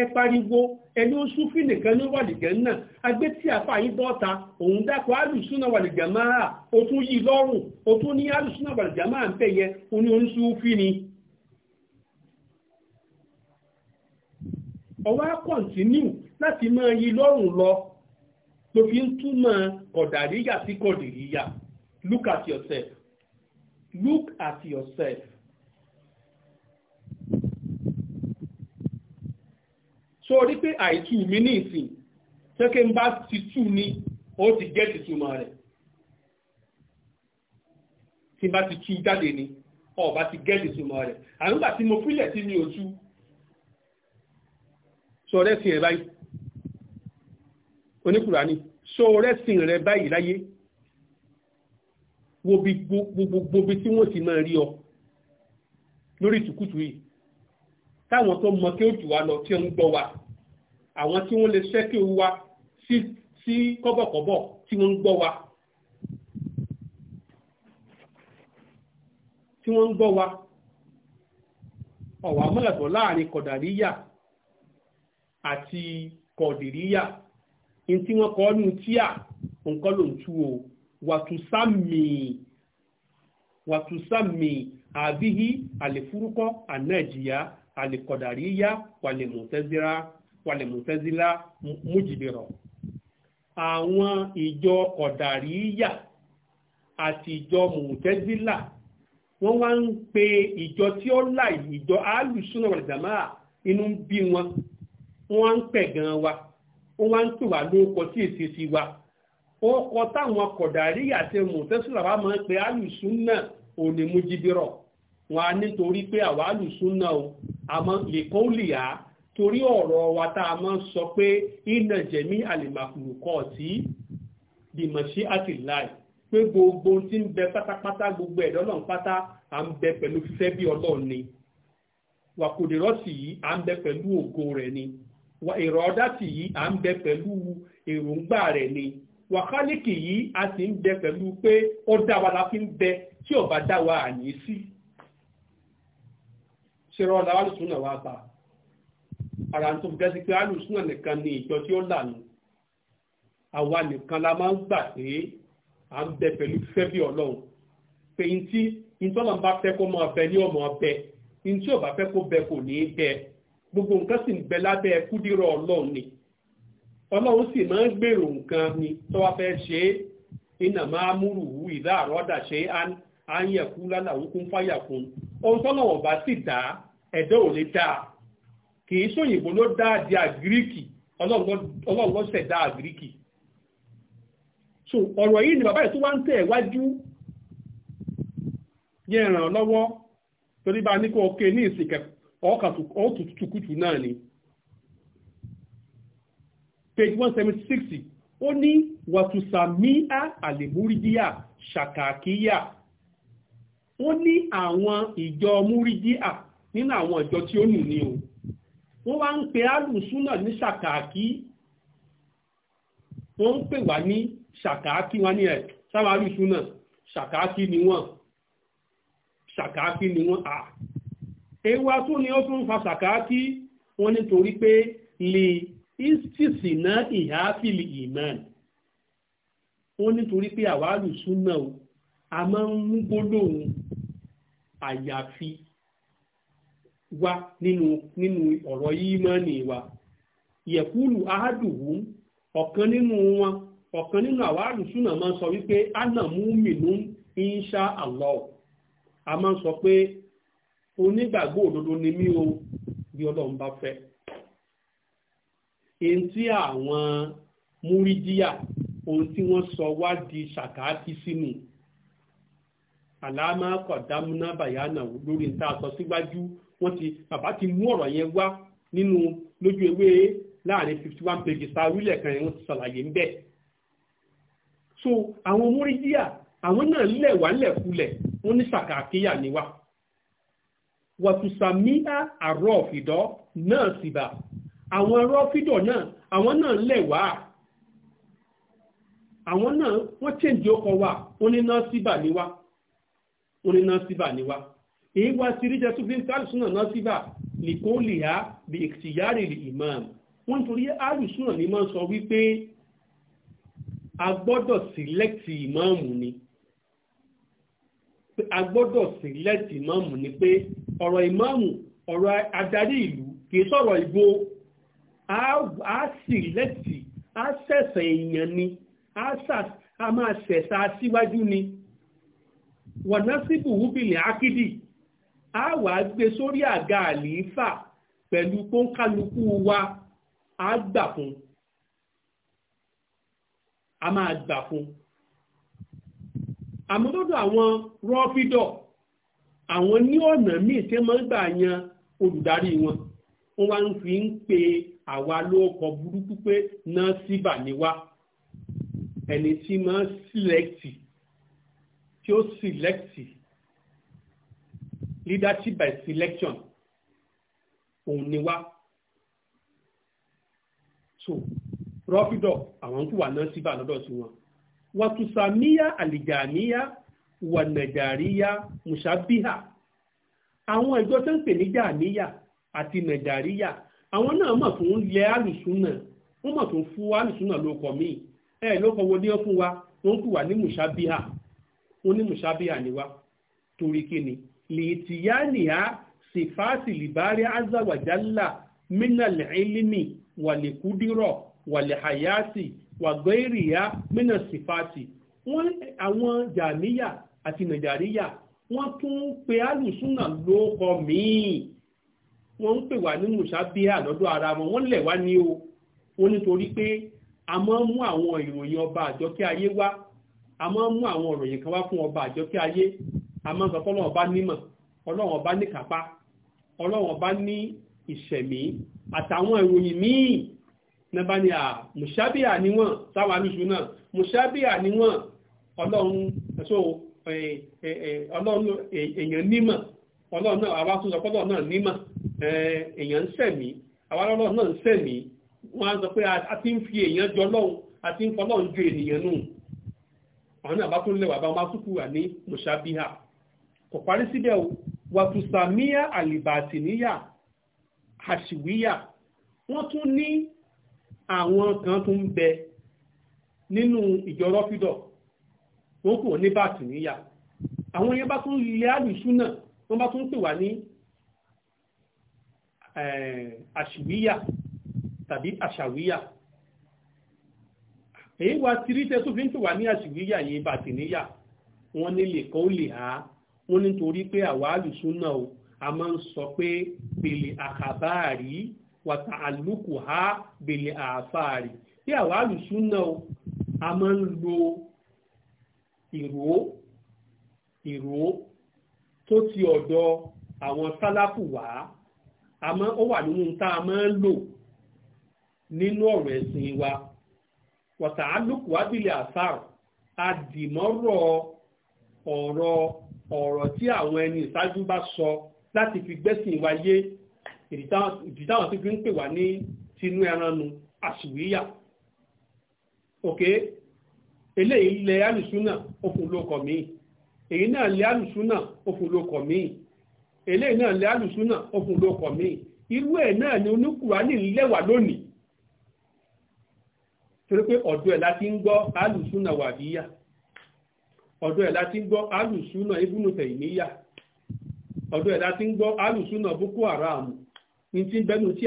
ẹ pariwo ẹni ó súnfì nìkan ló wà lìgẹ̀ náà agbé tí àfà yìí bọ́ta òun dákọ̀ alùsúnà wà lìgẹ̀ máa ó tún yí lọ́rùn ó tún ní alùsúnà wà máa ń bẹ̀yẹ oní oníṣúfì ni. ọwọ́ á kọ̀ǹtínú láti máa yí lọ́rùn lọ ló fi ń túmọ̀ kọ̀dàríyà sí kọ̀dìríyà look at yourself look at yourself. so rí pé àìtú mi ní ìsìn tẹ́kẹ́ ń bá ti tú ni ó ti jẹ́ ìtumọ̀ rẹ̀ tí n bá ti tú jáde ni ọba ti gẹ́ẹ̀dì ìtumọ̀ rẹ̀ àyùngbà tí mo fílẹ̀ tí mi ò tú so rẹ́sìn rẹ báyìí oníkùránì so rẹ́sìn rẹ báyìí láyé wo bí gbogbo bí tí wọ́n ti máa rí ọ lórí ìtùkùtù yìí táwọn tó mọ kí ó jù wá lọ tí ń gbọ́ wa àwọn tí wọ́n àti kọ̀dìríyà ntí wọ́n kọ́ nù tíà nǹkan ló ń tú o wàtúsámì wàtúsámì àbíhí àlèfúrúkọ ànájìyà àlèkọ̀dàríyà wàlèmùtẹ́zílá wàlèmùtẹ́zílá mújìbìrọ̀ àwọn ìjọ kọ̀dàríyà àti ìjọ mùtẹ́zílà wọ́n wá ń pe ìjọ tí ó láì ìjọ alùsùnà wàlìjàmáà inú bí wọn wọ́n ń pẹ̀ gan wa wọ́n wá ń pè wá lóko tí èsì sí wa ọkọ̀ táwọn kọ̀dárí àti mọ̀tẹ́sùlà máa ń pe alùsùnà òní mújibirọ̀ wọn á nítorí pé àwa alùsùnà o àmọ́ lèkọ́ lè yá torí ọ̀rọ̀ wa tá a máa ń sọ pé iná jẹ̀mí àlèmàkùnkọ̀ tí bìmọ̀ṣí àti láì pé gbogbo tí ń bẹ pátápátá gbogbo ẹ̀dọ́ náà pátá à ń bẹ pẹ̀lú fífẹ́ bí ọlọ́run ni wàkùdìrọ́sì yìí à ń bẹ pẹ̀lú ògo rẹ̀ ni wà ìrọ̀dátì yìí à ń bẹ pẹ̀lú èròǹgbà rẹ̀ ni wàhálìkì yìí a sì ń bẹ pẹ̀lú pé ó dá wa la fi ń bẹ tí ò bá dá wa àní sí. ṣé rọ́ọ̀ làwọn àlùsùn náà wá pa ara tó fi jásí pé àlùsùn náà nìkan ni ìjọ tí ó lànà àwa nìkan la máa ń gbà pé à ń bẹ pẹ̀lú fẹ́bí ọlọ́run pé ntí ntọ́nà bá fẹ́ kó máa bẹ ní ọmọ ọbẹ̀ ntí ò bá fẹ́ kó bẹ kò ní í bẹ gbogbo nǹkan sì ń bẹ lábẹ́ kúdírọ̀ ọlọ́run ni ọlọ́run sì máa ń gbèrò nǹkan ni tó wá fẹ́ ṣe é iná máa múrù wú ìdá àrọ́dà ṣe á ń yẹ̀kú lálàó kún fáyàkún ohun tọ́lọ́wọ̀n bá sì dá ẹ̀dọ́ ò lè dá kì í sóyìnbó ló dá di àgíríkì ọlọ́run ló ṣẹ̀dá àgíríkì so ọ̀rọ̀ yìí ni bàbá yìí tó wá ń tẹ̀ wájú yẹn ràn lọ́wọ́ torí bá a ní kó o ké ní ìsìnkẹ́kọ̀ọ́ ọ̀tùtùkùtù náà ni page one seventy sixty. ó ní wàtúsàmíà àlèmúrídíà ṣàkàkíyà ó ní àwọn ìjọ múrídíà nínú àwọn ìjọ tí ó nù ní o wọ́n wá ń pe alùsúnà ní ṣàkàkí wọ́n ń pè wá ní ṣàkàkí wá ní ẹ̀ sábà alùsúnà ṣàkàkí ni wọ́n ṣàkàkí ni wọ́n à. Ah èwa tó ni ó tún fa sàkáàkì wọn nítorí pé lè ìsìsì náà ìhàáfìlì ìmán wọn nítorí pé àwálù súnà o a máa ń mú gbólóhùn àyàfi wa nínú nínú ọ̀rọ̀ ìmánì wa yẹ̀kúlù ahádùhù ọ̀kan nínú wọn ọ̀kan nínú àwálù súnà máa sọ wípé ánà mú mìnú insha a máa sọ pé onígbàgbọ́ òdodo ni mí o bí ọlọ́run bá fẹ́ èyí tí àwọn múrídíà ohun tí wọ́n sọ wá di ṣàkáàkì sínú àlámà kọ̀dámúná bàyánà lórí níta sọ síwájú wọ́n ti bàbá ti mú ọ̀rọ̀ yẹn wá nínú lójú ewé láàrin fifty one pages ta kan yẹn wọ́n ti ṣàlàyé ńbẹ̀. so àwọn múrídíà àwọn náà lẹ̀ wá lẹ̀ kulẹ̀ wọ́n ní ṣàkáàkì yà ni wá wàtúsàmíà àrọ́ ọ̀fìdọ́ náà sì bà àwọn rọ́fìdọ̀ náà àwọn náà lẹ̀ wá àwọn náà wọ́n chẹ́ǹdì ọkọ̀ wa wọ́n ní náà síbà ní wá wọ́n ní náà síbà ní wá èyí wá sí ríjẹ tó fi ń sáré súnà náà síbà nìkan lè há bí ìtìyárì imam wọ́n nítorí àrùsúnà ní máa ń sọ wípé a gbọ́dọ̀ sílẹ̀tì ìmáàmù ni pé ọ̀rọ̀ ìmáàmù ọ̀rọ̀ adarí ìlú kìí sọ̀rọ̀ ìbò a sì lẹ́tì a sẹ̀sẹ̀ èèyàn ni a máa sẹ̀sẹ̀ aṣíwájú ni wọ̀násìbù wúbìlẹ̀ akídì a wà gbé sórí àga àlìífà pẹ̀lú kónkálukú wa a gbà fún a máa gbà fún àmọ́ lọ́dọ̀ àwọn rọ́fídọ̀ àwọn ní ọ̀nà míì tí wọ́n gbà yan olùdarí wọn wọ́n wá ń fi ń pe àwa lóòkọ burúkú pé náà síbà ni wá ẹni tí máa sílẹ̀kì tí ó sílẹ̀kì leadership by selection òun ni wá so rọ́fídọ̀ àwọn kùwà náà síbà lọ́dọ̀ sí wọn wàtúsàmíyà àlìjàmíyà wànàjàríyá mùsàbíhà àwọn ìjọ tó ń pè ní jàmíyà àti nàjàríyà àwọn náà mọ̀ tó ń lẹ àlùsùnà wọ́n mọ̀ tó ń fún àlùsùnà lóko míì ẹ lóko wo ni ó fún wa wọ́n kù wá ní mùsàbíhà wọ́n ní mùsàbíhà ni wa torí kí ni lìtìyánìá sìfáàsì lìbárí azawajalla mínàlì ìlímì wàlẹ̀kúdírọ̀ wàlẹ̀hàyásì wàgbẹ́rìyá mínà sìfáàsì wọ́n àwọn jàmíyà àti nàìjíríà wọ́n tún ń pe alùsùnà lóko míì wọ́n ń pè wá ní mùsàbíà lọ́dọ̀ ara wọn wọ́n lẹ̀ wá ní o wọ́n nítorí pé a máa ń mú àwọn ìròyìn ọba àjọkẹ́ ayé wá a máa ń mú àwọn ìròyìn kan wá fún ọba àjọkẹ́ ayé a máa ń sọ pé ọlọ́run ọba nímọ̀ ọlọ́run ọba níkápá ọlọ́run ọba ní ìṣẹ̀mí àtàwọn ìròyìn míì nàbà ni à mùsàbíà níwọ̀n táwa lùsùn náà mùsàbíà níwọ̀n ọlọ́run ẹ̀ṣọ́ ọlọ́run èèyàn nímọ̀ ọlọ́run náà àwa tún sọ pé ọlọ́run náà nímọ̀ èèyàn ń sẹ̀mí àwa ọlọ́run náà ń sẹ̀mí wọ́n á sọ pé a ti ń fi èèyàn jọ lọ́hùn a ti ń fọlọ́run ju ènìyàn nù àwọn náà bá tún lẹ́wà bá wọn bá tún kú wà ní mùsàbíhà kò parí síbẹ̀ o wàtúsàmíyà àlìbàtìníyà àṣìwíyà wọ́n tún ní àwọn kan tún bẹ nínú ìjọ rọ́fídọ̀ọ́ wọ́n kò ní bàtì níyà àwọn yẹn bá tún ilé àlùsùn náà wọ́n bá tún pè wá ní eh, àṣìwíyà tàbí àṣàwíyà èyí wa tìrìtẹ́ tó fi ń pè wá ní àṣìwíyà yìí bàtì níyà wọ́n ní lè kọ́ lè há wọ́n nítorí pé àwa àlùsùn náà o a máa ń sọ pé bèlè àkàbáàrí wàtà àlùkù há bèlè àfáàrí bí àwa àlùsùn náà o a máa ń lo ìró ìró tó ti ọ̀dọ̀ àwọn sáláfù wá àmọ́ ó wà nínú tá a máa ń lò nínú ọ̀rọ̀ ẹ̀sìn wa wọ̀tà alùpùpù abílẹ̀ àṣàr adìmọ́rọ̀ ọ̀rọ̀ ọ̀rọ̀ tí àwọn ẹni ìṣáájú bá sọ láti fi gbẹ́sìn wa ìdí táwọn ti fi ń pè wá ní tinú ẹran nu àṣìwíyà. Okay? eléyìí lẹ alùsùnà òfin lókọ̀ èyí náà lẹ alùsùnà eléyìí náà lẹ alùsùnà irú náà ni oníkùránì lẹ́wà lónìí torí pé e ẹ̀ láti ń gbọ́ alùsùnà wàdíyà láti ń alùsùnà láti ń alùsùnà boko haram ní ti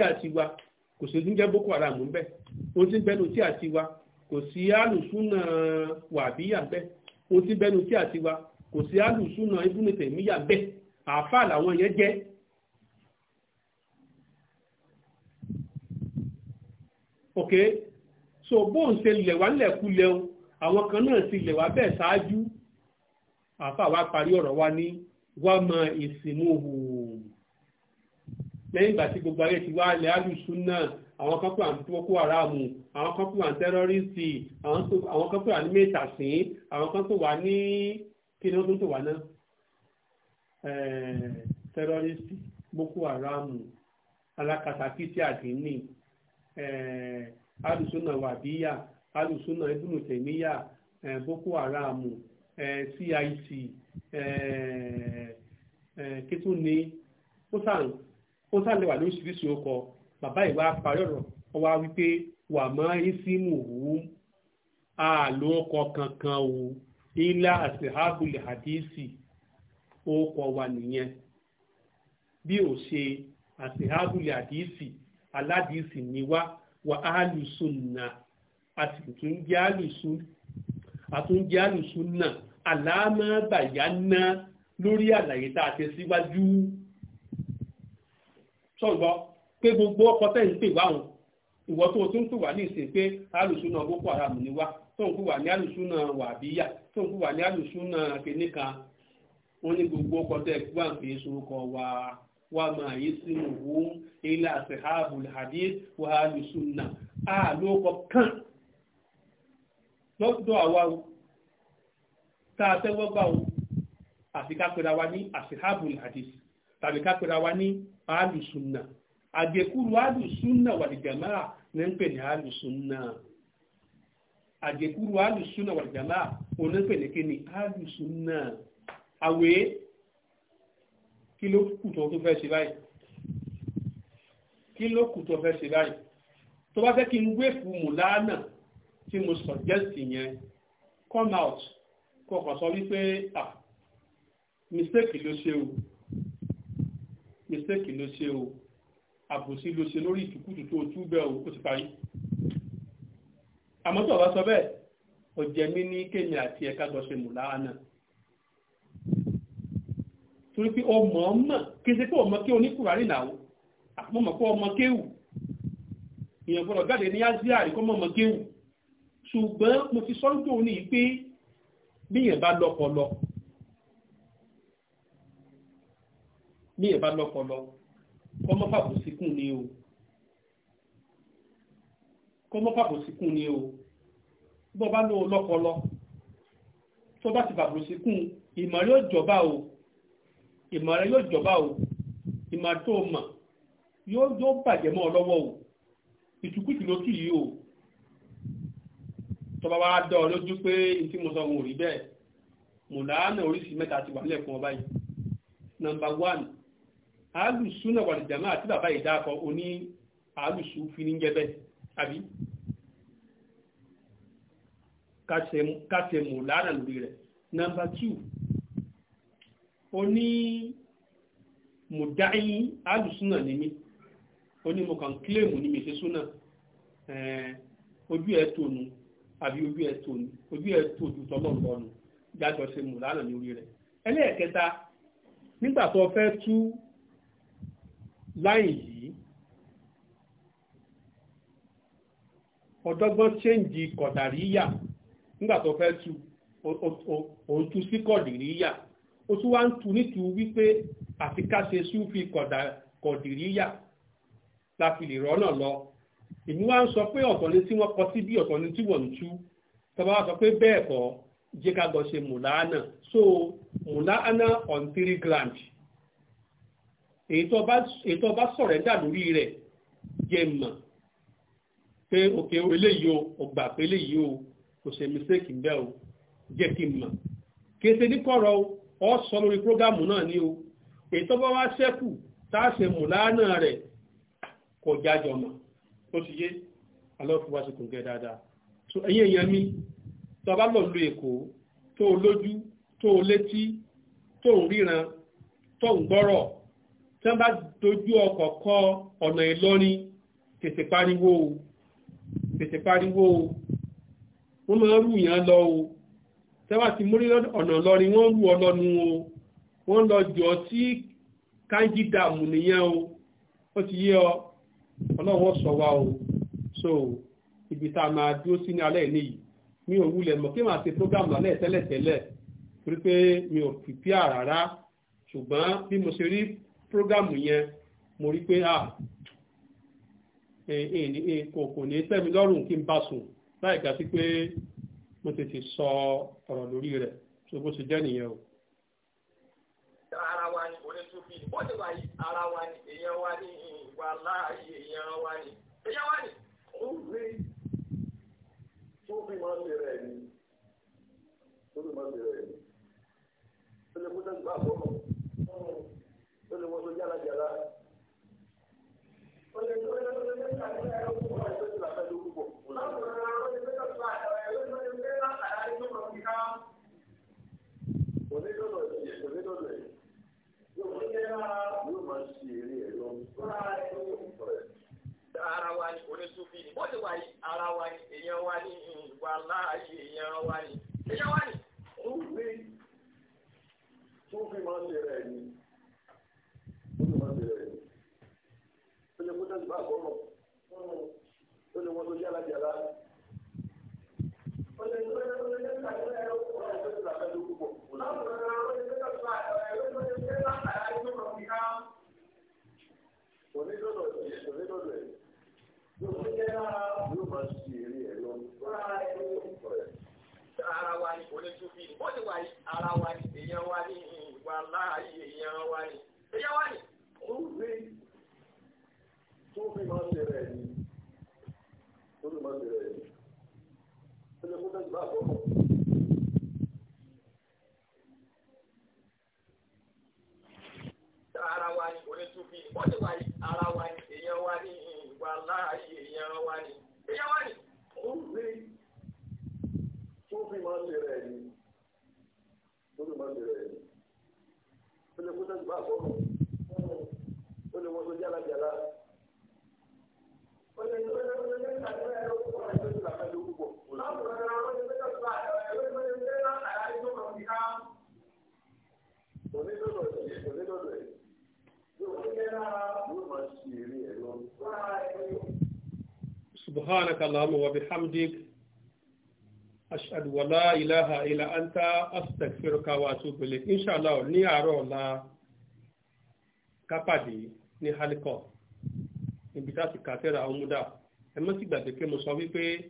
a ti wa kò sí alùsùnà wàbíyà bẹ́ẹ̀ o ti bẹnu tí a ti wa kò sí alùsùnà ibùnìtẹ̀ míyà bẹ́ẹ̀ àáfà làwọn yẹn jẹ́. ok so bóun ṣe lẹ̀ wá lẹ̀kulẹ̀ o àwọn kan náà ti lẹ̀ wá bẹ́ẹ̀ ṣáájú àáfà wa parí ọ̀rọ̀ wa ní wá mọ ìsìnmú hù lẹ́yìn ìgbà tí gbogbo ayé ti wá lẹ́ alùsùnà àwọn kan pè à ń boko haram àwọn kan pè à ń tẹ́rọ́rìsì àwọn kan pè à ní mẹ́tàsín àwọn kan pè wá ní kí ni wọ́n tún pè wá náà eh, tẹ́rọ́rìsì boko haram alákatakítí àdínní alùsùnà wàbíyà alùsùnà ibùnú boko haram CIC eh, eh, kí tún ni ó sàn ó sàn lè wà lóríṣiríṣi ó kọ bàbá ìwà parí ọ̀rọ̀ ọwá wípé wà mọ́ ísímù òwú àlò ọkọ̀ kankan o ilá àṣìhábùlì hadisi ó kọ wa nìyẹn bí ò ṣe àṣìhábùlì hadisi aládìsí ni wá wà áàlùsùn náà a sì tún jẹ́ àlùsùn lórí àlàyé tá a ti síwájú pé gbogbo ọkọ tẹ̀ ń pè wá wọn ìwọ tó o tún pè wá ní ìsìn pé alùsùnà boko haram ni wá tó ń pè wá ní alùsùnà wàbíyà tó ń pè wá ní alùsùnà kìnìkan wọn ní gbogbo ọkọ tẹ̀ wá ń pè é sorúkọ wá wá máa yí sínú òun ilé àṣeháàbù hadith wà alùsùnà àlókọ kan lọ́dọ̀ àwa o tá a tẹ́wọ́ gbà o àfi ká pera wa ní àṣeháàbù hadith tàbí ká pera wa ní alùsùnà àgékúrú alùsúnà wàlìjàmá ní ń pè ní alùsúnà àgékúrú alùsúnà wàlìjàmá òun ń pè ní kíni alùsúnà àwẹ̀ kí ló kù tó tó fẹ́ ṣe báyìí kí ló kù fẹ́ ṣe báyìí tó bá fẹ́ kí n wé fún mùláánà tí mo suggest yẹn come out kó kàn sọ wípé ah mistake ló ṣe o mistake ló ṣe o àbòsí ló ṣe lórí ìtùkùtù tó tú bẹ́ẹ̀ o ti parí àmọ́ tó ọ̀bá sọ bẹ́ẹ̀ ọ̀jẹ̀ mi ní kéèyàn àti ẹ̀ka jọ ṣe mùlá náà torí pé ọmọ ọmọ kése pé ọmọ kéwù ní kùràrí náà àmọ́ mọ̀ pé ọmọ kéwù èèyàn gbọ́dọ̀ jáde ní ásíà àríkọ́ mọ̀ ọmọ kéwù ṣùgbọ́n mo fi sọ́ńtò ní pé bíyàn bá lọ́pọlọ bíyàn bá lọ́pọlọ kọ́mọ́ fàbòsíkùn ni o kọ́mọ́ fàbòsíkùn ni o bó bá lò lọ́pọlọ tó bá ti fàbòsíkùn ìmọ̀ rẹ̀ yóò jọba o ìmọ̀ rẹ̀ yóò jọba o ìmọ̀ tó mọ̀ yóò yóò bàjẹ́ mọ́ ọ lọ́wọ́ o ìtukùtù ló kì í o tọba wa dọ̀ ọ́ lójú pé n tí mo sọ wọn ò rí bẹ́ẹ̀ mùláánà oríṣìí mẹ́ta ti wà nílẹ̀ fún ọ báyìí nọ́mbà one alùsùnà wàlìjàmá àti bàbá ìdákọ oní alùsùn fi ní jẹ́bẹ́ àbí kásẹ̀mù lára lórí rẹ̀ nọmba tù oní mùdáyín alùsùnà ní mi oní mo kàn kílèmù ní mi ṣe súnà ojú ẹ̀ tònú àbí ojú ẹ̀ tònú ojú ẹ̀ tòjú tọ́lọ́ǹtọ́nù jájọ́ ṣe mù lórí rẹ̀ ẹlẹ́ẹ̀kẹta nígbà tó fẹ́ tú láì yìí ọ̀dọ́gbọ́n ṣéǹjì kọ̀dàríyà nígbà tó fẹ́ tu òun tu sí kọ̀dìríyà ó tún wá ń tu nítu wípé àti káṣe súnfì kọ̀dìríyà la fi lè rọ́nà lọ èmi wá ń sọ pé ọ̀tọ̀ ni tí wọ́n kọ sí bí ọ̀tọ̀ ni tí wọ́n ń tú tọ́ba sọ pé bẹ́ẹ̀ kọ́ jẹ́ ṣe mùláánà so mùláánà on three grand èyí tó bá sọ̀rẹ́ndà lórí rẹ̀ jẹ́ mọ̀ pé òkè eléyìí o ọgbà pé eléyìí o kò ṣe mistake ń o jẹ́ kí n mọ̀ kéṣe ní kọ̀rọ̀ ọ sọ lórí prógámù náà ni o èyí tó bá wá ṣẹ́kù tá a ṣe mù lánàá rẹ̀ kò jájọ mọ̀ ó ti yé alọ́fíwá sí dáadáa so ẹ̀yin èèyàn mi tó bá lọ lu èkó tó o lójú tó létí tó ríran tó o gbọ́rọ̀ tí wọ́n bá dojú ọkọ̀ kọ ọ̀nà Ìlọrin tètè pariwo o tètè pariwo o wọ́n máa rú yàn lọ o tẹ́wà ti mórí ọ̀nà Ìlọrin wọ́n rú ọlọ́nu o wọ́n lọ jọ sí kanji dààmú nìyẹn o ó ti yé ọ ọlọ́wọ́ sọ wa o so ibi tá a máa dúró sí ní alẹ́ níyì mi ò wulẹ̀ mọ̀ kí màá ṣe program lálẹ́ tẹ́lẹ̀tẹ́lẹ̀ torí pé mi ò pìpíà rárá ṣùgbọ́n bí mo ṣe rí prógámù yẹn mo rí pé à ah, kò ní tẹ́mi lọ́rùn kí n bá sùn láì ga sí pé mo tètè sọ ọ̀rọ̀ lórí rẹ̀ tó bó ṣe jẹ́ nìyẹn o. ara wa ni onítúbí wọ́n ti wà yí ara wa ni èèyàn wa ni ìwà láàyè èèyàn wa ni èèyàn wa ni. ó rí tó bí máa ń lè rẹ̀ ni tó bí máa ń lè rẹ̀ ni ó lè kó sẹ́yìn bá a lè wọ́n tó yára yàrá. ó lè tó lè tó lè tó lè tó lè tó lè tó lè tó lè púpọ̀. onídọ̀dọ̀ ẹ̀ onídọ̀dọ̀ ẹ̀ yóò máa ṣe eré ẹ̀ lọ. ara wa ni onísùfì ni bó ti wà yìí ara wa ni èèyàn wa ni ìwà láàyè èèyàn wa ni èèyàn wa ni. Súfì máa ń ṣe rẹ̀ ni. tó ti bá kọ́ mọ̀ ó lè wọ́n tó jẹ́ alájàlá. Onídọ̀dọ̀ yìí, onídọ̀dọ̀ yìí, yóò máa ṣe eré ẹ̀ lọ́nà ara wa ni kò ní tún fi bọ́ọ̀lì wa ni ara wa ni èèyàn wa ni ìwà láàyè èèyàn wa ni èèyàn wa ni. ó ń tó fi máa ṣe rẹ̀ ni tó fi máa ṣe rẹ̀ ni ó lè kó tẹ̀sí bá àbọ̀ mọ́. ara wa ni onítúbí wọ́n ti wà ní ara wa ni èèyàn wa ní ìwà láàyè èèyàn wa ni èèyàn wa ni. ó rí tó fi máa ṣe rẹ̀ ni tó fi máa ṣe rẹ̀ ni ó lè kó tẹ̀sí bá ó lè wọ́n tó jálajàla. سبحانك اللهم وبحمدك أشهد ولا إله إلا أنت أستغفرك وأتوب إليك إن شاء الله نيارو لا كابادي kápàdé níbi tá a ti kà tẹ́ra ọmúdà ẹ mọ́ sì gbàgbé pé mo sọ wípé